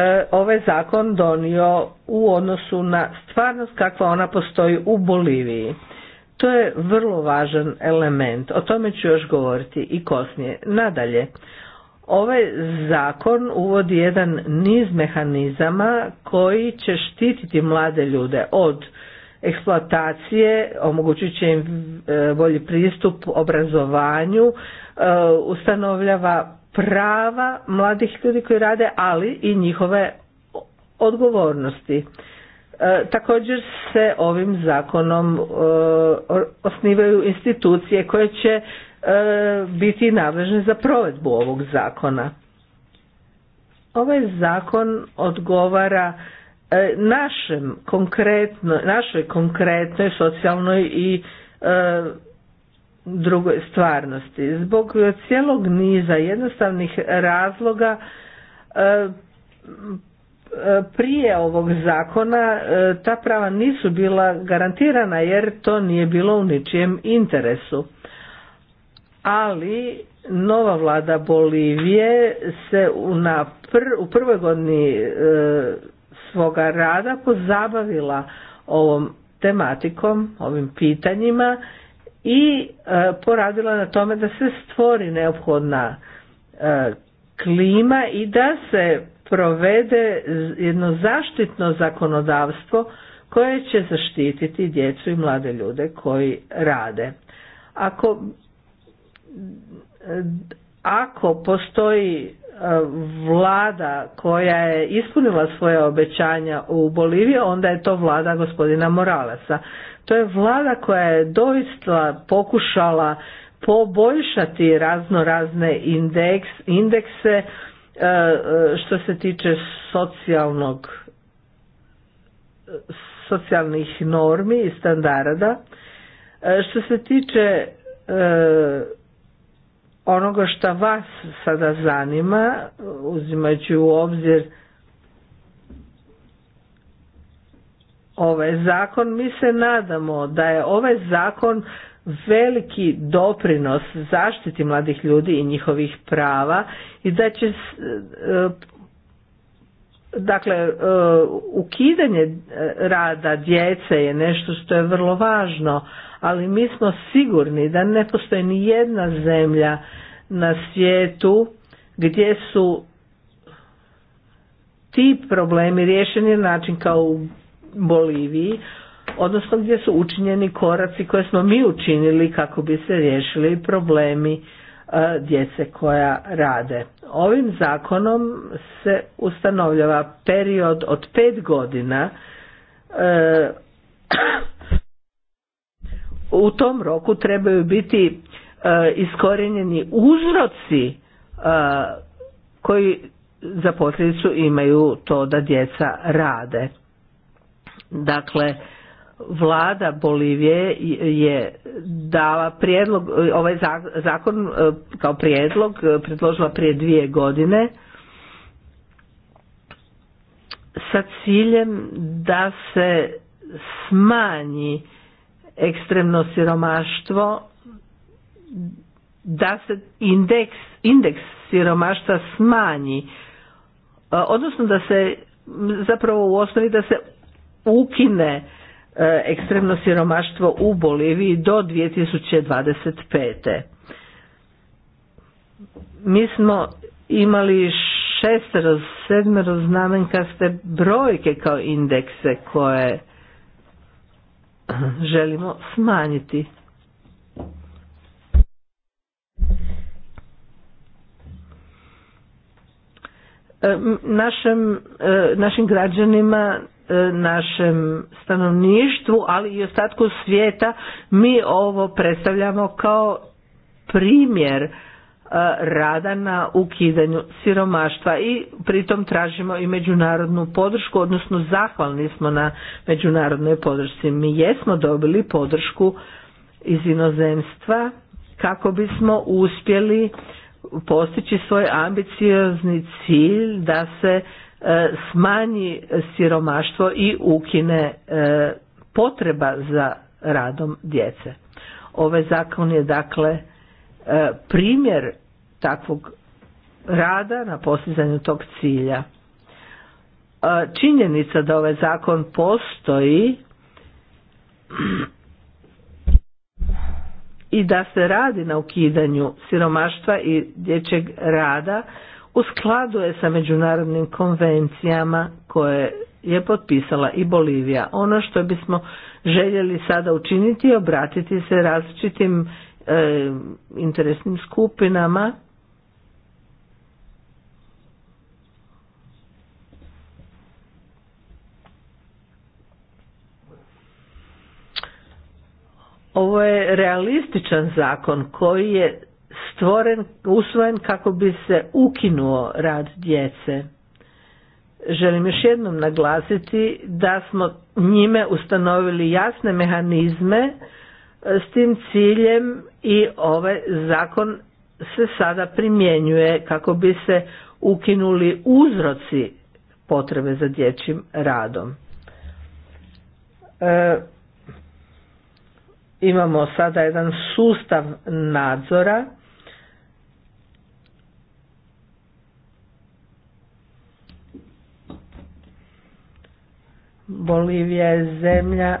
e, ovaj zakon donio u odnosu na stvarnost kakva ona postoji u Boliviji. To je vrlo važan element, o tome ću još govoriti i kosnije Nadalje, Ovaj zakon uvodi jedan niz mehanizama koji će štititi mlade ljude od eksploatacije, omogućit će im e, bolji pristup obrazovanju, e, ustanovljava prava mladih ljudi koji rade, ali i njihove odgovornosti. E, također se ovim zakonom osnivaju institucije koje će E, biti nadležni za provedbu ovog zakona. Ovaj zakon odgovara e, našem konkretno, našoj konkretnoj socijalnoj i e, drugoj stvarnosti. Zbog cijelog niza jednostavnih razloga prije ovog zakona ta prava nisu bila garantirana jer to nije bilo u ničijem interesu ali nova vlada Bolivije se u, na u prvoj godini e, svoga rada pozabavila ovom tematikom, ovim pitanjima i e, poradila na tome da se stvori neophodna e, klima i da se provede jedno zaštitno zakonodavstvo koje će zaštititi djecu i mlade ljude koji rade. Ako ako postoji e, vlada koja je ispunila svoje obećanja u Boliviji, onda je to vlada gospodina Moralesa. To je vlada koja je doista pokušala poboljšati razno razne indeks, indekse e, e, što se tiče socijalnog socijalnih normi i standarda. Što se tiče onoga što vas sada zanima, uzimajući u obzir ovaj zakon, mi se nadamo da je ovaj zakon veliki doprinos zaštiti mladih ljudi i njihovih prava i da će e, dakle e, ukidanje rada djece je nešto što je vrlo važno ali mi smo sigurni da ne postoji ni jedna zemlja na svijetu gdje su ti problemi riješeni na način kao u Boliviji, odnosno gdje su učinjeni koraci koje smo mi učinili kako bi se riješili problemi e, djece koja rade. Ovim zakonom se ustanovljava period od pet godina e, u tom roku trebaju biti e, iskorenjeni uzroci e, koji za posljedicu imaju to da djeca rade. Dakle, vlada Bolivije je dala prijedlog, e, ovaj zakon kao prijedlog predložila prije dvije godine sa ciljem da se smanji ekstremno siromaštvo da se indeks, indeks siromaštva smanji e, odnosno da se zapravo u osnovi da se ukine e, ekstremno siromaštvo u Boliviji do 2025. Mi smo imali šestero, sedmero ste brojke kao indekse koje želimo smanjiti. E, našem, e, našim građanima e, našem stanovništvu, ali i ostatku svijeta mi ovo predstavljamo kao primjer E, rada na ukidanju siromaštva i pritom tražimo i međunarodnu podršku, odnosno zahvalni smo na međunarodnoj podršci. Mi jesmo dobili podršku iz inozemstva kako bismo uspjeli postići svoj ambiciozni cilj da se e, smanji siromaštvo i ukine e, potreba za radom djece. Ovaj zakon je dakle primjer takvog rada na postizanju tog cilja. E, činjenica da ovaj zakon postoji i da se radi na ukidanju siromaštva i dječjeg rada u skladu je sa međunarodnim konvencijama koje je potpisala i Bolivija. Ono što bismo željeli sada učiniti je obratiti se različitim e, interesnim skupinama Ovo je realističan zakon koji je stvoren, usvojen kako bi se ukinuo rad djece. Želim još jednom naglasiti da smo njime ustanovili jasne mehanizme e, s tim ciljem i ovaj zakon se sada primjenjuje kako bi se ukinuli uzroci potrebe za dječjim radom. E, imamo sada jedan sustav nadzora Bolivija je zemlja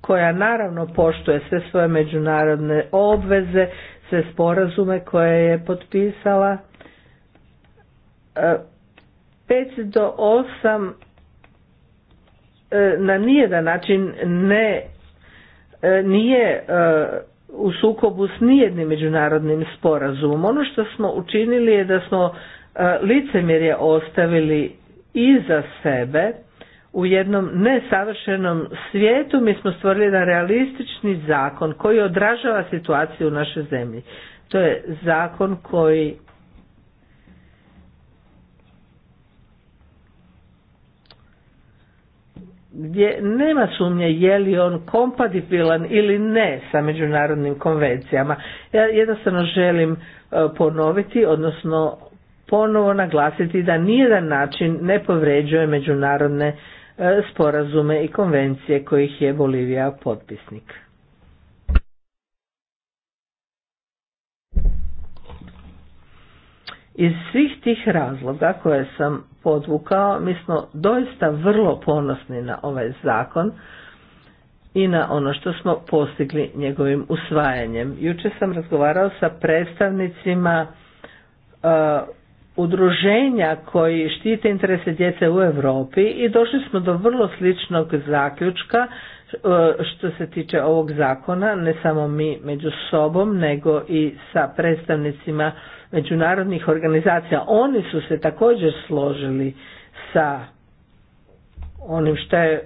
koja naravno poštuje sve svoje međunarodne obveze, sve sporazume koje je potpisala. 5 e, do 8 e, na nijedan način ne E, nije e, u sukobu s nijednim međunarodnim sporazumom. Ono što smo učinili je da smo e, licemjerje ostavili iza sebe u jednom nesavršenom svijetu mi smo stvorili jedan realistični zakon koji odražava situaciju u našoj zemlji. To je zakon koji gdje nema sumnje je li on kompatibilan ili ne sa međunarodnim konvencijama. Ja jednostavno želim e, ponoviti, odnosno ponovo naglasiti da nijedan način ne povređuje međunarodne e, sporazume i konvencije kojih je Bolivija potpisnik. Iz svih tih razloga koje sam podvukao, mi smo doista vrlo ponosni na ovaj zakon i na ono što smo postigli njegovim usvajanjem. Juče sam razgovarao sa predstavnicima e, udruženja koji štite interese djece u Europi i došli smo do vrlo sličnog zaključka e, što se tiče ovog zakona, ne samo mi među sobom, nego i sa predstavnicima međunarodnih organizacija. Oni su se također složili sa onim što je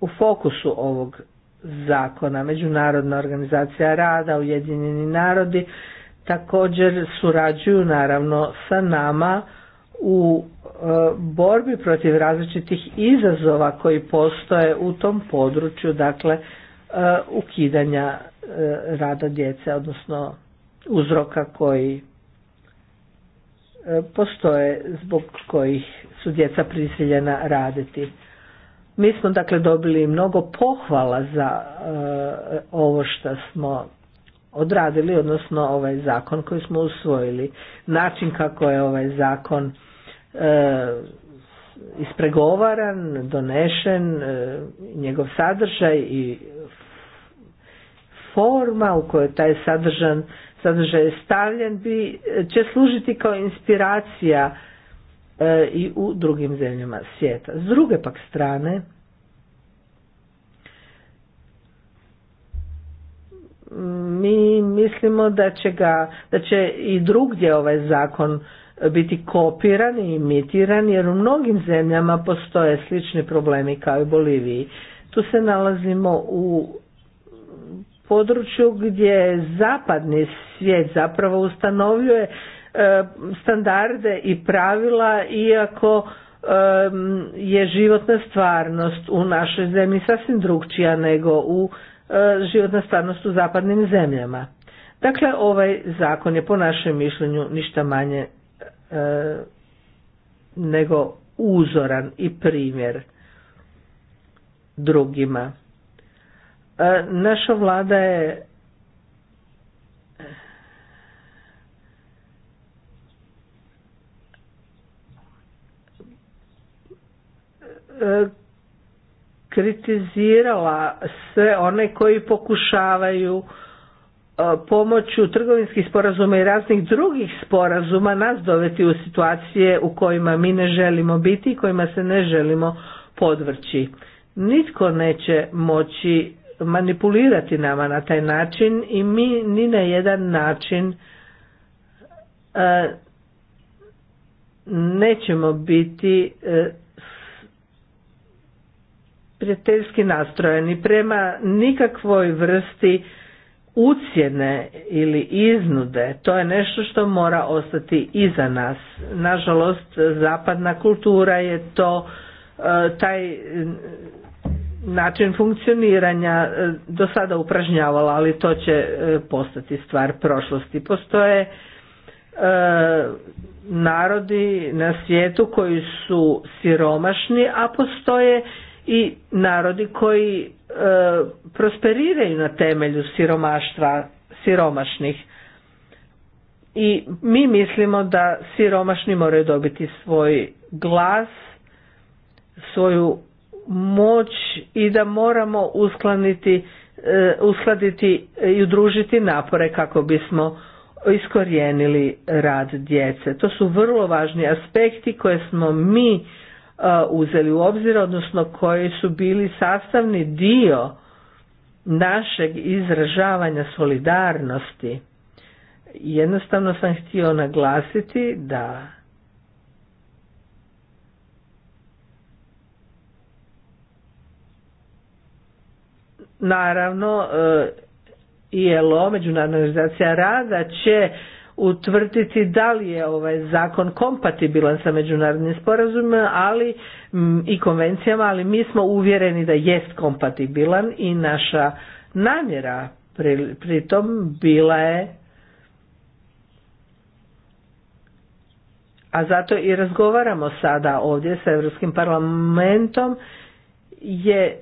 u fokusu ovog zakona. Međunarodna organizacija rada, Ujedinjeni narodi također surađuju naravno sa nama u e, borbi protiv različitih izazova koji postoje u tom području, dakle e, ukidanja e, rada djece, odnosno uzroka koji E, postoje zbog kojih su djeca prisiljena raditi. Mi smo dakle dobili mnogo pohvala za e, ovo što smo odradili, odnosno ovaj zakon koji smo usvojili. Način kako je ovaj zakon e, ispregovaran, donešen, njegov sadržaj i forma u kojoj taj sadržan sadržaj stavljen bi, će služiti kao inspiracija e, i u drugim zemljama svijeta. S druge pak strane, mi mislimo da će, ga, da će i drugdje ovaj zakon biti kopiran i imitiran jer u mnogim zemljama postoje slični problemi kao i Boliviji. Tu se nalazimo u području gdje zapadni svijet zapravo ustanovljuje e, standarde i pravila iako je životna stvarnost u našoj zemlji sasvim drugčija nego u e, životna stvarnost u zapadnim zemljama. Dakle, ovaj zakon je po našem mišljenju ništa manje e, nego uzoran i primjer drugima. E, naša vlada je e, kritizirala sve one koji pokušavaju e, pomoću trgovinskih sporazuma i raznih drugih sporazuma nas doveti u situacije u kojima mi ne želimo biti i kojima se ne želimo podvrći. Nitko neće moći manipulirati nama na taj način i mi ni na jedan način e, nećemo biti e, prijateljski nastrojeni prema nikakvoj vrsti ucjene ili iznude, to je nešto što mora ostati iza nas. Nažalost, zapadna kultura je to e, taj način funkcioniranja e, do sada upražnjavala, ali to će e, postati stvar prošlosti. Postoje e, narodi na svijetu koji su siromašni, a postoje i narodi koji prosperiraju na temelju siromaštva siromašnih. I mi mislimo da siromašni moraju dobiti svoj glas, svoju moć i da moramo e, uskladiti i udružiti napore kako bismo iskorijenili rad djece. To su vrlo važni aspekti koje smo mi e, uzeli u obzir, odnosno koji su bili sastavni dio našeg izražavanja solidarnosti. Jednostavno sam htio naglasiti da Naravno, e, ILO, Međunarodna organizacija rada, će utvrditi da li je ovaj zakon kompatibilan sa međunarodnim sporazumima ali i konvencijama, ali mi smo uvjereni da jest kompatibilan i naša namjera pritom bila je a zato i razgovaramo sada ovdje sa Europskim parlamentom je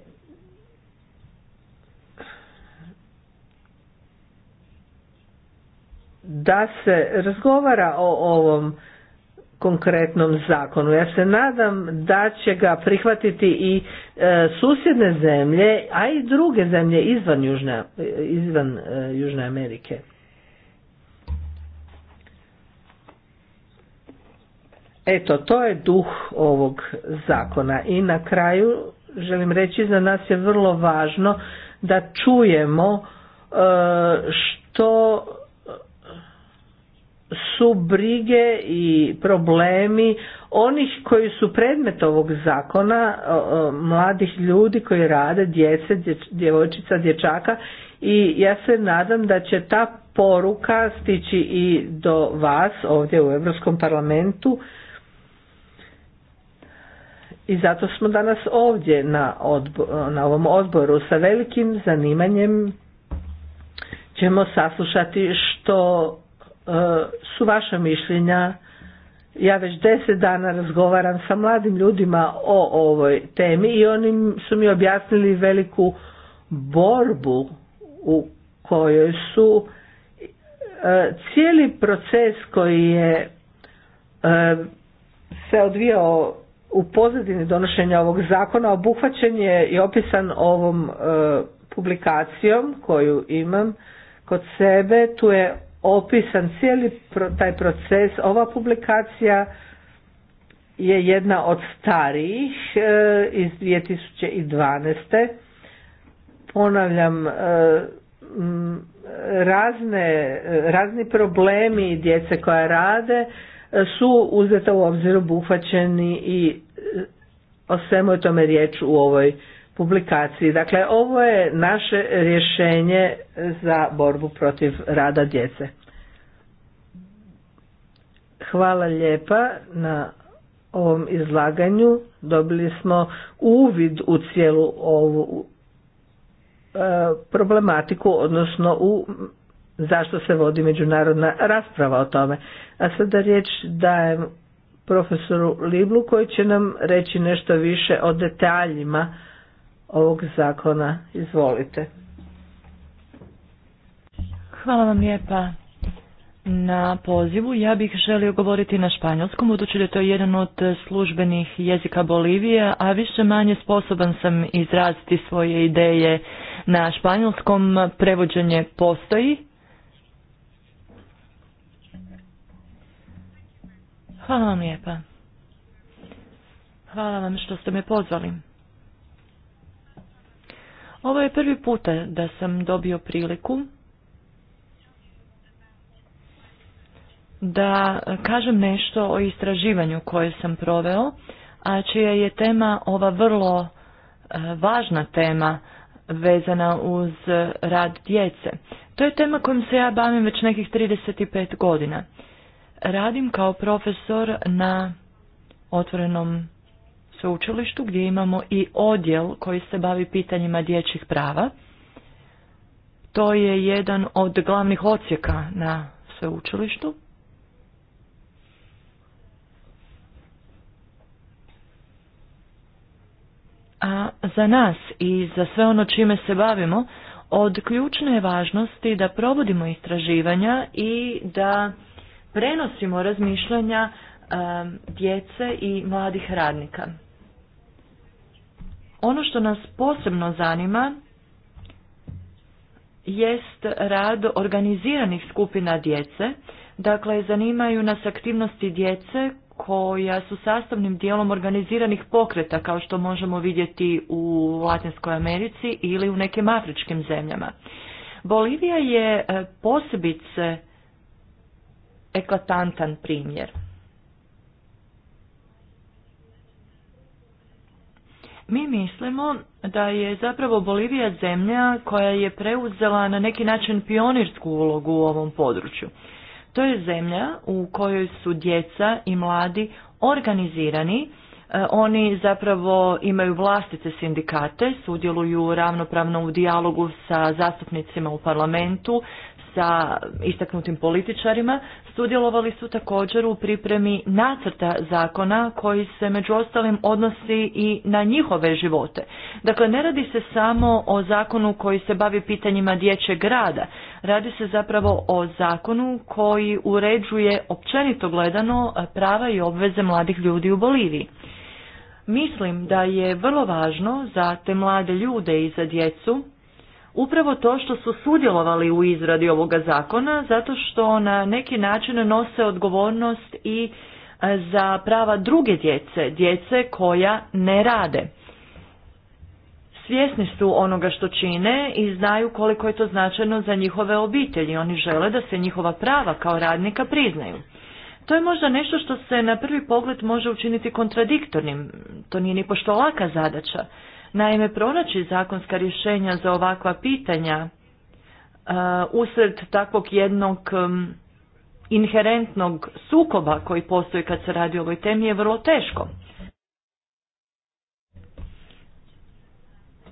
da se razgovara o ovom konkretnom zakonu. Ja se nadam da će ga prihvatiti i e, susjedne zemlje, a i druge zemlje izvan Južne, izvan e, Južne Amerike. Eto, to je duh ovog zakona. I na kraju želim reći za nas je vrlo važno da čujemo e, što su brige i problemi onih koji su predmet ovog zakona, mladih ljudi koji rade, djece, djevojčica, dječaka i ja se nadam da će ta poruka stići i do vas ovdje u Europskom parlamentu i zato smo danas ovdje na, na ovom odboru sa velikim zanimanjem ćemo saslušati što E, su vaša mišljenja? Ja već deset dana razgovaram sa mladim ljudima o ovoj temi i oni su mi objasnili veliku borbu u kojoj su e, cijeli proces koji je e, se odvijao u pozadini donošenja ovog zakona obuhvaćen je i opisan ovom publikacijom koju imam kod sebe. Tu je opisan cijeli taj proces. Ova publikacija je jedna od starijih e, iz 2012. Ponavljam, e, razne, razni problemi djece koja rade e, su uzeta u obzir obuhvaćeni i o svemu je tome riječ u ovoj publikaciji. Dakle, ovo je naše rješenje za borbu protiv rada djece. Hvala lijepa na ovom izlaganju. Dobili smo uvid u cijelu ovu e, problematiku, odnosno u zašto se vodi međunarodna rasprava o tome. A sada riječ dajem profesoru Liblu koji će nam reći nešto više o detaljima ovog zakona. Izvolite. Hvala vam lijepa na pozivu. Ja bih želio govoriti na španjolskom, budući da je to jedan od službenih jezika Bolivije, a više manje sposoban sam izraziti svoje ideje na španjolskom. Prevođenje postoji. Hvala vam lijepa. Hvala vam što ste me pozvali. Ovo je prvi puta da sam dobio priliku da kažem nešto o istraživanju koje sam proveo, a čija je tema ova vrlo e, važna tema vezana uz rad djece. To je tema kojom se ja bavim već nekih 35 godina. Radim kao profesor na otvorenom sveučilištu gdje imamo i odjel koji se bavi pitanjima dječjih prava. To je jedan od glavnih ocijeka na sveučilištu. A za nas i za sve ono čime se bavimo, od ključne je važnosti da provodimo istraživanja i da prenosimo razmišljanja djece i mladih radnika. Ono što nas posebno zanima jest rad organiziranih skupina djece. Dakle, zanimaju nas aktivnosti djece koja su sastavnim dijelom organiziranih pokreta kao što možemo vidjeti u Latinskoj Americi ili u nekim afričkim zemljama. Bolivija je e, posebice eklatantan primjer. Mi mislimo da je zapravo Bolivija zemlja koja je preuzela na neki način pionirsku ulogu u ovom području. To je zemlja u kojoj su djeca i mladi organizirani, e, oni zapravo imaju vlastite sindikate, sudjeluju ravnopravno u dijalogu sa zastupnicima u parlamentu, sa istaknutim političarima sudjelovali su također u pripremi nacrta zakona koji se među ostalim odnosi i na njihove živote. Dakle, ne radi se samo o zakonu koji se bavi pitanjima dječjeg rada, radi se zapravo o zakonu koji uređuje općenito gledano prava i obveze mladih ljudi u Boliviji. Mislim da je vrlo važno za te mlade ljude i za djecu upravo to što su sudjelovali u izradi ovoga zakona zato što na neki način nose odgovornost i e, za prava druge djece, djece koja ne rade. Svjesni su onoga što čine i znaju koliko je to značajno za njihove obitelji. Oni žele da se njihova prava kao radnika priznaju. To je možda nešto što se na prvi pogled može učiniti kontradiktornim. To nije ni pošto laka zadaća. Naime, pronaći zakonska rješenja za ovakva pitanja e, usred takvog jednog inherentnog sukoba koji postoji kad se radi o ovoj temi je vrlo teško.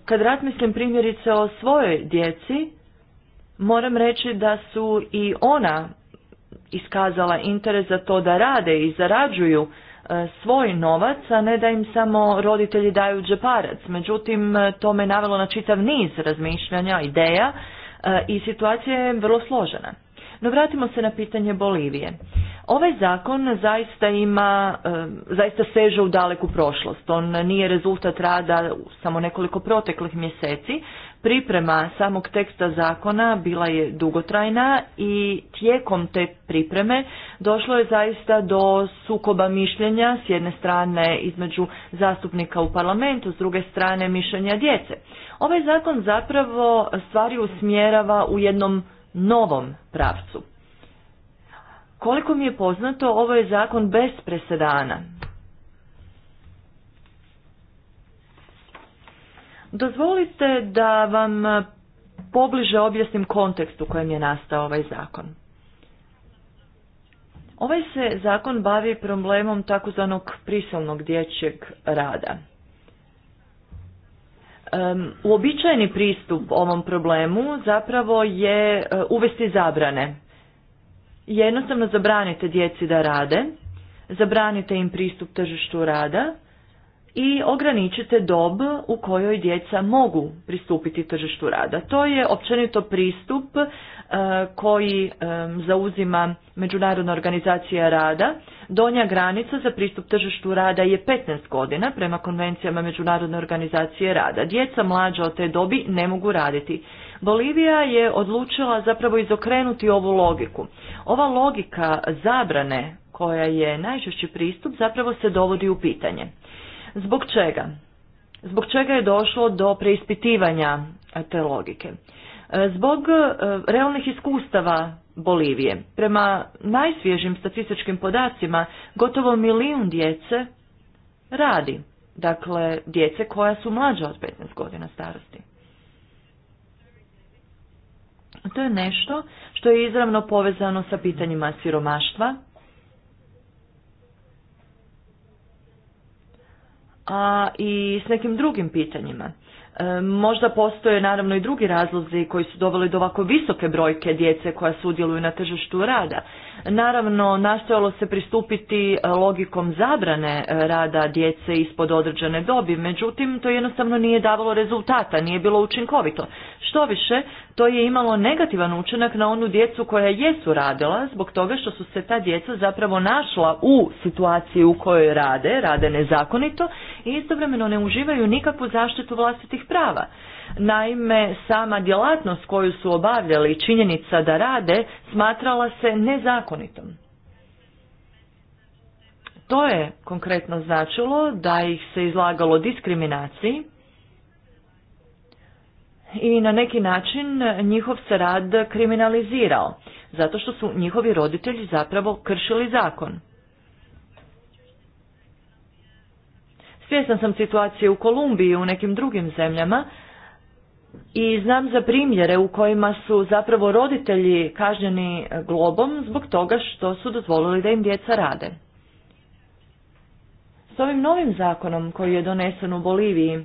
Kad razmislim primjerice o svojoj djeci, moram reći da su i ona iskazala interes za to da rade i zarađuju E, svoj novac, a ne da im samo roditelji daju džeparac. Međutim, e, to me navelo na čitav niz razmišljanja, ideja e, i situacija je vrlo složena. No vratimo se na pitanje Bolivije. Ovaj zakon zaista ima, zaista seže u daleku prošlost. On nije rezultat rada samo nekoliko proteklih mjeseci, Priprema samog teksta zakona bila je dugotrajna i tijekom te pripreme došlo je zaista do sukoba mišljenja s jedne strane između zastupnika u parlamentu, s druge strane mišljenja djece. Ovaj zakon zapravo stvari usmjerava u jednom novom pravcu. Koliko mi je poznato, ovo je zakon bez presedana. Dozvolite da vam pobliže objasnim kontekst u kojem je nastao ovaj zakon. Ovaj se zakon bavi problemom takozvanog prisilnog dječjeg rada. uobičajeni pristup ovom problemu zapravo je e, uvesti zabrane. Jednostavno zabranite djeci da rade, zabranite im pristup tržištu rada i ograničite dob u kojoj djeca mogu pristupiti tržištu rada. To je općenito pristup e, koji e, zauzima Međunarodna organizacija rada. Donja granica za pristup tržištu rada je 15 godina prema konvencijama Međunarodne organizacije rada. Djeca mlađa od te dobi ne mogu raditi. Bolivija je odlučila zapravo izokrenuti ovu logiku. Ova logika zabrane koja je najčešći pristup zapravo se dovodi u pitanje. Zbog čega? Zbog čega je došlo do preispitivanja e, te logike? E, zbog e, realnih iskustava Bolivije. Prema najsvježim statističkim podacima, gotovo milijun djece radi. Dakle, djece koja su mlađa od 15 godina starosti. To je nešto što je izravno povezano sa pitanjima siromaštva, a i s nekim drugim pitanjima. E, možda postoje naravno i drugi razlozi koji su doveli do ovako visoke brojke djece koja sudjeluju na tržištu rada. Naravno, nastojalo se pristupiti e, logikom zabrane e, rada djece ispod određene dobi, međutim, to jednostavno nije davalo rezultata, nije bilo učinkovito. Što više, to je imalo negativan učinak na onu djecu koja jesu radila, zbog toga što su se ta djeca zapravo našla u situaciji u kojoj rade, rade nezakonito i istovremeno ne uživaju nikakvu zaštitu vlastitih prava. Naime, sama djelatnost koju su obavljali činjenica da rade smatrala se za to je konkretno značilo da ih se izlagalo diskriminaciji i na neki način njihov se rad kriminalizirao, zato što su njihovi roditelji zapravo kršili zakon. Svjesna sam situacije u Kolumbiji i u nekim drugim zemljama i znam za primjere u kojima su zapravo roditelji kažnjeni e, globom zbog toga što su dozvolili da im djeca rade. S ovim novim zakonom koji je donesen u Boliviji,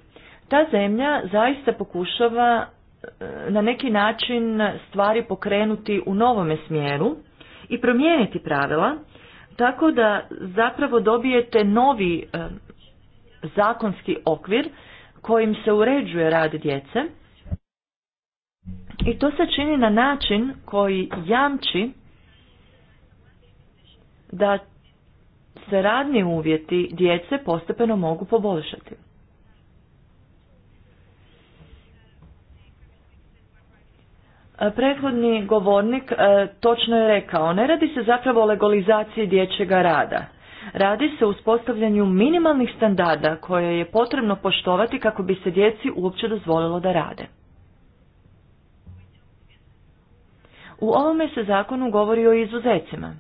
ta zemlja zaista pokušava e, na neki način stvari pokrenuti u novome smjeru i promijeniti pravila, tako da zapravo dobijete novi e, zakonski okvir kojim se uređuje rad djece, i to se čini na način koji jamči da se radni uvjeti djece postepeno mogu poboljšati. E, prethodni govornik e, točno je rekao, ne radi se zapravo o legalizaciji dječjega rada. Radi se o uspostavljanju minimalnih standarda koje je potrebno poštovati kako bi se djeci uopće dozvolilo da rade. U ovome se zakonu govori o izuzecima.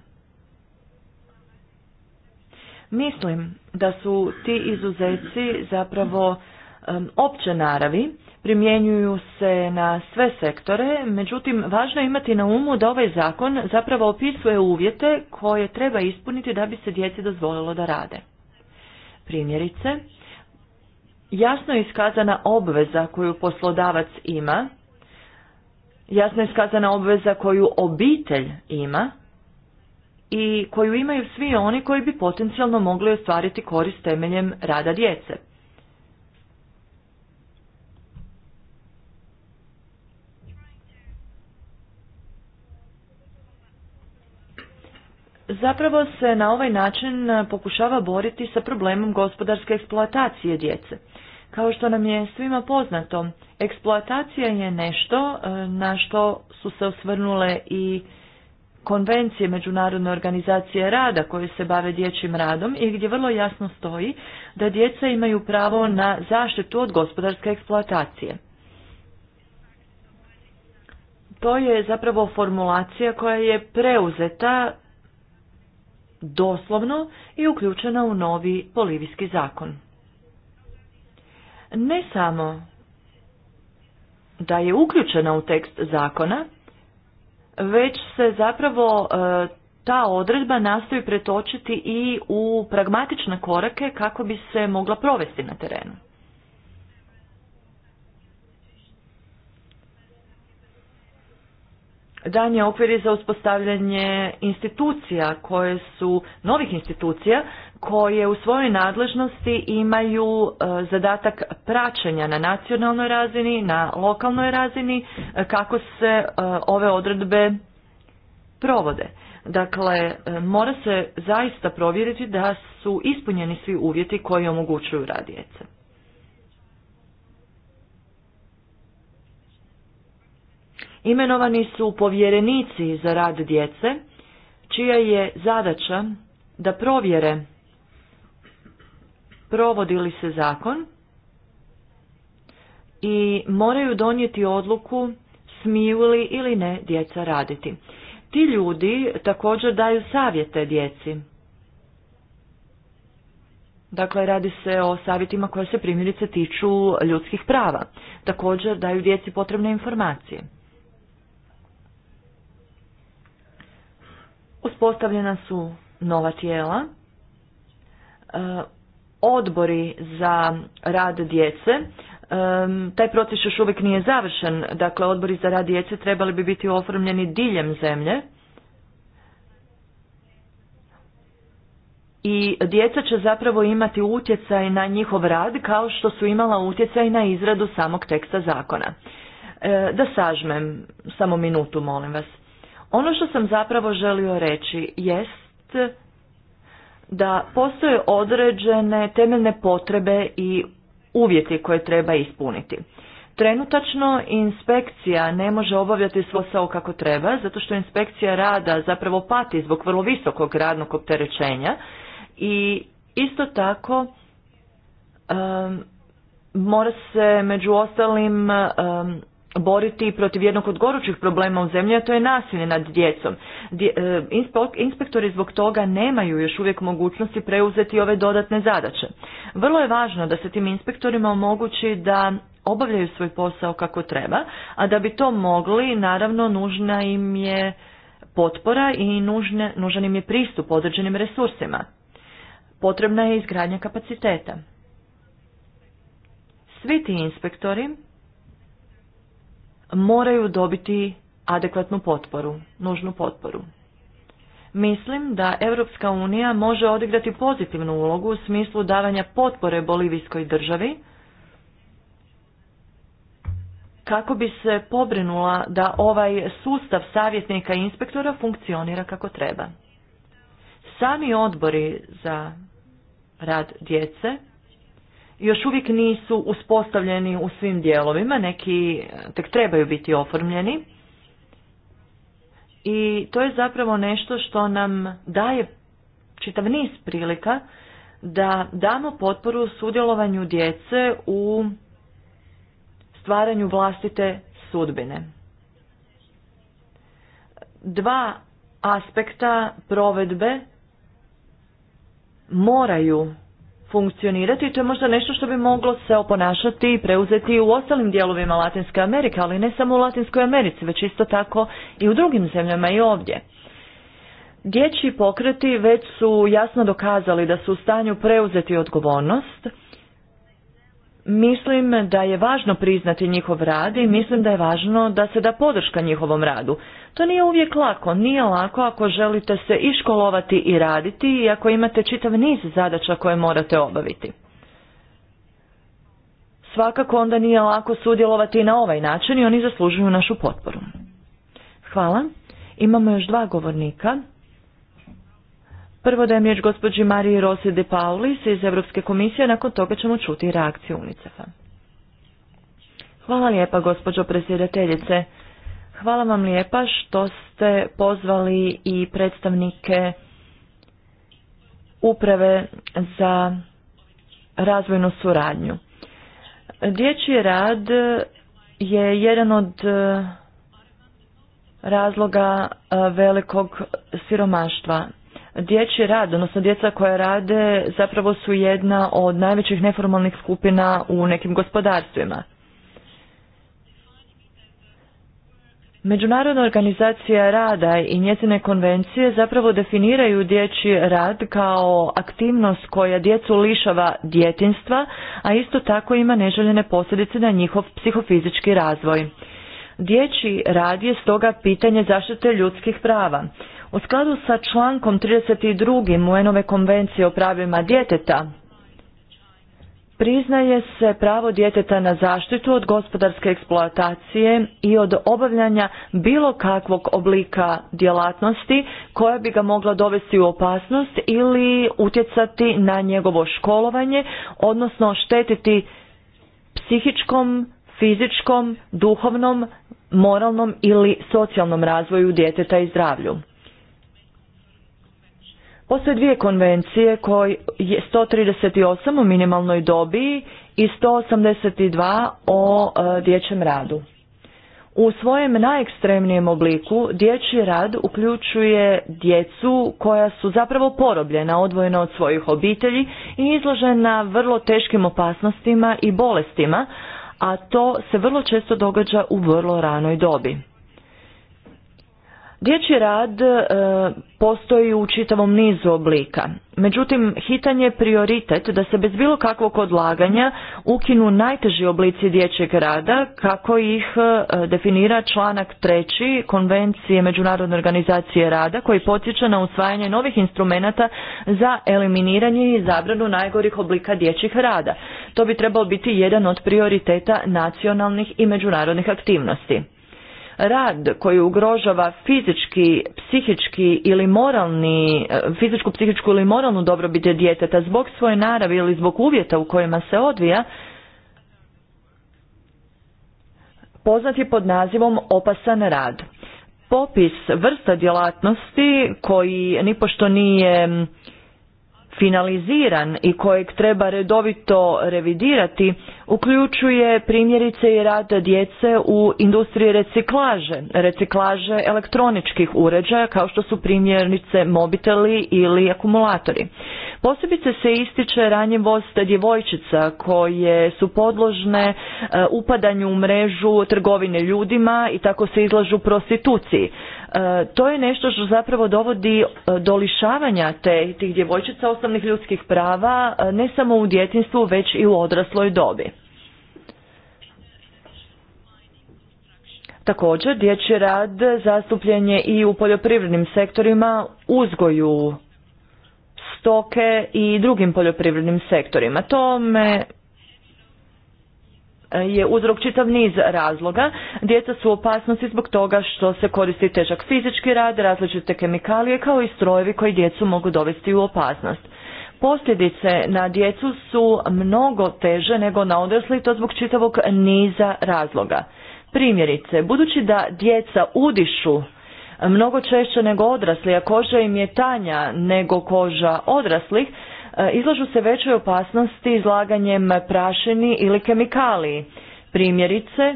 Mislim da su ti izuzeci zapravo opće naravi, primjenjuju se na sve sektore, međutim važno je imati na umu da ovaj zakon zapravo opisuje uvjete koje treba ispuniti da bi se djeci dozvolilo da rade. Primjerice, jasno je iskazana obveza koju poslodavac ima jasno je iskazana obveza koju obitelj ima i koju imaju svi oni koji bi potencijalno mogli ostvariti korist temeljem rada djece. Zapravo se na ovaj način pokušava boriti sa problemom gospodarske eksploatacije djece. Kao što nam je svima poznato, eksploatacija je nešto e, na što su se osvrnule i konvencije Međunarodne organizacije rada koje se bave dječjim radom i gdje vrlo jasno stoji da djeca imaju pravo na zaštitu od gospodarske eksploatacije. To je zapravo formulacija koja je preuzeta doslovno i uključena u novi polivijski zakon ne samo da je uključena u tekst zakona, već se zapravo e, ta odredba nastoji pretočiti i u pragmatične korake kako bi se mogla provesti na terenu. Dan je okvir za uspostavljanje institucija koje su, novih institucija koje u svojoj nadležnosti imaju e, zadatak praćenja na nacionalnoj razini, na lokalnoj razini, e, kako se e, ove odredbe provode. Dakle, mora se zaista provjeriti da su ispunjeni svi uvjeti koji omogućuju rad djece. Imenovani su povjerenici za rad djece, čija je zadaća da provjere provodi li se zakon i moraju donijeti odluku smiju li ili ne djeca raditi. Ti ljudi također daju savjete djeci. Dakle, radi se o savjetima koje se primjerice tiču ljudskih prava. Također daju djeci potrebne informacije. Uspostavljena su nova tijela e, odbori za rad djece, taj proces još uvijek nije završen, dakle odbori za rad djece trebali bi biti ofrmljeni diljem zemlje. I djeca će zapravo imati utjecaj na njihov rad kao što su imala utjecaj na izradu samog teksta zakona. E, da sažmem, samo minutu molim vas. Ono što sam zapravo želio reći jest da postoje određene temeljne potrebe i uvjeti koje treba ispuniti. Trenutačno inspekcija ne može obavljati svoj posao kako treba, zato što inspekcija rada zapravo pati zbog vrlo visokog radnog opterećenja i isto tako mora se među ostalim boriti protiv jednog od gorućih problema u zemlji, a to je nasilje nad djecom. E, inspektori zbog toga nemaju još uvijek mogućnosti preuzeti ove dodatne zadaće. Vrlo je važno da se tim inspektorima omogući da obavljaju svoj posao kako treba, a da bi to mogli, naravno, nužna im je potpora i nužne, nužan im je pristup određenim resursima. Potrebna je izgradnja kapaciteta. Svi ti inspektori moraju dobiti adekvatnu potporu, nužnu potporu. Mislim da Europska unija može odigrati pozitivnu ulogu u smislu davanja potpore bolivijskoj državi kako bi se pobrinula da ovaj sustav savjetnika i inspektora funkcionira kako treba. Sami odbori za rad djece još uvijek nisu uspostavljeni u svim dijelovima, neki eh, tek trebaju biti oformljeni. I to je zapravo nešto što nam daje čitav niz prilika da damo potporu sudjelovanju djece u stvaranju vlastite sudbine. Dva aspekta provedbe moraju funkcionirati i to je možda nešto što bi moglo se oponašati i preuzeti u ostalim dijelovima Latinske Amerike, ali ne samo u Latinskoj Americi, već isto tako i u drugim zemljama i ovdje. Dječji pokreti već su jasno dokazali da su u stanju preuzeti odgovornost Mislim da je važno priznati njihov rad i mislim da je važno da se da podrška njihovom radu. To nije uvijek lako, nije lako ako želite se i školovati i raditi i ako imate čitav niz zadaća koje morate obaviti. Svakako onda nije lako sudjelovati i na ovaj način i oni zaslužuju našu potporu. Hvala. Imamo još dva govornika. Prvo dajem riječ gospođi Mariji Rosi de Paulis iz Europske komisije, nakon toga ćemo čuti reakciju UNICEF-a. Hvala lijepa gospođo predsjedateljice. Hvala vam lijepa što ste pozvali i predstavnike uprave za razvojnu suradnju. Dječji rad je jedan od e, razloga e, velikog siromaštva Dječji rad, odnosno djeca koja rade, zapravo su jedna od najvećih neformalnih skupina u nekim gospodarstvima. Međunarodna organizacija rada i njezine konvencije zapravo definiraju dječji rad kao aktivnost koja djecu lišava djetinstva, a isto tako ima neželjene posljedice na njihov psihofizički razvoj. Dječji rad je stoga pitanje zaštite ljudskih prava. U skladu sa člankom 32. UN-ove konvencije o pravima djeteta, priznaje se pravo djeteta na zaštitu od gospodarske eksploatacije i od obavljanja bilo kakvog oblika djelatnosti koja bi ga mogla dovesti u opasnost ili utjecati na njegovo školovanje, odnosno štetiti psihičkom, fizičkom, duhovnom, moralnom ili socijalnom razvoju djeteta i zdravlju. Postoje dvije konvencije koje je 138 o minimalnoj dobi i 182 o e, dječjem radu. U svojem najekstremnijem obliku dječji rad uključuje djecu koja su zapravo porobljena, odvojena od svojih obitelji i izložena vrlo teškim opasnostima i bolestima, a to se vrlo često događa u vrlo ranoj dobi. Dječji rad e, postoji u čitavom nizu oblika. Međutim, hitan je prioritet da se bez bilo kakvog odlaganja ukinu najteži oblici dječjeg rada kako ih e, definira članak 3. Konvencije Međunarodne organizacije rada koji potiče na usvajanje novih instrumenata za eliminiranje i zabranu najgorih oblika dječjih rada. To bi trebao biti jedan od prioriteta nacionalnih i međunarodnih aktivnosti rad koji ugrožava fizički, psihički ili moralni, e, fizičku, psihičku ili moralnu dobrobit djeteta zbog svoje naravi ili zbog uvjeta u kojima se odvija, poznat je pod nazivom opasan rad. Popis vrsta djelatnosti koji nipošto nije finaliziran i kojeg treba redovito revidirati uključuje primjerice i rad djece u industriji reciklaže, reciklaže elektroničkih uređaja kao što su primjernice mobiteli ili akumulatori. Posebice se ističe ranjivost djevojčica koje su podložne e, upadanju u mrežu trgovine ljudima i tako se izlažu prostituciji. E, to je nešto što zapravo dovodi e, do lišavanja te, tih djevojčica osnovnih ljudskih prava ne samo u djetinstvu već i u odrasloj dobi. Također, dječji rad zastupljen je i u poljoprivrednim sektorima, uzgoju stoke i drugim poljoprivrednim sektorima. Tome e, je uzrok čitav niz razloga. Djeca su u opasnosti zbog toga što se koristi težak fizički rad, različite kemikalije kao i strojevi koji djecu mogu dovesti u opasnost. Posljedice na djecu su mnogo teže nego na odrasli i to zbog čitavog niza razloga. Primjerice, budući da djeca udišu mnogo češće nego odrasli, a koža im je tanja nego koža odraslih, e, izlažu se većoj opasnosti izlaganjem prašini ili kemikaliji. Primjerice,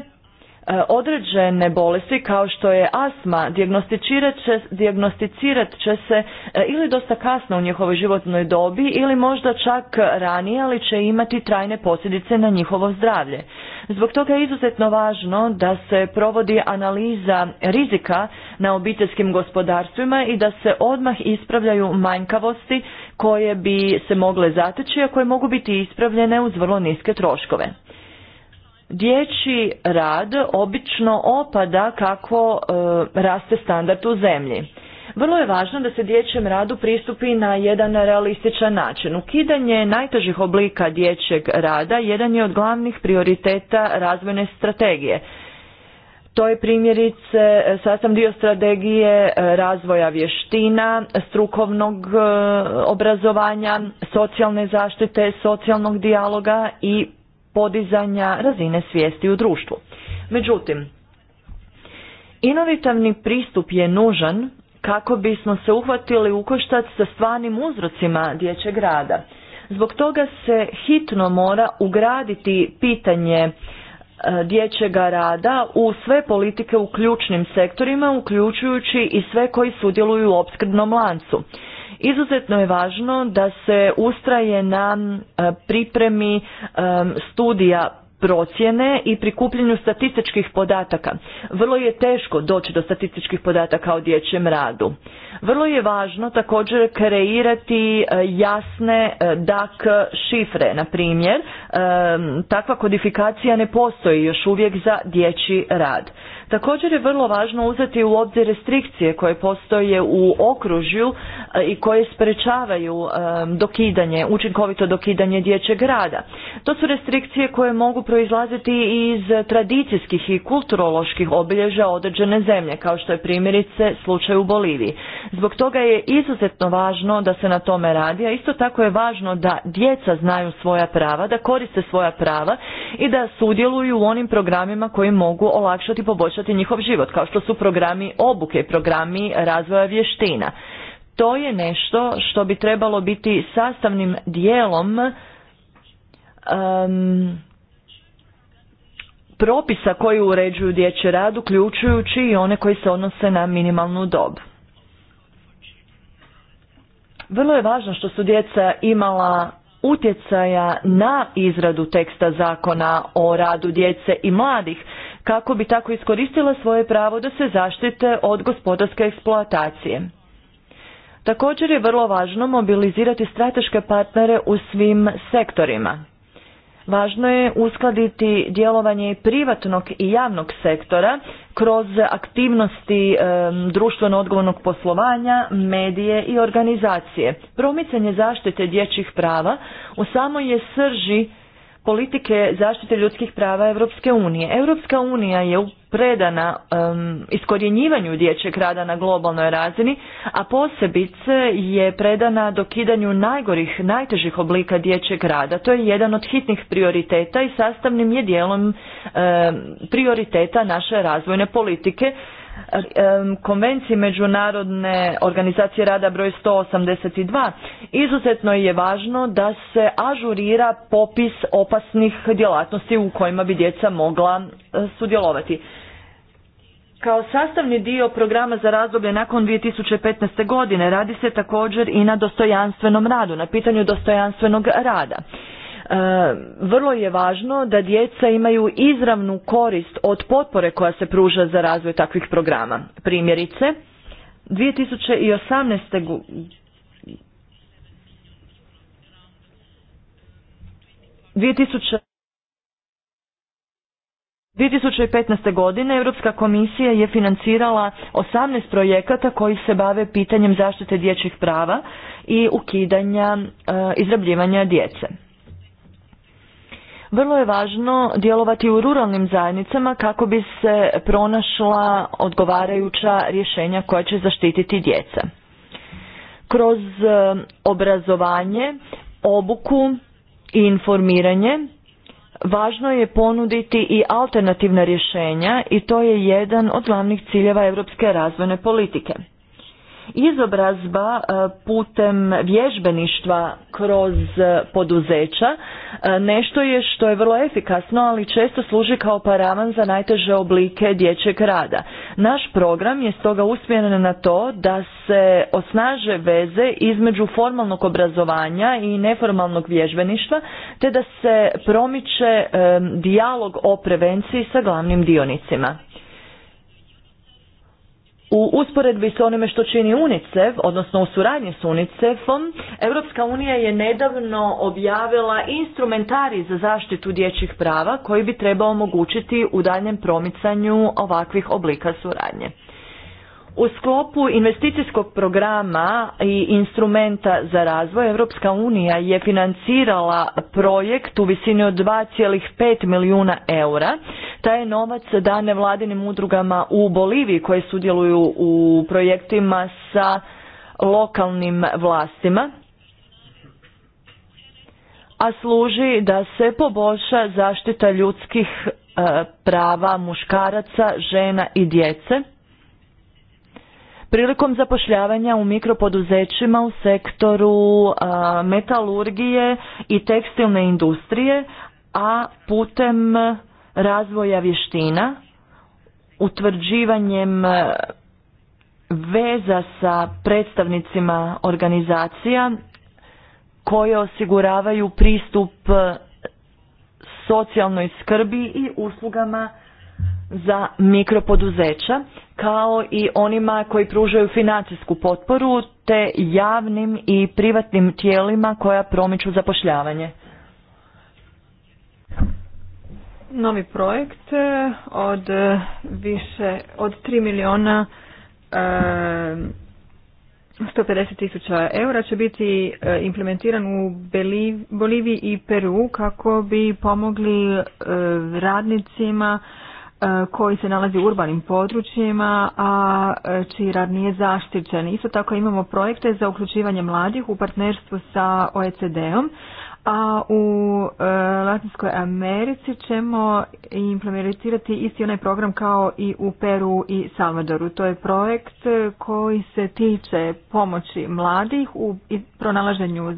E, određene bolesti kao što je asma dijagnosticirat će, dijagnosticirat će se e, ili dosta kasno u njihovoj životnoj dobi ili možda čak ranije, ali će imati trajne posljedice na njihovo zdravlje. Zbog toga je izuzetno važno da se provodi analiza rizika na obiteljskim gospodarstvima i da se odmah ispravljaju manjkavosti koje bi se mogle zateći, a koje mogu biti ispravljene uz vrlo niske troškove dječji rad obično opada kako e, raste standard u zemlji. Vrlo je važno da se dječjem radu pristupi na jedan realističan način. Ukidanje najtežih oblika dječjeg rada jedan je od glavnih prioriteta razvojne strategije. To je primjerice e, sastav dio strategije e, razvoja vještina, strukovnog obrazovanja, socijalne zaštite, socijalnog dijaloga i podizanja razine svijesti u društvu. Međutim, inovitavni pristup je nužan kako bismo se uhvatili u koštac sa stvarnim uzrocima dječjeg rada. Zbog toga se hitno mora ugraditi pitanje e, dječjega rada u sve politike u ključnim sektorima, uključujući i sve koji sudjeluju u opskrbnom lancu. Izuzetno je važno da se ustraje na e, pripremi studija procjene i prikupljenju statističkih podataka. Vrlo je teško doći do statističkih podataka o dječjem radu. Vrlo je važno također kreirati e, jasne e, DAK šifre. Na primjer, takva kodifikacija ne postoji još uvijek za dječji rad. Također je vrlo važno uzeti u obzir restrikcije koje postoje u okružju e, i koje sprečavaju dokidanje, učinkovito dokidanje dječjeg rada. To su restrikcije koje mogu proizlaziti iz tradicijskih i kulturoloških obilježja određene zemlje, kao što je primjerice slučaj u Boliviji. Zbog toga je izuzetno važno da se na tome radi, a isto tako je važno da djeca znaju svoja prava, da koriste svoja prava i da sudjeluju u onim programima koji mogu olakšati poboljšanje poboljšati njihov život, kao što su programi obuke programi razvoja vještina. To je nešto što bi trebalo biti sastavnim dijelom um, propisa koji uređuju dječje rad, uključujući i one koji se odnose na minimalnu dob. Vrlo je važno što su djeca imala utjecaja na izradu teksta zakona o radu djece i mladih kako bi tako iskoristila svoje pravo da se zaštite od gospodarske eksploatacije. Također je vrlo važno mobilizirati strateške partnere u svim sektorima. Važno je uskladiti djelovanje privatnog i javnog sektora kroz aktivnosti društveno odgovornog poslovanja, medije i organizacije. Promicanje zaštite dječjih prava u samoj je srži politike zaštite ljudskih prava Europske unije. Europska unija je predana iskorjenjivanju dječjeg rada na globalnoj razini, a posebice je predana dokidanju najgorih, najtežih oblika dječjeg rada. To je jedan od hitnih prioriteta i sastavnim je dijelom prioriteta naše razvojne politike konvenciji Međunarodne organizacije rada broj 182 izuzetno je važno da se ažurira popis opasnih djelatnosti u kojima bi djeca mogla e, sudjelovati. Kao sastavni dio programa za razdoblje nakon 2015. godine radi se također i na dostojanstvenom radu, na pitanju dostojanstvenog rada. E, vrlo je važno da djeca imaju izravnu korist od potpore koja se pruža za razvoj takvih programa. Primjerice, 2018. godine 2015. godine Europska komisija je financirala 18 projekata koji se bave pitanjem zaštite dječjih prava i ukidanja e, izrabljivanja djece. Vrlo je važno djelovati u ruralnim zajednicama kako bi se pronašla odgovarajuća rješenja koja će zaštititi djeca. Kroz e, obrazovanje, obuku i informiranje Važno je ponuditi i alternativna rješenja i to je jedan od glavnih ciljeva europske razvojne politike izobrazba e, putem vježbeništva kroz e, poduzeća e, nešto je što je vrlo efikasno, ali često služi kao paravan za najteže oblike dječjeg rada. Naš program je stoga usmjeren na to da se osnaže veze između formalnog obrazovanja i neformalnog vježbeništva, te da se promiče dijalog o prevenciji sa glavnim dionicima. U usporedbi s onime što čini UNICEF, odnosno u suradnji s UNICEF-om, Europska unija je nedavno objavila instrumentari za zaštitu dječjih prava koji bi trebao omogućiti u daljem promicanju ovakvih oblika suradnje. U sklopu investicijskog programa i instrumenta za razvoj Europska unija je financirala projekt u visini od 2,5 milijuna eura. Taj je novac dane vladinim udrugama u Boliviji koje sudjeluju u projektima sa lokalnim vlastima a služi da se poboljša zaštita ljudskih e, prava muškaraca, žena i djece prilikom zapošljavanja u mikropoduzećima u sektoru metalurgije i tekstilne industrije, a putem razvoja vještina, utvrđivanjem veza sa predstavnicima organizacija koje osiguravaju pristup socijalnoj skrbi i uslugama za mikropoduzeća kao i onima koji pružaju financijsku potporu te javnim i privatnim tijelima koja promiču zapošljavanje. Novi projekt e, od e, više od 3 miliona 150 e, tisuća eura će biti implementiran u Boliviji i Peru kako bi pomogli radnicima E, koji se nalazi u urbanim područjima, a e, čiji rad nije zaštićen. Isto tako imamo projekte za uključivanje mladih u partnerstvu sa OECD-om, a u e, Latinskoj Americi ćemo implementirati isti onaj program kao i u Peru i Salvadoru. To je projekt koji se tiče pomoći mladih u pronalaženju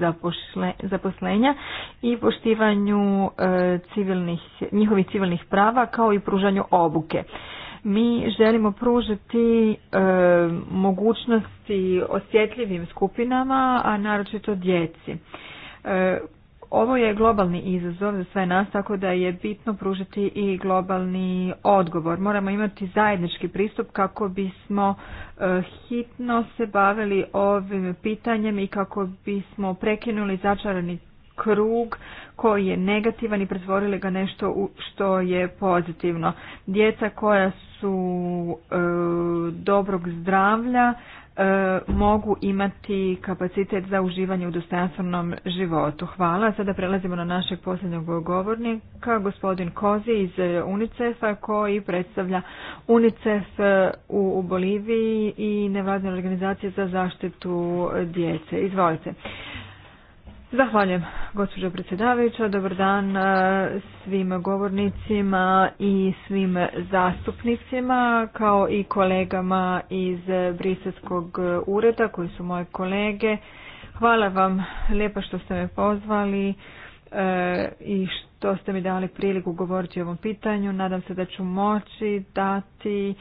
zaposlenja i poštivanju e, njihovih civilnih prava kao i pružanju obuke. Mi želimo pružiti e, mogućnosti osjetljivim skupinama, a naročito djeci. Ovo je globalni izazov za sve nas, tako da je bitno pružiti i globalni odgovor. Moramo imati zajednički pristup kako bismo e, hitno se bavili ovim pitanjem i kako bismo prekinuli začarani krug koji je negativan i pretvorili ga nešto u što je pozitivno. Djeca koja su e, dobrog zdravlja E, mogu imati kapacitet za uživanje u dostojanstvenom životu. Hvala. Sada prelazimo na našeg posljednjeg govornika, gospodin Kozi iz UNICEF-a koji predstavlja UNICEF u Boliviji i nevladne organizacije za zaštitu djece. Izvolite. Zahvaljujem, gospođo predsjedavajuća. Dobar dan e, svim govornicima i svim zastupnicima, kao i kolegama iz Briselskog ureda, koji su moje kolege. Hvala vam lijepa što ste me pozvali e, i što ste mi dali priliku govoriti o ovom pitanju. Nadam se da ću moći dati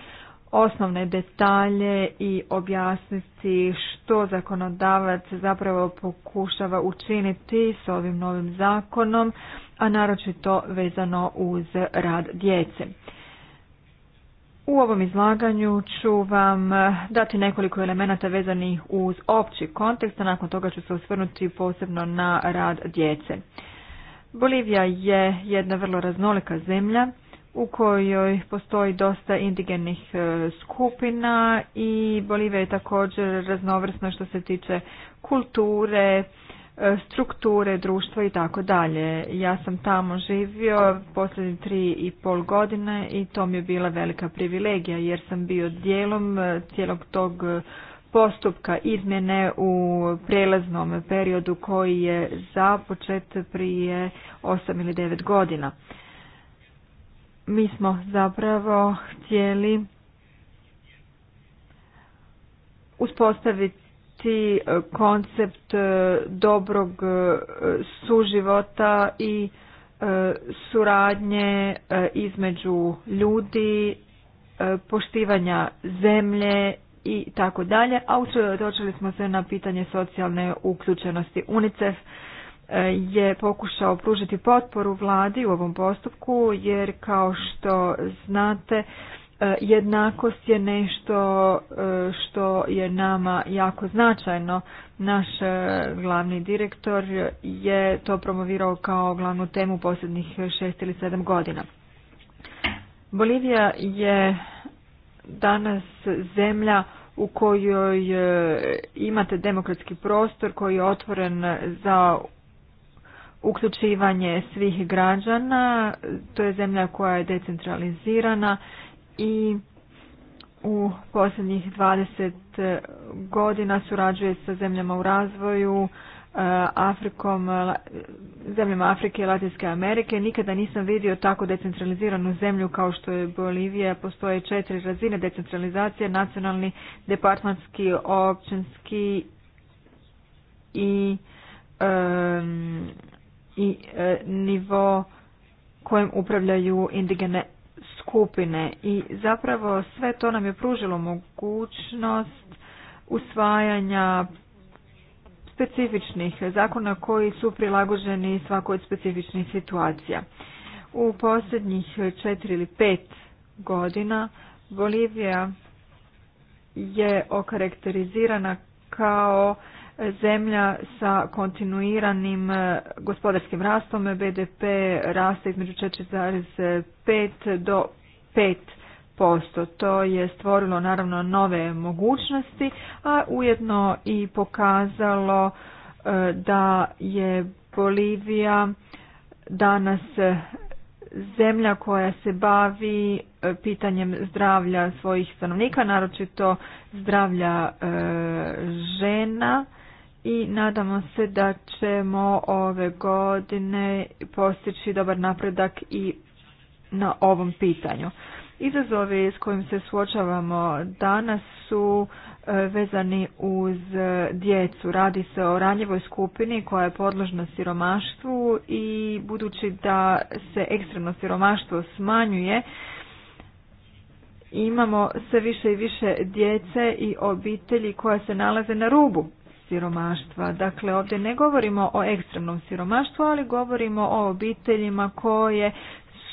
osnovne detalje i objasniti što zakonodavac zapravo pokušava učiniti s ovim novim zakonom, a naročito vezano uz rad djece. U ovom izlaganju ću vam dati nekoliko elemenata vezanih uz opći kontekst, a nakon toga ću se osvrnuti posebno na rad djece. Bolivija je jedna vrlo raznolika zemlja u kojoj postoji dosta indigenih e, skupina i Bolivija je također raznovrsna što se tiče kulture, e, strukture društva i tako dalje. Ja sam tamo živio posljednje tri i pol godine i to mi je bila velika privilegija jer sam bio dijelom e, cijelog tog postupka izmjene u prelaznom periodu koji je započet prije osam ili devet godina mi smo zapravo htjeli uspostaviti e, koncept e, dobrog e, suživota i suradnje između ljudi, poštivanja zemlje i tako dalje, a usredotočili smo se na pitanje socijalne uključenosti UNICEF E, je pokušao pružiti potporu vladi u ovom postupku jer kao što znate e, jednakost je nešto e, što je nama jako značajno. Naš glavni direktor je to promovirao kao glavnu temu posljednjih šest ili sedam godina. Bolivija je danas zemlja u kojoj imate demokratski prostor koji je otvoren za uključivanje svih građana. To je zemlja koja je decentralizirana i u posljednjih 20 godina surađuje sa zemljama u razvoju, e, Afrikom, zemljama Afrike i Latinske Amerike. Nikada nisam vidio tako decentraliziranu zemlju kao što je Bolivija. Postoje četiri razine decentralizacije, nacionalni, departmanski, općinski i i e, nivo kojem upravljaju indigene skupine i zapravo sve to nam je pružilo mogućnost usvajanja specifičnih zakona koji su prilagođeni svakoj od specifičnih situacija. U posljednjih četiri ili pet godina Bolivija je okarakterizirana kao zemlja sa kontinuiranim e, gospodarskim rastom BDP raste između 4,5 do 5%. To je stvorilo naravno nove mogućnosti, a ujedno i pokazalo e, da je Bolivija danas zemlja koja se bavi e, pitanjem zdravlja svojih stanovnika, naročito zdravlja žena i nadamo se da ćemo ove godine postići dobar napredak i na ovom pitanju. Izazovi s kojim se suočavamo danas su e, vezani uz e, djecu. Radi se o ranjivoj skupini koja je podložna siromaštvu i budući da se ekstremno siromaštvo smanjuje, imamo sve više i više djece i obitelji koja se nalaze na rubu siromaštva. Dakle, ovdje ne govorimo o ekstremnom siromaštvu, ali govorimo o obiteljima koje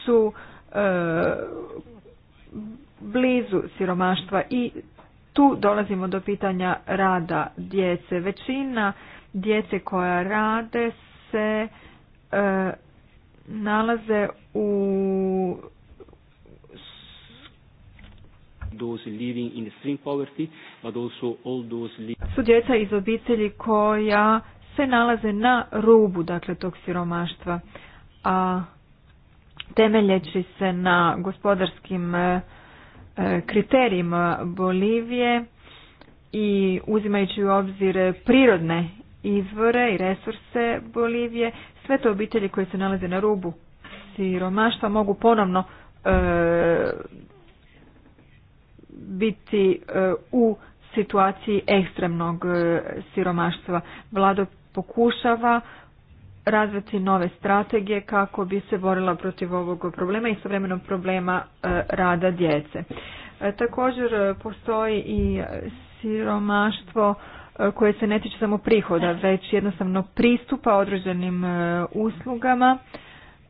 su e, blizu siromaštva i tu dolazimo do pitanja rada djece. Većina djece koja rade se e, nalaze u those living su djeca iz obitelji koja se nalaze na rubu dakle tog siromaštva, a temeljeći se na gospodarskim e, e, kriterijima Bolivije i uzimajući u obzir prirodne izvore i resurse Bolivije, sve to obitelji koje se nalaze na rubu siromaštva mogu ponovno e, biti e, u situaciji ekstremnog e, siromaštva. Vlada pokušava razviti nove strategije kako bi se borila protiv ovog problema i savremenog problema e, rada djece. Također postoji i siromaštvo koje se ne tiče samo prihoda, već jednostavno pristupa određenim uslugama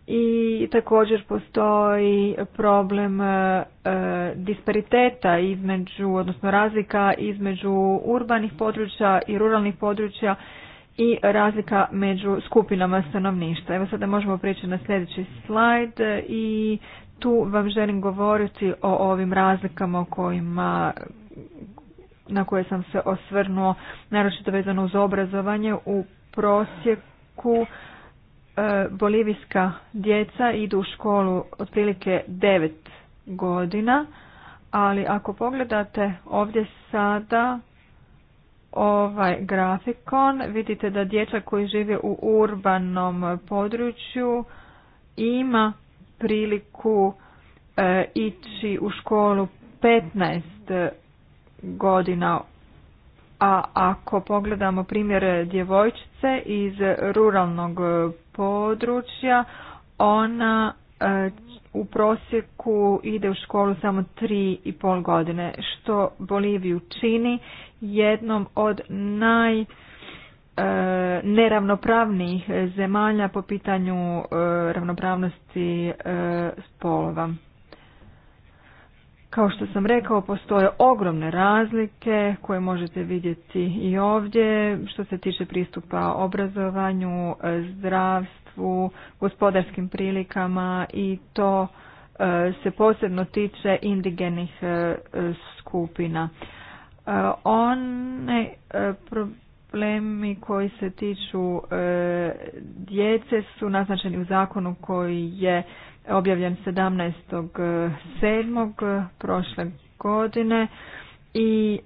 i također postoji problem e, e, dispariteta između, odnosno razlika između urbanih područja i ruralnih područja i razlika među skupinama stanovništva. Evo sada možemo prijeći na sljedeći slajd i tu vam želim govoriti o ovim razlikama kojima na koje sam se osvrnuo, naročito vezano uz obrazovanje u prosjeku E, bolivijska djeca idu u školu otprilike 9 godina, ali ako pogledate ovdje sada ovaj grafikon, vidite da djeca koji žive u urbanom području ima priliku e, ići u školu 15 godina, a ako pogledamo primjer djevojčice iz ruralnog područja, ona e, u prosjeku ide u školu samo tri i pol godine, što Boliviju čini jednom od naj e, neravnopravnih zemalja po pitanju e, ravnopravnosti spolova. Kao što sam rekao, postoje ogromne razlike koje možete vidjeti i ovdje što se tiče pristupa obrazovanju, zdravstvu, gospodarskim prilikama i to e, se posebno tiče indigenih e, skupina. E, one problemi koji se tiču e, djece su naznačeni u zakonu koji je objavljen 17.7. prošle godine i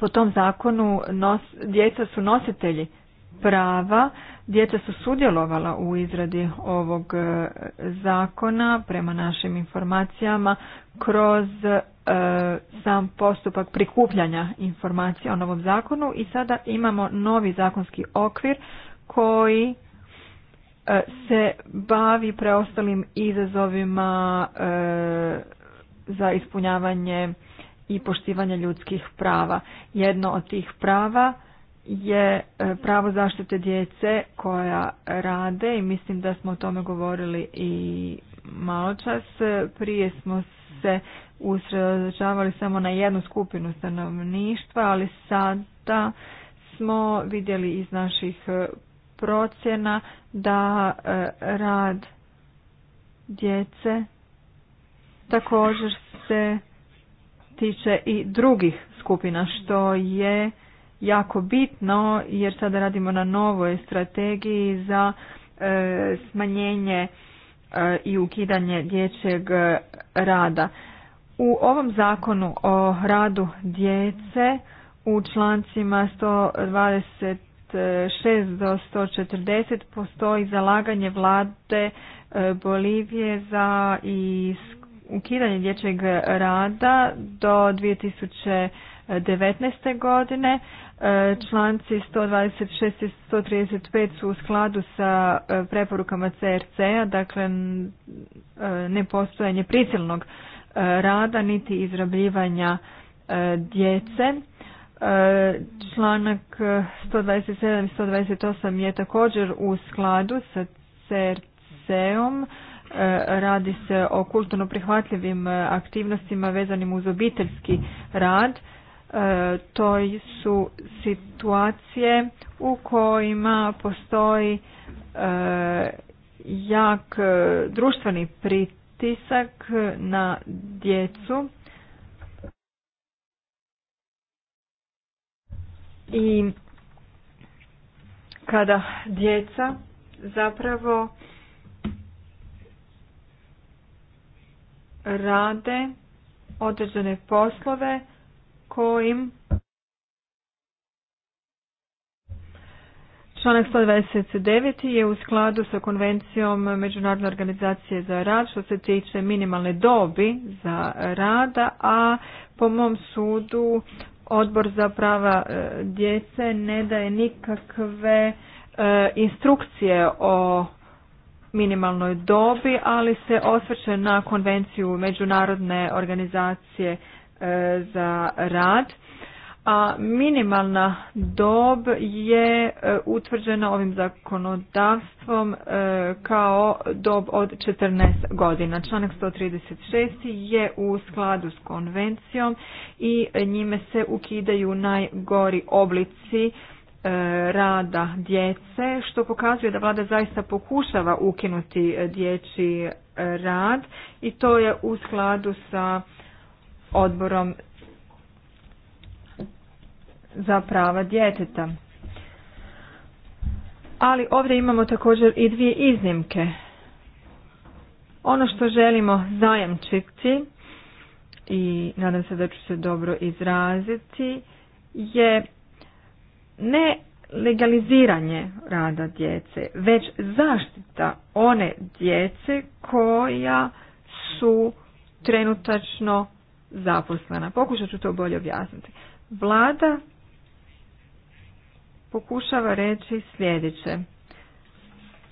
po tom zakonu djeca su nositelji prava, djeca su sudjelovala u izradi ovog e, zakona prema našim informacijama kroz E, sam postupak prikupljanja informacija o novom zakonu i sada imamo novi zakonski okvir koji e, se bavi preostalim izazovima e, za ispunjavanje i poštivanje ljudskih prava. Jedno od tih prava je pravo zaštite djece koja rade i mislim da smo o tome govorili i malo čas. Prije smo se usredočavali samo na jednu skupinu stanovništva, ali sada smo vidjeli iz naših e, procjena da e, rad djece također se tiče i drugih skupina, što je jako bitno jer sada radimo na novoj strategiji za e, smanjenje i ukidanje dječjeg rada. U ovom zakonu o radu djece u člancima 126 do 140 postoji zalaganje vlade e, Bolivije za ukidanje dječjeg rada do 2019. godine. E, članci 126 i 135 su u skladu sa e, preporukama CRC-a, dakle nepostojanje prisilnog rada niti izrabljivanja e, djece. E, članak 127 i 128 je također u skladu sa CRC-om. E, radi se o kulturno prihvatljivim aktivnostima vezanim uz obiteljski rad. To su situacije u kojima postoji jak društveni pritak tisak na djecu i kada djeca zapravo rade određene poslove kojim Članak 129 je u skladu sa konvencijom Međunarodne organizacije za rad što se tiče minimalne dobi za rada, a po mom sudu odbor za prava e, djece ne daje nikakve e, instrukcije o minimalnoj dobi, ali se osvrće na konvenciju Međunarodne organizacije e, za rad a minimalna dob je e, utvrđena ovim zakonodavstvom e, kao dob od 14 godina. Članak 136 je u skladu s konvencijom i njime se ukidaju najgori oblici e, rada djece, što pokazuje da vlada zaista pokušava ukinuti dječji rad i to je u skladu sa odborom za prava djeteta. Ali ovdje imamo također i dvije iznimke. Ono što želimo zajamčiti i nadam se da ću se dobro izraziti je ne legaliziranje rada djece, već zaštita one djece koja su trenutačno zaposlena. Pokušat ću to bolje objasniti. Vlada pokušava reći sljedeće.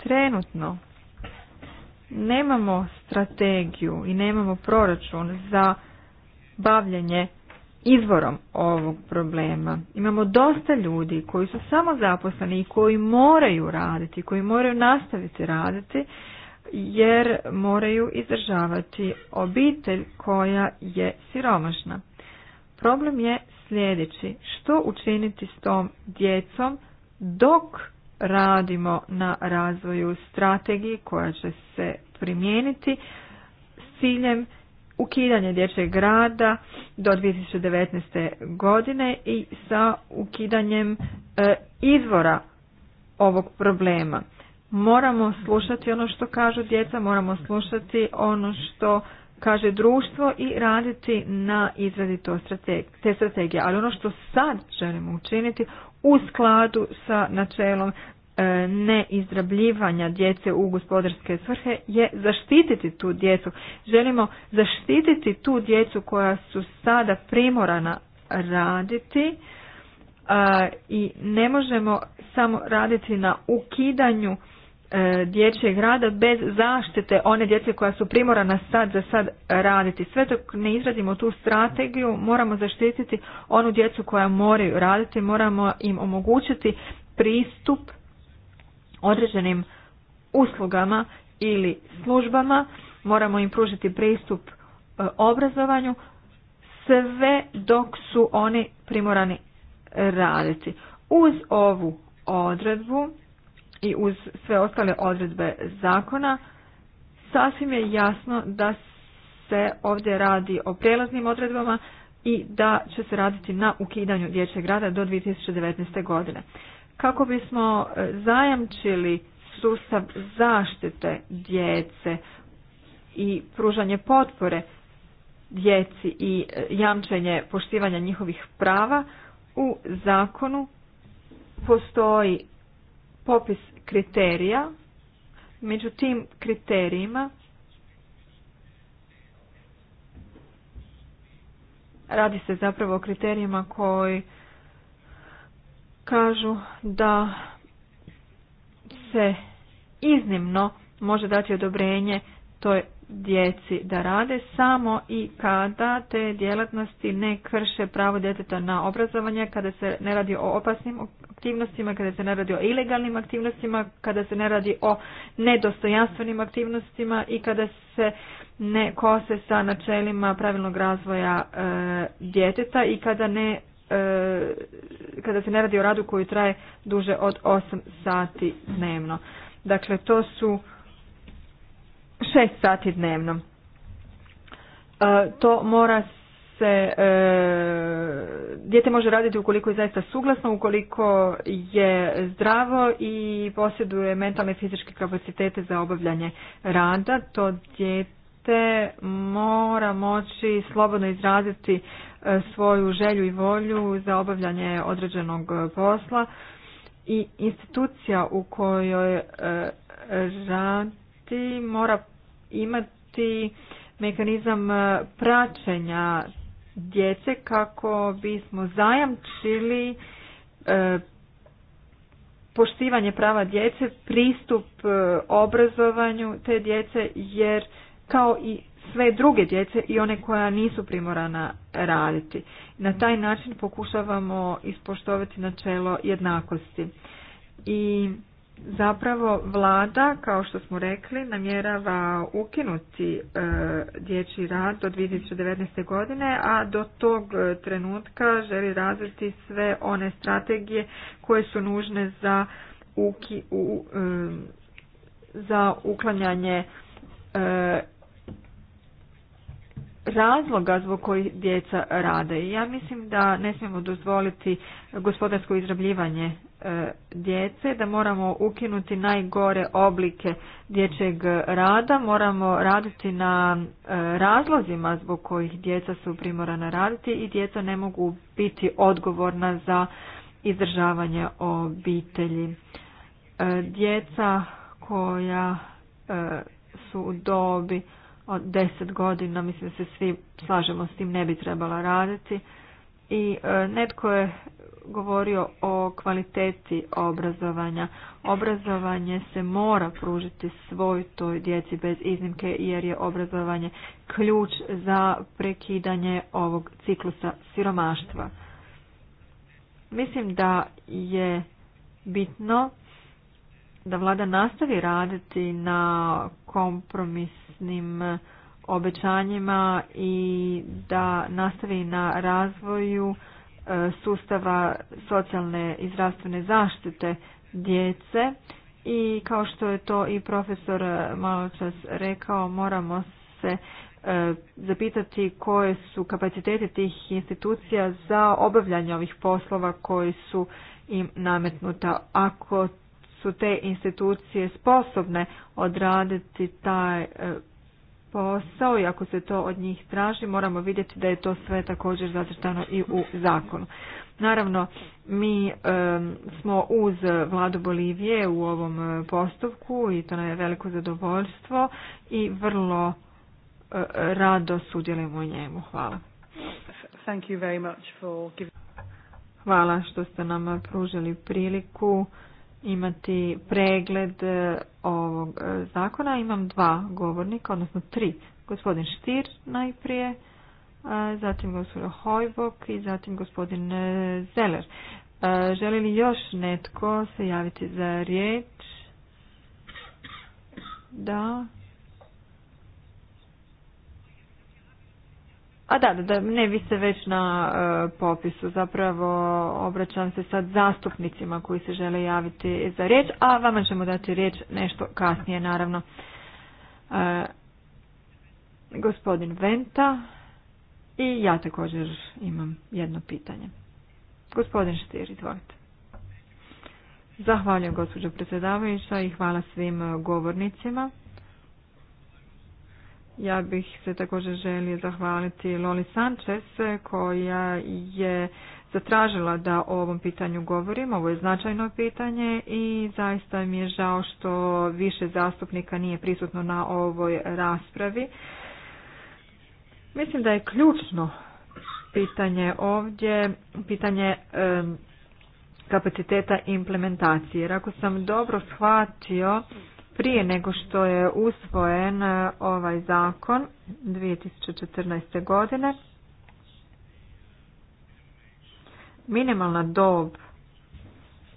Trenutno nemamo strategiju i nemamo proračun za bavljanje izvorom ovog problema. Imamo dosta ljudi koji su samo zaposleni i koji moraju raditi, koji moraju nastaviti raditi jer moraju izdržavati obitelj koja je siromašna. Problem je sljedeći. Što učiniti s tom djecom dok radimo na razvoju strategije koja će se primijeniti s ciljem ukidanja dječjeg grada do 2019. godine i sa ukidanjem e, izvora ovog problema. Moramo slušati ono što kažu djeca, moramo slušati ono što kaže društvo i raditi na izradi te strategije. Ali ono što sad želimo učiniti u skladu sa načelom e, neizrabljivanja djece u gospodarske svrhe je zaštititi tu djecu. Želimo zaštititi tu djecu koja su sada primorana raditi e, i ne možemo samo raditi na ukidanju E, dječjeg rada bez zaštite one djece koja su primorana sad za sad raditi. Sve dok ne izradimo tu strategiju moramo zaštititi onu djecu koja moraju raditi, moramo im omogućiti pristup određenim uslugama ili službama, moramo im pružiti pristup e, obrazovanju sve dok su oni primorani raditi. Uz ovu odredbu i uz sve ostale odredbe zakona, sasvim je jasno da se ovdje radi o prijelaznim odredbama i da će se raditi na ukidanju dječjeg rada do 2019. godine. Kako bismo e, zajamčili sustav zaštite djece i pružanje potpore djeci i e, jamčenje poštivanja njihovih prava, u zakonu postoji popis kriterija. Među tim kriterijima radi se zapravo o kriterijima koji kažu da se iznimno može dati odobrenje toj djeci da rade samo i kada te djelatnosti ne krše pravo djeteta na obrazovanje, kada se ne radi o opasnim aktivnostima, kada se ne radi o ilegalnim aktivnostima, kada se ne radi o nedostojanstvenim aktivnostima i kada se ne kose sa načelima pravilnog razvoja e, djeteta i kada ne e, kada se ne radi o radu koji traje duže od 8 sati dnevno. Dakle, to su šest sati dnevno. E, to mora se, e, dijete može raditi ukoliko je zaista suglasno, ukoliko je zdravo i posjeduje mentalne i fizičke kapacitete za obavljanje rada. To dijete mora moći slobodno izraziti e, svoju želju i volju za obavljanje određenog posla i institucija u kojoj radi mora imati mehanizam e, praćenja djece kako bismo zajamčili e, poštivanje prava djece, pristup e, obrazovanju te djece jer kao i sve druge djece i one koja nisu primorana raditi. Na taj način pokušavamo ispoštovati načelo jednakosti. I Zapravo vlada, kao što smo rekli, namjerava ukinuti e, dječji rad do 2019. godine, a do tog e, trenutka želi razviti sve one strategije koje su nužne za, uki, u, e, za uklanjanje e, razloga zbog kojih djeca rade. Ja mislim da ne smijemo dozvoliti gospodarsko izrabljivanje djece, da moramo ukinuti najgore oblike dječjeg rada, moramo raditi na e, razlozima zbog kojih djeca su primorana raditi i djeca ne mogu biti odgovorna za izdržavanje obitelji. E, djeca koja e, su u dobi od deset godina, mislim da se svi slažemo s tim, ne bi trebala raditi. I netko je govorio o kvaliteti obrazovanja. Obrazovanje se mora pružiti svoj toj djeci bez iznimke jer je obrazovanje ključ za prekidanje ovog ciklusa siromaštva. Mislim da je bitno da vlada nastavi raditi na kompromisnim obećanjima i da nastavi na razvoju E, sustava socijalne i zdravstvene zaštite djece i kao što je to i profesor čas rekao moramo se e, zapitati koje su kapacitete tih institucija za obavljanje ovih poslova koji su im nametnuta. Ako su te institucije sposobne odraditi taj e, posao i ako se to od njih traži moramo vidjeti da je to sve također zacrtano i u zakonu. Naravno, mi smo uz vladu Bolivije u ovom e, postupku i to nam je veliko zadovoljstvo i vrlo e, rado sudjelujemo u njemu. Hvala. Hvala što ste nam pružili priliku imati pregled e, ovog e, zakona. Imam dva govornika, odnosno tri. Gospodin Štir najprije, e, zatim gospodin Hojbok i zatim gospodin Zeler. Želi li još netko se javiti za riječ? Da. A da, da ne vi ste već na e, popisu, zapravo obraćam se sad zastupnicima koji se žele javiti za riječ, a vama ćemo dati riječ nešto kasnije naravno. E, gospodin Venta i ja također imam jedno pitanje. Gospodin Štir, izvolite. Zahvaljujem gospođo predsjedavajuća i hvala svim govornicima. Ja bih se također želio zahvaliti Loli Sanchez koja je zatražila da o ovom pitanju govorim. Ovo je značajno pitanje i zaista mi je žao što više zastupnika nije prisutno na ovoj raspravi. Mislim da je ključno pitanje ovdje, pitanje kapaciteta implementacije. Jer ako sam dobro shvatio, prije nego što je usvojen e, ovaj zakon 2014. godine, minimalna dob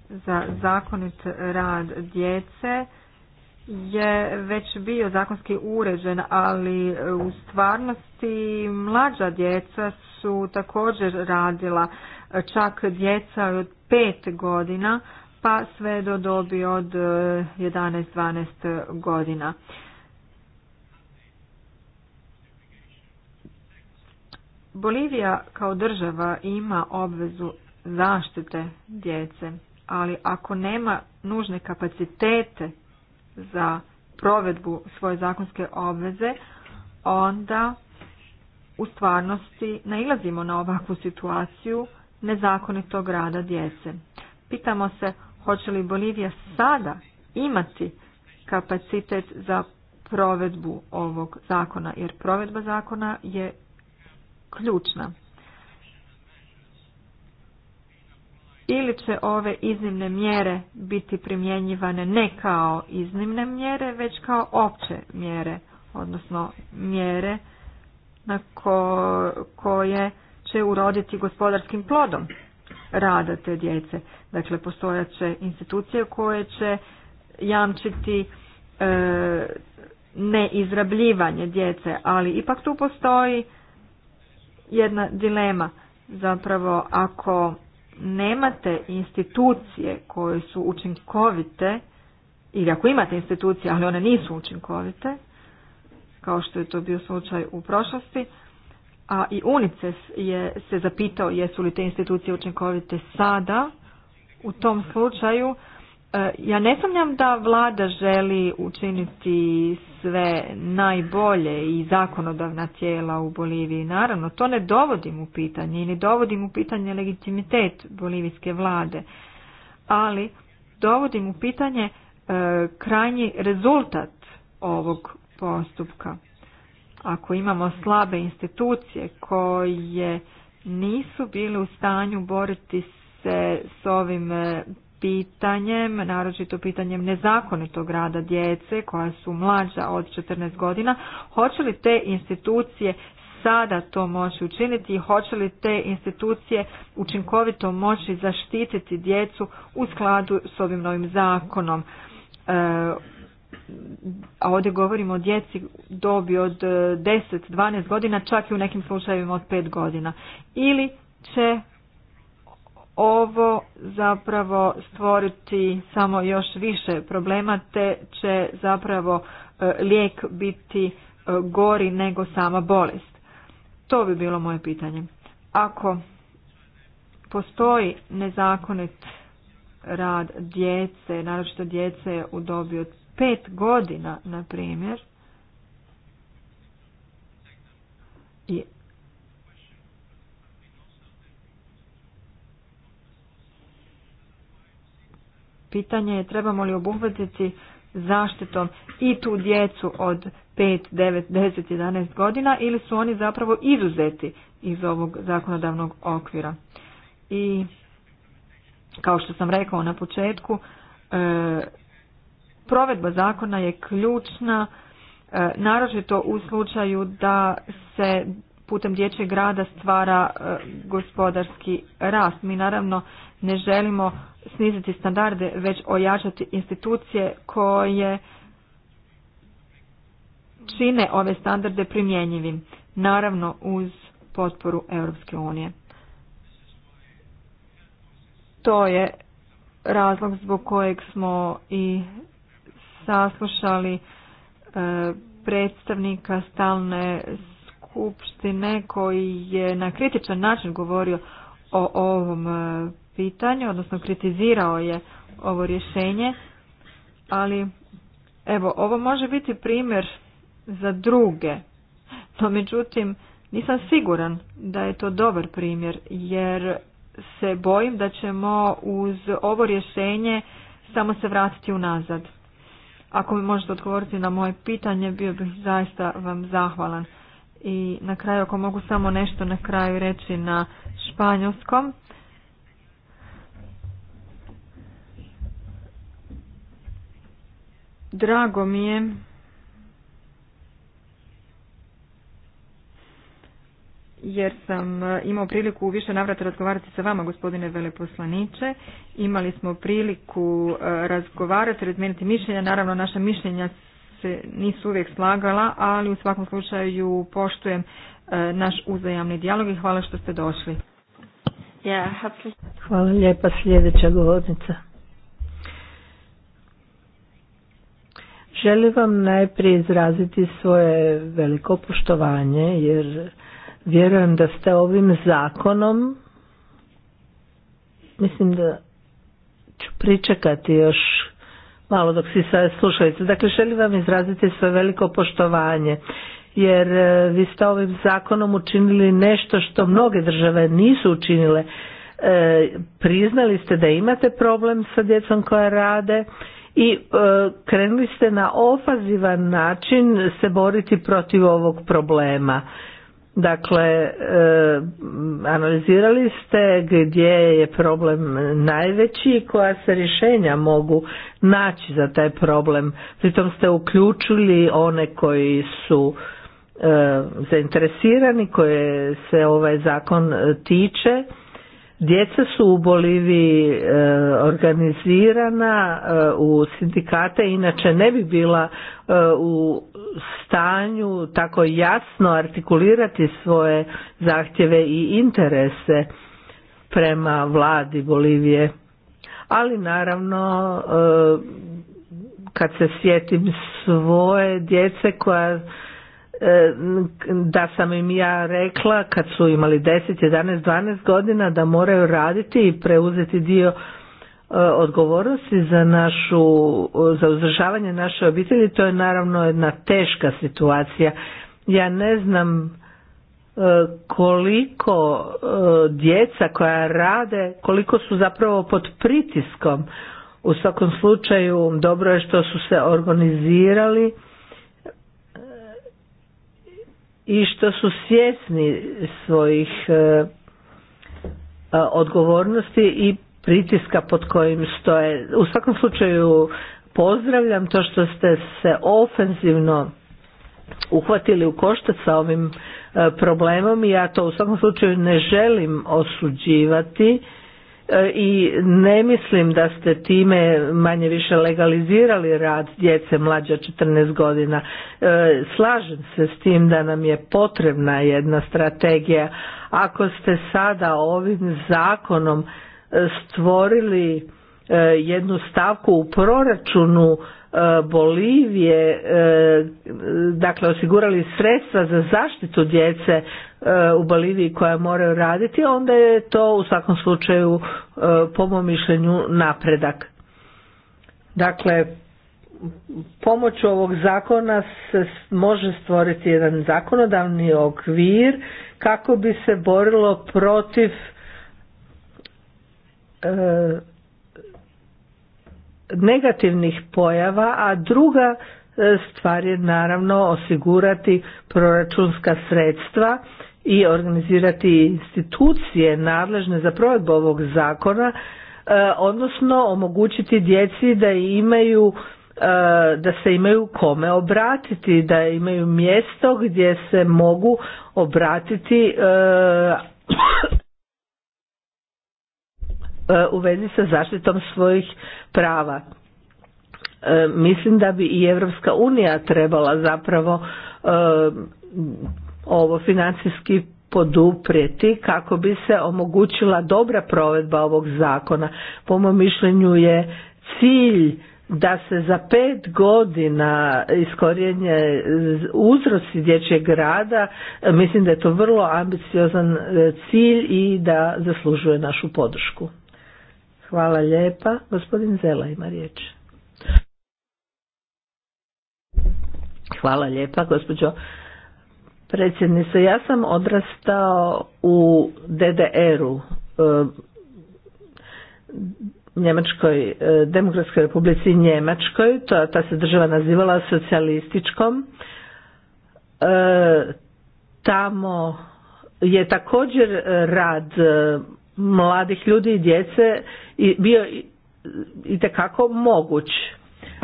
za zakonit rad djece je već bio zakonski uređen, ali e, u stvarnosti mlađa djeca su također radila, čak djeca od pet godina, pa sve do dobi od 11-12 e, godina. Bolivija kao država ima obvezu zaštite djece, ali ako nema nužne kapacitete za provedbu svoje zakonske obveze, onda u stvarnosti nailazimo na ovakvu situaciju nezakonitog rada djece. Pitamo se Hoće li Bolivija sada imati kapacitet za provedbu ovog zakona, jer provedba zakona je ključna. Ili će ove iznimne mjere biti primjenjivane ne kao iznimne mjere, već kao opće mjere, odnosno mjere na koje će uroditi gospodarskim plodom rada te djece. Dakle, postojaće institucije koje će jamčiti e, neizrabljivanje djece, ali ipak tu postoji jedna dilema. Zapravo, ako nemate institucije koje su učinkovite, ili ako imate institucije, ali one nisu učinkovite, kao što je to bio slučaj u prošlosti, a i UNICEF je se zapitao jesu li te institucije učinkovite sada, u tom slučaju e, ja ne sumnjam da vlada želi učiniti sve najbolje i zakonodavna tijela u Boliviji. Naravno, to ne dovodim u pitanje i ne dovodim u pitanje legitimitet bolivijske vlade, ali dovodim u pitanje e, krajnji rezultat ovog postupka. Ako imamo slabe institucije koje nisu bile u stanju boriti se s ovim e, pitanjem, naročito pitanjem nezakonitog rada djece koja su mlađa od 14 godina, hoće li te institucije sada to moći učiniti i hoće li te institucije učinkovito moći zaštititi djecu u skladu s ovim novim zakonom. E, a ovdje govorimo o djeci dobi od 10-12 e, godina, čak i u nekim slučajevima od 5 godina. Ili će ovo zapravo stvoriti samo još više problema te će zapravo e, lijek biti e, gori nego sama bolest. To bi bilo moje pitanje. Ako postoji nezakonit rad djece, naročito djece u dobi od pet godina, na primjer, i pitanje je trebamo li obuhvatiti zaštitom i tu djecu od 5, 9, 10, 11 godina ili su oni zapravo izuzeti iz ovog zakonodavnog okvira. I kao što sam rekao na početku, e, provedba zakona je ključna, e, naročito u slučaju da se putem dječjeg grada stvara e, gospodarski rast. Mi naravno ne želimo sniziti standarde, već ojačati institucije koje čine ove standarde primjenjivim, naravno uz potporu Europske unije. To je razlog zbog kojeg smo i saslušali e, predstavnika stalne skupštine koji je na kritičan način govorio o ovom e, pitanju, odnosno kritizirao je ovo rješenje, ali evo, ovo može biti primjer za druge, no međutim nisam siguran da je to dobar primjer, jer se bojim da ćemo uz ovo rješenje samo se vratiti unazad. Ako mi možete odgovoriti na moje pitanje, bio bih zaista vam zahvalan. I na kraju, ako mogu samo nešto na kraju reći na španjolskom. Drago mi je jer sam e, imao priliku u više navrata razgovarati sa vama, gospodine veleposlaniče. Imali smo priliku e, razgovarati, razmijeniti mišljenja. Naravno, naša mišljenja se nisu uvijek slagala, ali u svakom slučaju poštujem e, naš uzajamni dijalog i hvala što ste došli. Hvala lijepa sljedeća govornica. Želim vam najprije izraziti svoje veliko poštovanje jer vjerujem da ste ovim zakonom mislim da ću pričekati još malo dok si slušajte Dakle, želim vam izraziti svoje veliko poštovanje jer e, vi ste ovim zakonom učinili nešto što mnoge države nisu učinile. E, priznali ste da imate problem sa djecom koja rade i e, krenuli ste na ofazivan način se boriti protiv ovog problema. Dakle, e, analizirali ste gdje je problem najveći i koja se rješenja mogu naći za taj problem. Pritom ste uključili one koji su e, zainteresirani, koje se ovaj zakon e, tiče. Djeca su u Boliviji organizirana u sindikate, inače ne bi bila u stanju tako jasno artikulirati svoje zahtjeve i interese prema vladi Bolivije. Ali naravno e, kad se sjetim svoje djece koja e, da sam im ja rekla kad su imali 10, 11, 12 godina da moraju raditi i preuzeti dio E, odgovornosti za našu, e, za uzdržavanje naše obitelji, to je naravno jedna teška situacija. Ja ne znam e, koliko djeca koja rade, koliko su zapravo pod pritiskom. U svakom slučaju dobro je što su se organizirali i što su svjesni svojih odgovornosti i pritiska pod kojim stoje. U svakom slučaju pozdravljam to što ste se ofenzivno uhvatili u koštac sa ovim e, problemom i ja to u svakom slučaju ne želim osuđivati e, i ne mislim da ste time manje više legalizirali rad djece mlađe od 14 godina. E, slažem se s tim da nam je potrebna jedna strategija. Ako ste sada ovim zakonom stvorili e, jednu stavku u proračunu e, Bolivije, e, dakle osigurali sredstva za zaštitu djece u Boliviji koja moraju raditi, onda je to u svakom slučaju po mom mišljenju napredak. Dakle, pomoću ovog zakona se može stvoriti jedan zakonodavni okvir kako bi se borilo protiv E, negativnih pojava, a druga e, stvar je naravno osigurati proračunska sredstva i organizirati institucije nadležne za provedbu ovog zakona, e, odnosno omogućiti djeci da imaju da se imaju kome obratiti, da imaju mjesto gdje se mogu obratiti E, u vezi sa zaštitom svojih prava. E, mislim da bi i Europska unija trebala zapravo e, ovo financijski poduprijeti kako bi se omogućila dobra provedba ovog zakona. Po mom mišljenju je cilj da se za pet godina iskorjenje uzroci dječjeg rada, mislim da je to vrlo ambiciozan cilj i da zaslužuje našu podršku. Hvala lijepa. Gospodin Zela ima riječ. Hvala lijepa, gospođo predsjednice. Ja sam odrastao u DDR-u, eh, Njemačkoj, eh, Demokratskoj republici Njemačkoj, to, ta se država nazivala socijalističkom. Eh, tamo je također rad mladih ljudi i djece bio itekako moguć.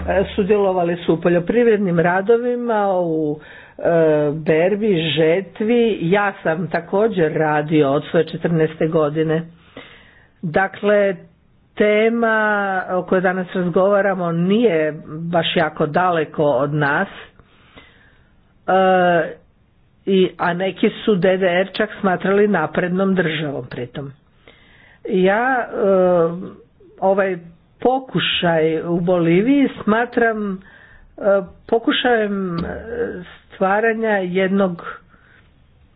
E, sudjelovali su u poljoprivrednim radovima, u e, berbi, žetvi. Ja sam također radio od svoje 14. godine. Dakle, tema o kojoj danas razgovaramo nije baš jako daleko od nas. E, i, a neki su DDR čak smatrali naprednom državom pritom. Ja um, ovaj pokušaj u Boliviji smatram uh, pokušajem uh, stvaranja jednog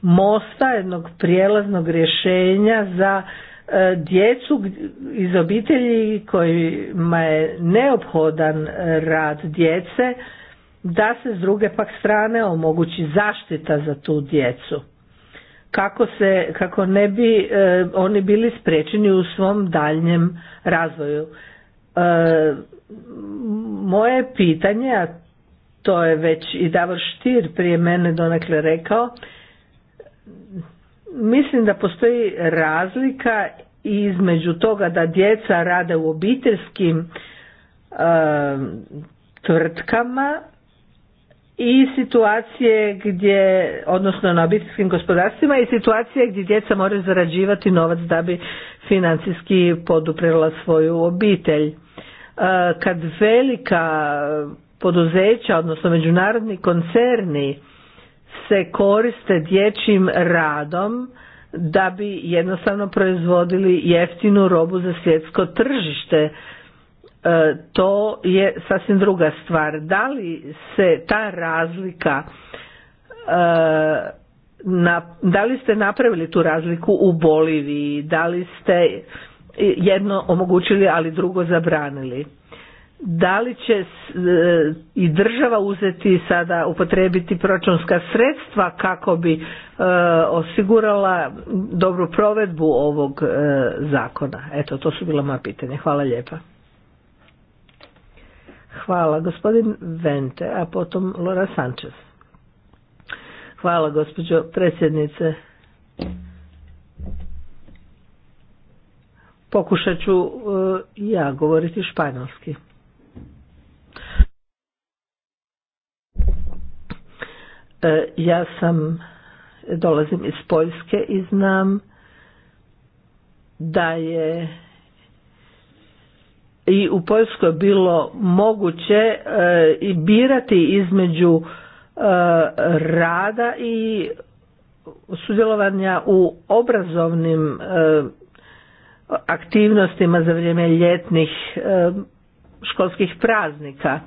mosta, jednog prijelaznog rješenja za uh, djecu iz obitelji kojima je neophodan rad djece, da se s druge pak strane omogući zaštita za tu djecu kako, se, kako ne bi e, oni bili spriječeni u svom daljnjem razvoju. E, moje pitanje, a to je već i Davor Štir prije mene donekle rekao, mislim da postoji razlika između toga da djeca rade u obiteljskim e, tvrtkama i situacije gdje, odnosno na obiteljskim gospodarstvima i situacije gdje djeca moraju zarađivati novac da bi financijski poduprela svoju obitelj. E, kad velika poduzeća, odnosno međunarodni koncerni se koriste dječjim radom da bi jednostavno proizvodili jeftinu robu za svjetsko tržište E, to je sasvim druga stvar. Da li se ta razlika e, da li ste napravili tu razliku u Boliviji, da li ste jedno omogućili, ali drugo zabranili. Da li će e, i država uzeti sada upotrebiti proračunska sredstva kako bi osigurala dobru provedbu ovog zakona? Eto, to su bila moja pitanja. Hvala lijepa. Hvala gospodin Vente, a potom Lora Sanchez. Hvala gospođo predsjednice. Pokušat ću e, ja govoriti španjolski. E, ja sam, dolazim iz Poljske i znam da je i u Poljskoj bilo moguće e, i birati između e, rada i sudjelovanja u obrazovnim e, aktivnostima za vrijeme ljetnih školskih praznika.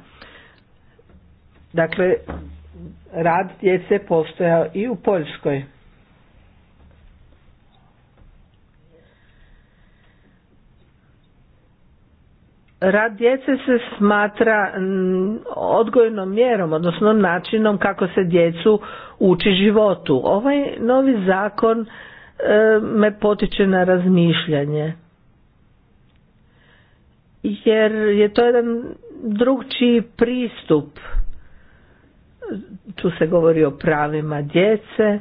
Dakle, rad djece postojao i u Poljskoj. Rad djece se smatra mm, odgojnom mjerom, odnosno načinom kako se djecu uči životu. Ovaj novi zakon e, me potiče na razmišljanje. Jer je to jedan drugčiji pristup. Tu se govori o pravima djece,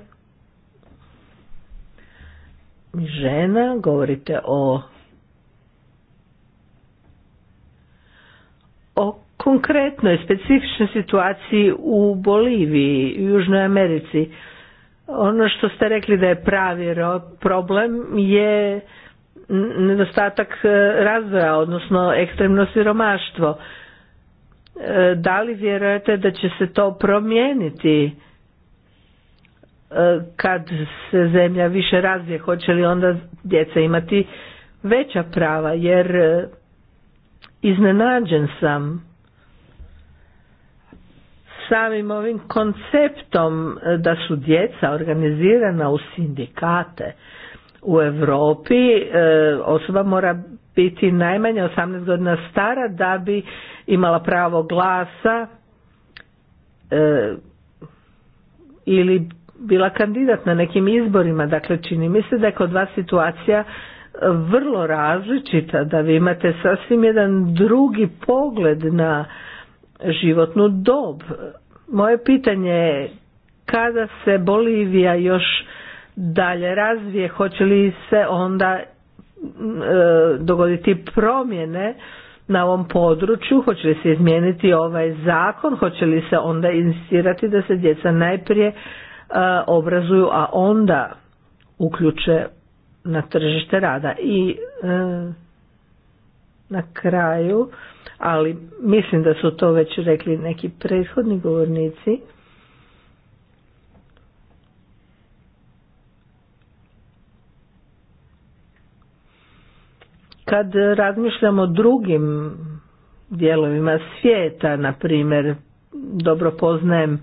žena, govorite o o konkretnoj specifičnoj situaciji u Boliviji u Južnoj Americi. Ono što ste rekli da je pravi problem je nedostatak e, razvoja, odnosno ekstremno siromaštvo. E, da li vjerujete da će se to promijeniti e, kad se zemlja više razvije? Hoće li onda djeca imati veća prava? Jer iznenađen sam samim ovim konceptom e, da su djeca organizirana u sindikate u Europi e, osoba mora biti najmanje 18 godina stara da bi imala pravo glasa e, ili bila kandidat na nekim izborima. Dakle, čini mi se da je kod vas situacija vrlo različita, da vi imate sasvim jedan drugi pogled na životnu dob. Moje pitanje je kada se Bolivija još dalje razvije, hoće li se onda e, dogoditi promjene na ovom području, hoće li se izmijeniti ovaj zakon, hoće li se onda insistirati da se djeca najprije e, obrazuju, a onda uključe na tržište rada. I e, na kraju, ali mislim da su to već rekli neki prethodni govornici, kad razmišljamo o drugim dijelovima svijeta, na primjer, dobro poznajem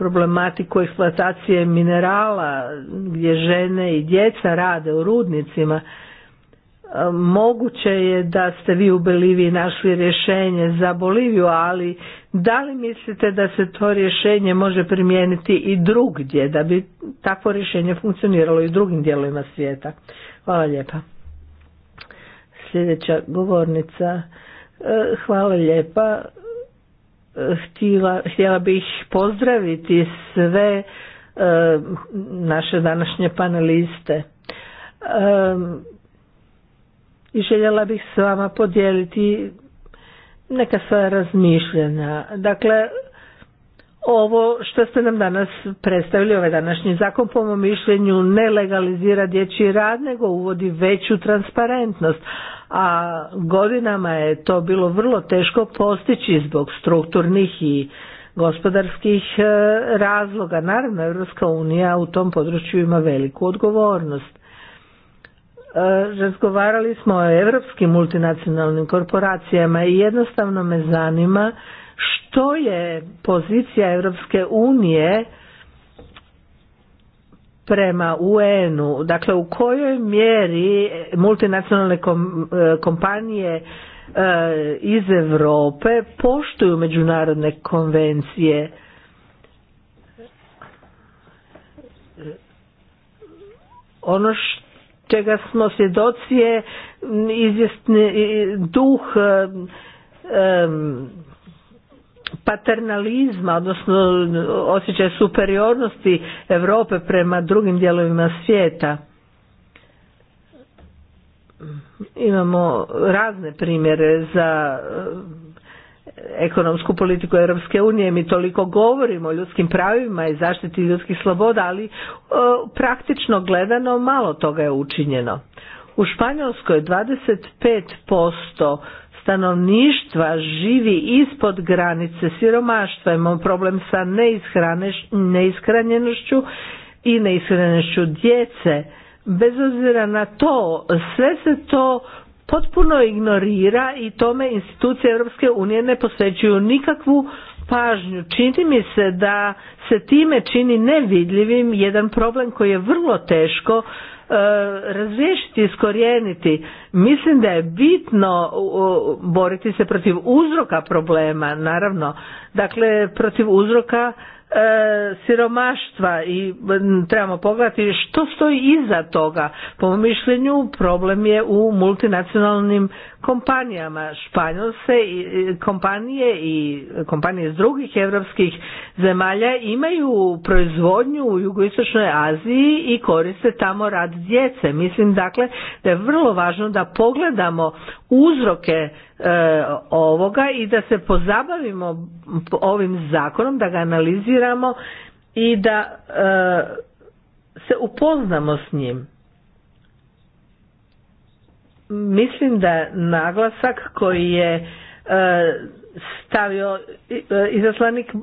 problematiku eksploatacije minerala gdje žene i djeca rade u rudnicima. E, moguće je da ste vi u Boliviji našli rješenje za Boliviju, ali da li mislite da se to rješenje može primijeniti i drugdje, da bi takvo rješenje funkcioniralo i u drugim dijelovima svijeta? Hvala lijepa. Sljedeća govornica. E, hvala lijepa htjela, htjela bih pozdraviti sve e, naše današnje paneliste. E, I željela bih s vama podijeliti neka svoja razmišljanja. Dakle, ovo što ste nam danas predstavili, ovaj današnji zakon po mom mišljenju ne legalizira dječji rad, nego uvodi veću transparentnost a godinama je to bilo vrlo teško postići zbog strukturnih i gospodarskih e, razloga. Naravno, Europska unija u tom području ima veliku odgovornost. E, razgovarali smo o evropskim multinacionalnim korporacijama i jednostavno me zanima što je pozicija Europske unije prema UN-u, dakle u kojoj mjeri multinacionalne e, kompanije e, iz Europe poštuju međunarodne konvencije ono čega smo svjedoci je duh e, paternalizma, odnosno osjećaj superiornosti Europe prema drugim dijelovima svijeta. Imamo razne primjere za eh, ekonomsku politiku Europske unije. Mi toliko govorimo o ljudskim pravima i zaštiti ljudskih sloboda, ali eh, praktično gledano malo toga je učinjeno. U Španjolskoj 25% stanovništva živi ispod granice siromaštva, imamo problem sa neishranjenošću i neishranjenošću djece. Bez obzira na to, sve se to potpuno ignorira i tome institucije Europske unije ne posvećuju nikakvu pažnju. Čini mi se da se time čini nevidljivim jedan problem koji je vrlo teško E, razriješiti, iskorijeniti. Mislim da je bitno boriti se protiv uzroka problema, naravno. Dakle, protiv uzroka e, siromaštva i trebamo pogledati što stoji iza toga. Po mom mišljenju problem je u multinacionalnim kompanijama Španjolske i kompanije i kompanije iz drugih europskih zemalja imaju proizvodnju u jugoistočnoj Aziji i koriste tamo rad djece. Mislim dakle da je vrlo važno da pogledamo uzroke e, ovoga i da se pozabavimo ovim zakonom, da ga analiziramo i da e, se upoznamo s njim mislim da naglasak koji je e, stavio e, izaslanik e,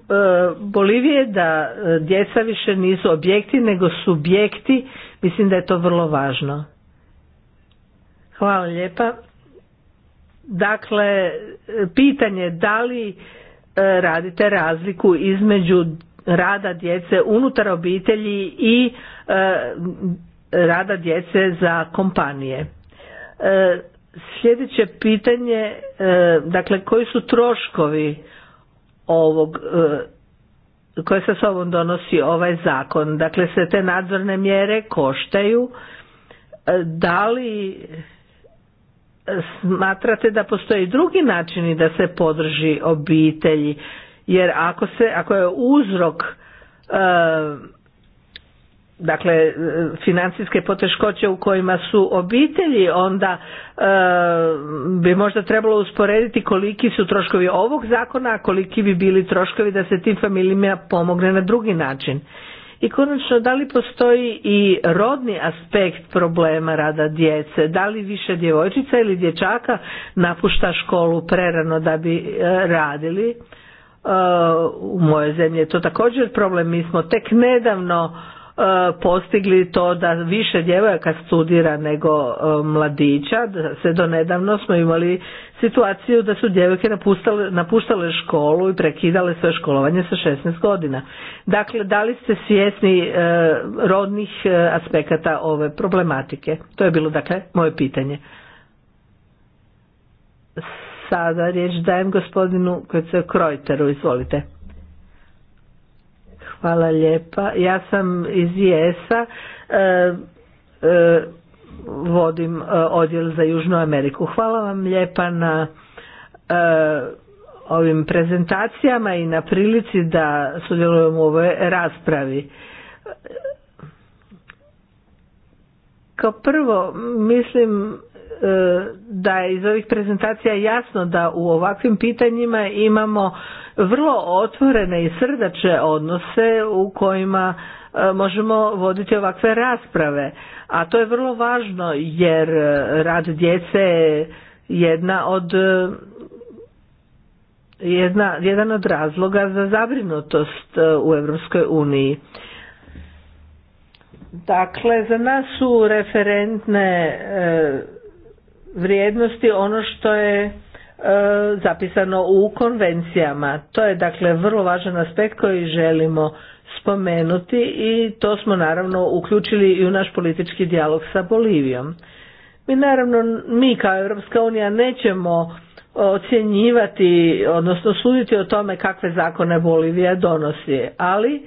Bolivije da djeca više nisu objekti nego subjekti, mislim da je to vrlo važno. Hvala lijepa. Dakle, pitanje da li radite razliku između rada djece unutar obitelji i rada djece za kompanije. E, sljedeće pitanje, e, dakle koji su troškovi ovog e, koje s ovom donosi ovaj zakon. Dakle, se te nadzorne mjere koštaju. Da li smatrate da postoje drugi načini da se podrži obitelji? Jer ako, se, ako je uzrok dakle e, financijske poteškoće u kojima su obitelji onda e, bi možda trebalo usporediti koliki su troškovi ovog zakona a koliki bi bili troškovi da se tim familijama pomogne na drugi način i konačno da li postoji i rodni aspekt problema rada djece da li više djevojčica ili dječaka napušta školu prerano da bi e, radili u mojoj zemlji je to također problem mi smo tek nedavno E, postigli to da više djevojaka studira nego e, mladića. Sve se do nedavno smo imali situaciju da su djevojke napuštale, školu i prekidale sve školovanje sa 16 godina. Dakle, da li ste svjesni e, rodnih aspekata ove problematike? To je bilo, dakle, moje pitanje. Sada riječ dajem gospodinu Krojteru, izvolite. Hvala lijepa. Ja sam iz Jesa, e, e, vodim e, odjel za Južnu Ameriku. Hvala vam lijepa na e, ovim prezentacijama i na prilici da sudjelujem u ovoj raspravi. Kao prvo, mislim da je iz ovih prezentacija jasno da u ovakvim pitanjima imamo vrlo otvorene i srdače odnose u kojima e, možemo voditi ovakve rasprave. A to je vrlo važno jer e, rad djece je jedna od e, jedna, jedan od razloga za zabrinutost u Europskoj uniji. Dakle, za nas su referentne vrijednosti ono što je E, zapisano u konvencijama. To je dakle vrlo važan aspekt koji želimo spomenuti i to smo naravno uključili i u naš politički dijalog sa Bolivijom. Mi naravno, mi kao Europska unija nećemo ocjenjivati, odnosno suditi o tome kakve zakone Bolivija donosi, ali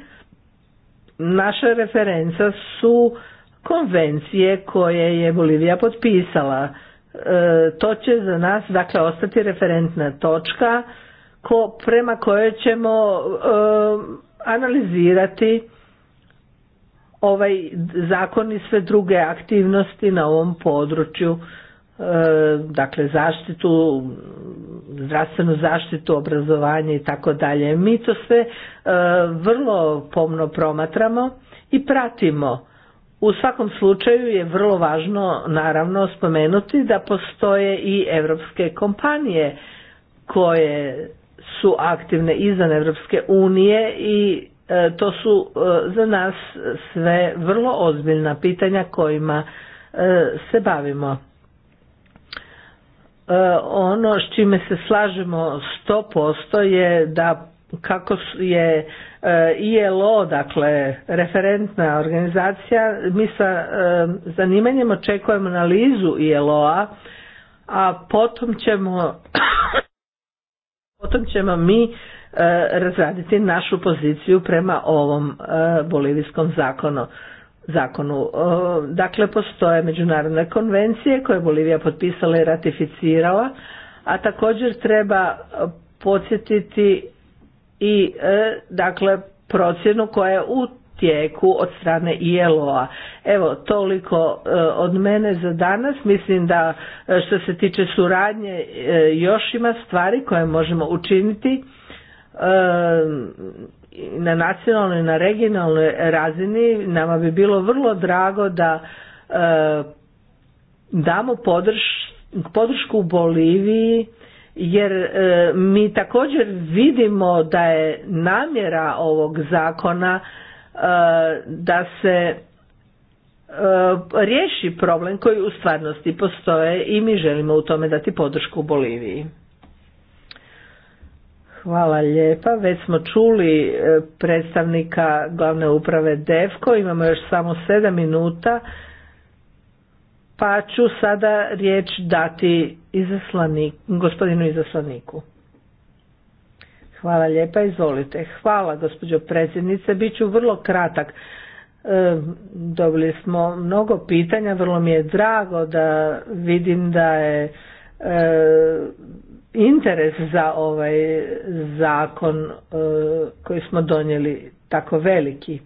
naša referenca su konvencije koje je Bolivija potpisala E, to će za nas dakle ostati referentna točka ko, prema kojoj ćemo e, analizirati ovaj zakon i sve druge aktivnosti na ovom području e, dakle zaštitu zdravstvenu zaštitu obrazovanje i tako dalje mi to sve vrlo pomno promatramo i pratimo u svakom slučaju je vrlo važno naravno spomenuti da postoje i europske kompanije koje su aktivne izvan Evropske unije i e, to su e, za nas sve vrlo ozbiljna pitanja kojima e, se bavimo. Ono s čime se slažemo 100% je da kako je E, ILO, dakle referentna organizacija, mi sa e, zanimanjem očekujemo analizu ILO-a, a potom ćemo, potom ćemo mi e, razraditi našu poziciju prema ovom bolivijskom zakonu. zakonu. Dakle, postoje međunarodne konvencije koje je Bolivija potpisala i ratificirala, a također treba podsjetiti i e, dakle procjenu koja je u tijeku od strane ILO-a. Evo, toliko e, od mene za danas. Mislim da e, što se tiče suradnje još ima stvari koje možemo učiniti na nacionalnoj i na regionalnoj razini. Nama bi bilo vrlo drago da damo podršku Boliviji jer e, mi također vidimo da je namjera ovog zakona e, da se e, riješi problem koji u stvarnosti postoje i mi želimo u tome dati podršku u Boliviji. Hvala lijepa. Već smo čuli predstavnika glavne uprave DEFKO. Imamo još samo sedam minuta pa ću sada riječ dati izaslanik, gospodinu izaslaniku. Hvala lijepa, izvolite. Hvala gospođo predsjednice, bit ću vrlo kratak. E, dobili smo mnogo pitanja, vrlo mi je drago da vidim da je e, interes za ovaj zakon e, koji smo donijeli tako veliki.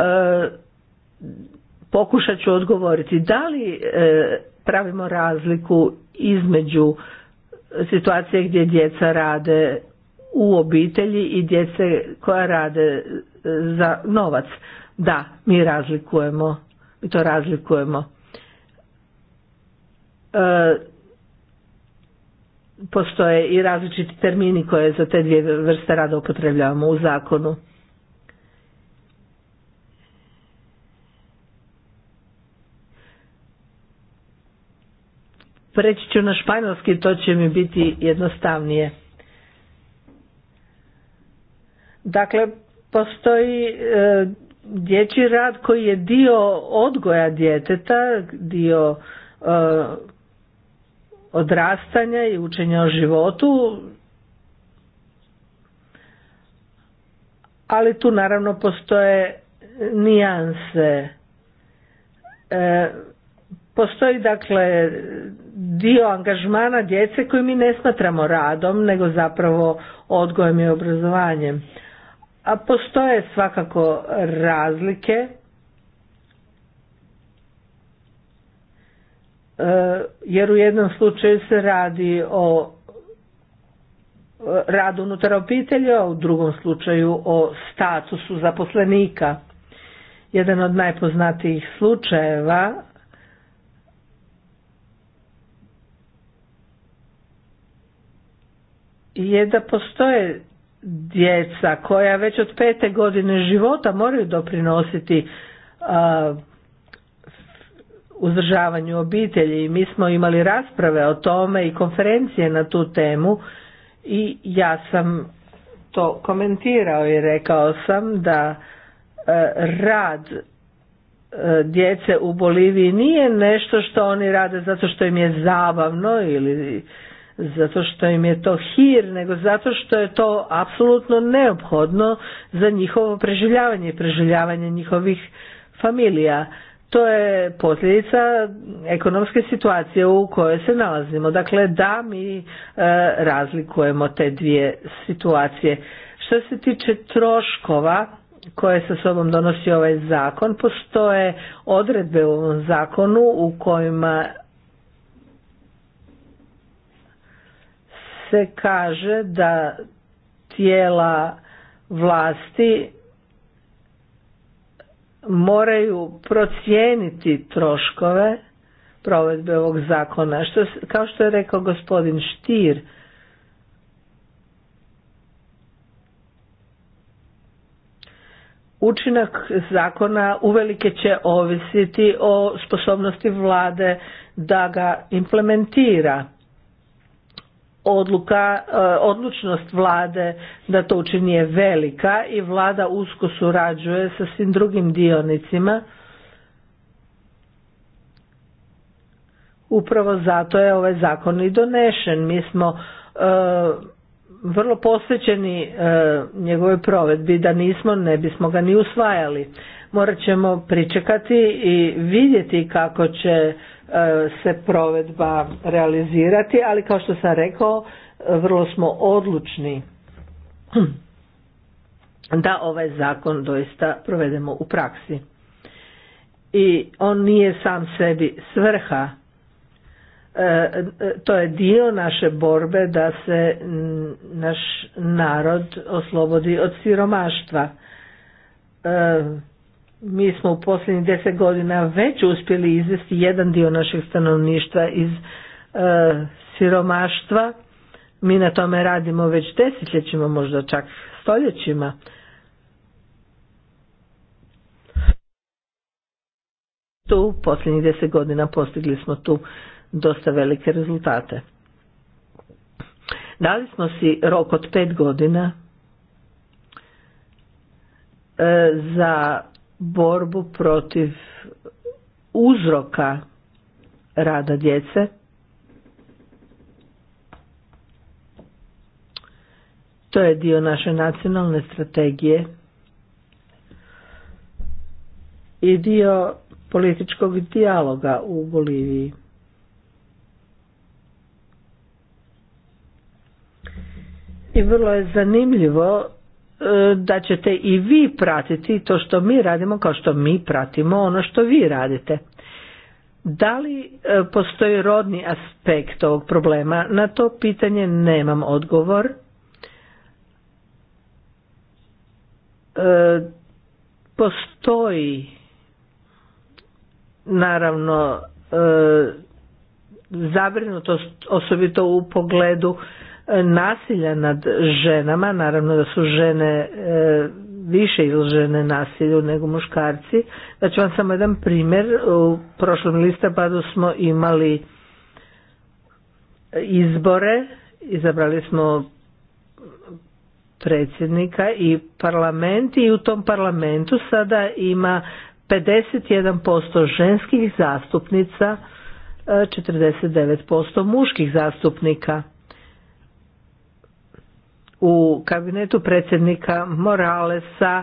E, pokušat ću odgovoriti da li e, pravimo razliku između situacije gdje djeca rade u obitelji i djece koja rade e, za novac. Da, mi razlikujemo, mi to razlikujemo. E, postoje i različiti termini koje za te dvije vrste rada upotrebljavamo u zakonu. Preći ću na španjolski, to će mi biti jednostavnije. Dakle, postoji e, dječji rad koji je dio odgoja djeteta, dio e, odrastanja i učenja o životu, ali tu naravno postoje nijanse. E, postoji dakle dio angažmana djece koji mi ne smatramo radom, nego zapravo odgojem i obrazovanjem. A postoje svakako razlike. E, jer u jednom slučaju se radi o e, radu unutar obitelji, a u drugom slučaju o statusu zaposlenika. Jedan od najpoznatijih slučajeva je da postoje djeca koja već od pete godine života moraju doprinositi a, uzdržavanju obitelji mi smo imali rasprave o tome i konferencije na tu temu i ja sam to komentirao i rekao sam da e, rad e, djece u Boliviji nije nešto što oni rade zato što im je zabavno ili zato što im je to hir, nego zato što je to apsolutno neophodno za njihovo preživljavanje i preživljavanje njihovih familija. To je posljedica ekonomske situacije u kojoj se nalazimo. Dakle, da mi e, razlikujemo te dvije situacije. Što se tiče troškova koje sa sobom donosi ovaj zakon, postoje odredbe u ovom zakonu u kojima se kaže da tijela vlasti moraju procijeniti troškove provedbe ovog zakona. Što, kao što je rekao gospodin Štir, učinak zakona uvelike će ovisiti o sposobnosti vlade da ga implementira odluka, e, odlučnost vlade da to učini velika i vlada usko surađuje sa svim drugim dionicima. Upravo zato je ovaj zakon i donešen. Mi smo e, vrlo posvećeni e, njegovoj provedbi da nismo, ne bismo ga ni usvajali. Morat ćemo pričekati i vidjeti kako će E, se provedba realizirati, ali kao što sam rekao, e, vrlo smo odlučni da ovaj zakon doista provedemo u praksi. I on nije sam sebi svrha, e, to je dio naše borbe da se naš narod oslobodi od siromaštva mi smo u posljednjih deset godina već uspjeli izvesti jedan dio našeg stanovništva iz e, siromaštva. Mi na tome radimo već desetljećima, možda čak stoljećima. Tu posljednjih deset godina postigli smo tu dosta velike rezultate. Dali smo si rok od pet godina e, za borbu protiv uzroka rada djece. To je dio naše nacionalne strategije i dio političkog dijaloga u Boliviji. I vrlo je zanimljivo da ćete i vi pratiti to što mi radimo kao što mi pratimo ono što vi radite. Da li e, postoji rodni aspekt ovog problema? Na to pitanje nemam odgovor. E, postoji naravno e, zabrinutost osobito u pogledu nasilja nad ženama, naravno da su žene e, više izložene nasilju nego muškarci. Da ću vam samo jedan primjer, u prošlom listopadu smo imali izbore, izabrali smo predsjednika i parlament i u tom parlamentu sada ima 51% ženskih zastupnica, 49% e, muških zastupnika u kabinetu predsjednika Moralesa e,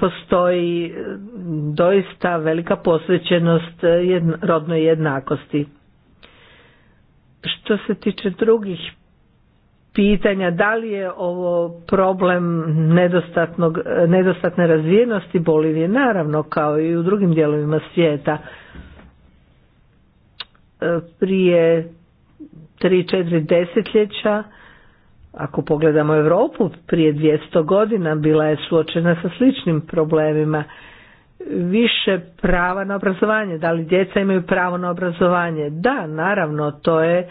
postoji e, doista velika posvećenost e, rodnoj jednakosti. Što se tiče drugih pitanja, da li je ovo problem nedostatnog, nedostatne razvijenosti Bolivije, naravno kao i u drugim dijelovima svijeta. Prije 3-4 desetljeća ako pogledamo Europu prije 200 godina bila je suočena sa sličnim problemima. Više prava na obrazovanje, da li djeca imaju pravo na obrazovanje? Da, naravno, to je e,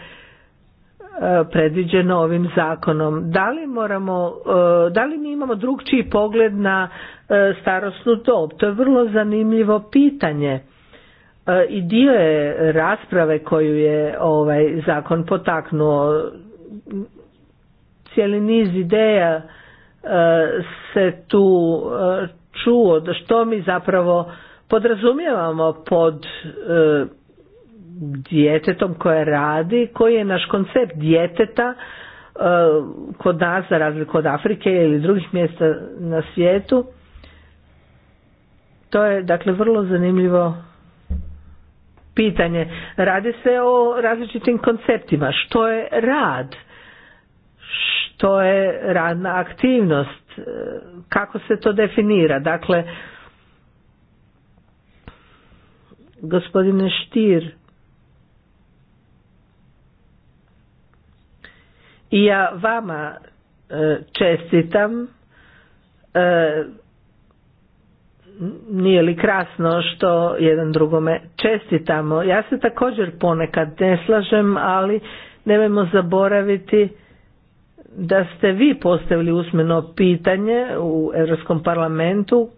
predviđeno ovim zakonom. Da li moramo, e, da li mi imamo drugčiji pogled na e, starosnu dob? To je vrlo zanimljivo pitanje i dio je rasprave koju je ovaj zakon potaknuo cijeli niz ideja e, se tu e, čuo, da što mi zapravo podrazumijevamo pod e, djetetom koje radi, koji je naš koncept djeteta kod nas za razliku od Afrike ili drugih mjesta na svijetu. To je dakle vrlo zanimljivo pitanje. Radi se o različitim konceptima. Što je rad? To je radna aktivnost, e, kako se to definira. Dakle, gospodine Štir, i ja vama e, čestitam, e, nije li krasno što jedan drugome čestitamo. Ja se također ponekad ne slažem, ali nemojmo zaboraviti da ste vi postavili usmeno pitanje u Europskom parlamentu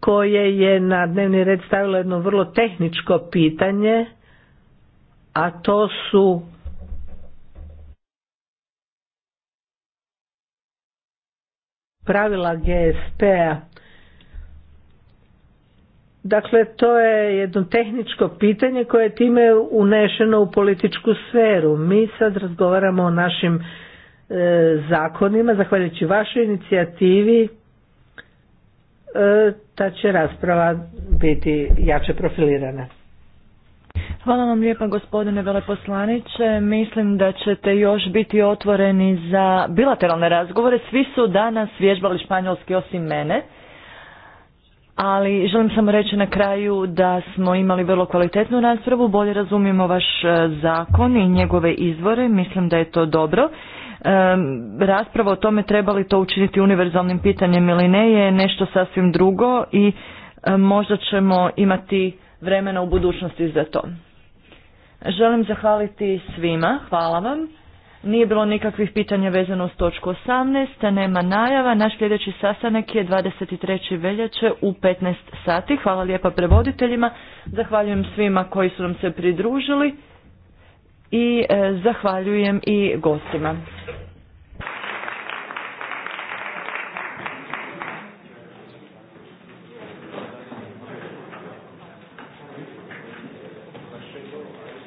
koje je na dnevni red stavilo jedno vrlo tehničko pitanje, a to su pravila GSP-a Dakle, to je jedno tehničko pitanje koje je time unešeno u političku sferu. Mi sad razgovaramo o našim e, zakonima, zahvaljujući vašoj inicijativi, e, ta će rasprava biti jače profilirana. Hvala vam lijepa gospodine veleposlaniće. Mislim da ćete još biti otvoreni za bilateralne razgovore. Svi su danas vježbali španjolski osim mene ali želim samo reći na kraju da smo imali vrlo kvalitetnu raspravu, bolje razumijemo vaš e, zakon i njegove izvore, mislim da je to dobro. E, rasprava o tome treba li to učiniti univerzalnim pitanjem ili ne je nešto sasvim drugo i e, možda ćemo imati vremena u budućnosti za to. Želim zahvaliti svima, hvala vam. Nije bilo nikakvih pitanja vezano s točku 18, nema najava. Naš sljedeći sastanak je 23. veljače u 15 sati. Hvala lijepa prevoditeljima, zahvaljujem svima koji su nam se pridružili i e, zahvaljujem i gostima.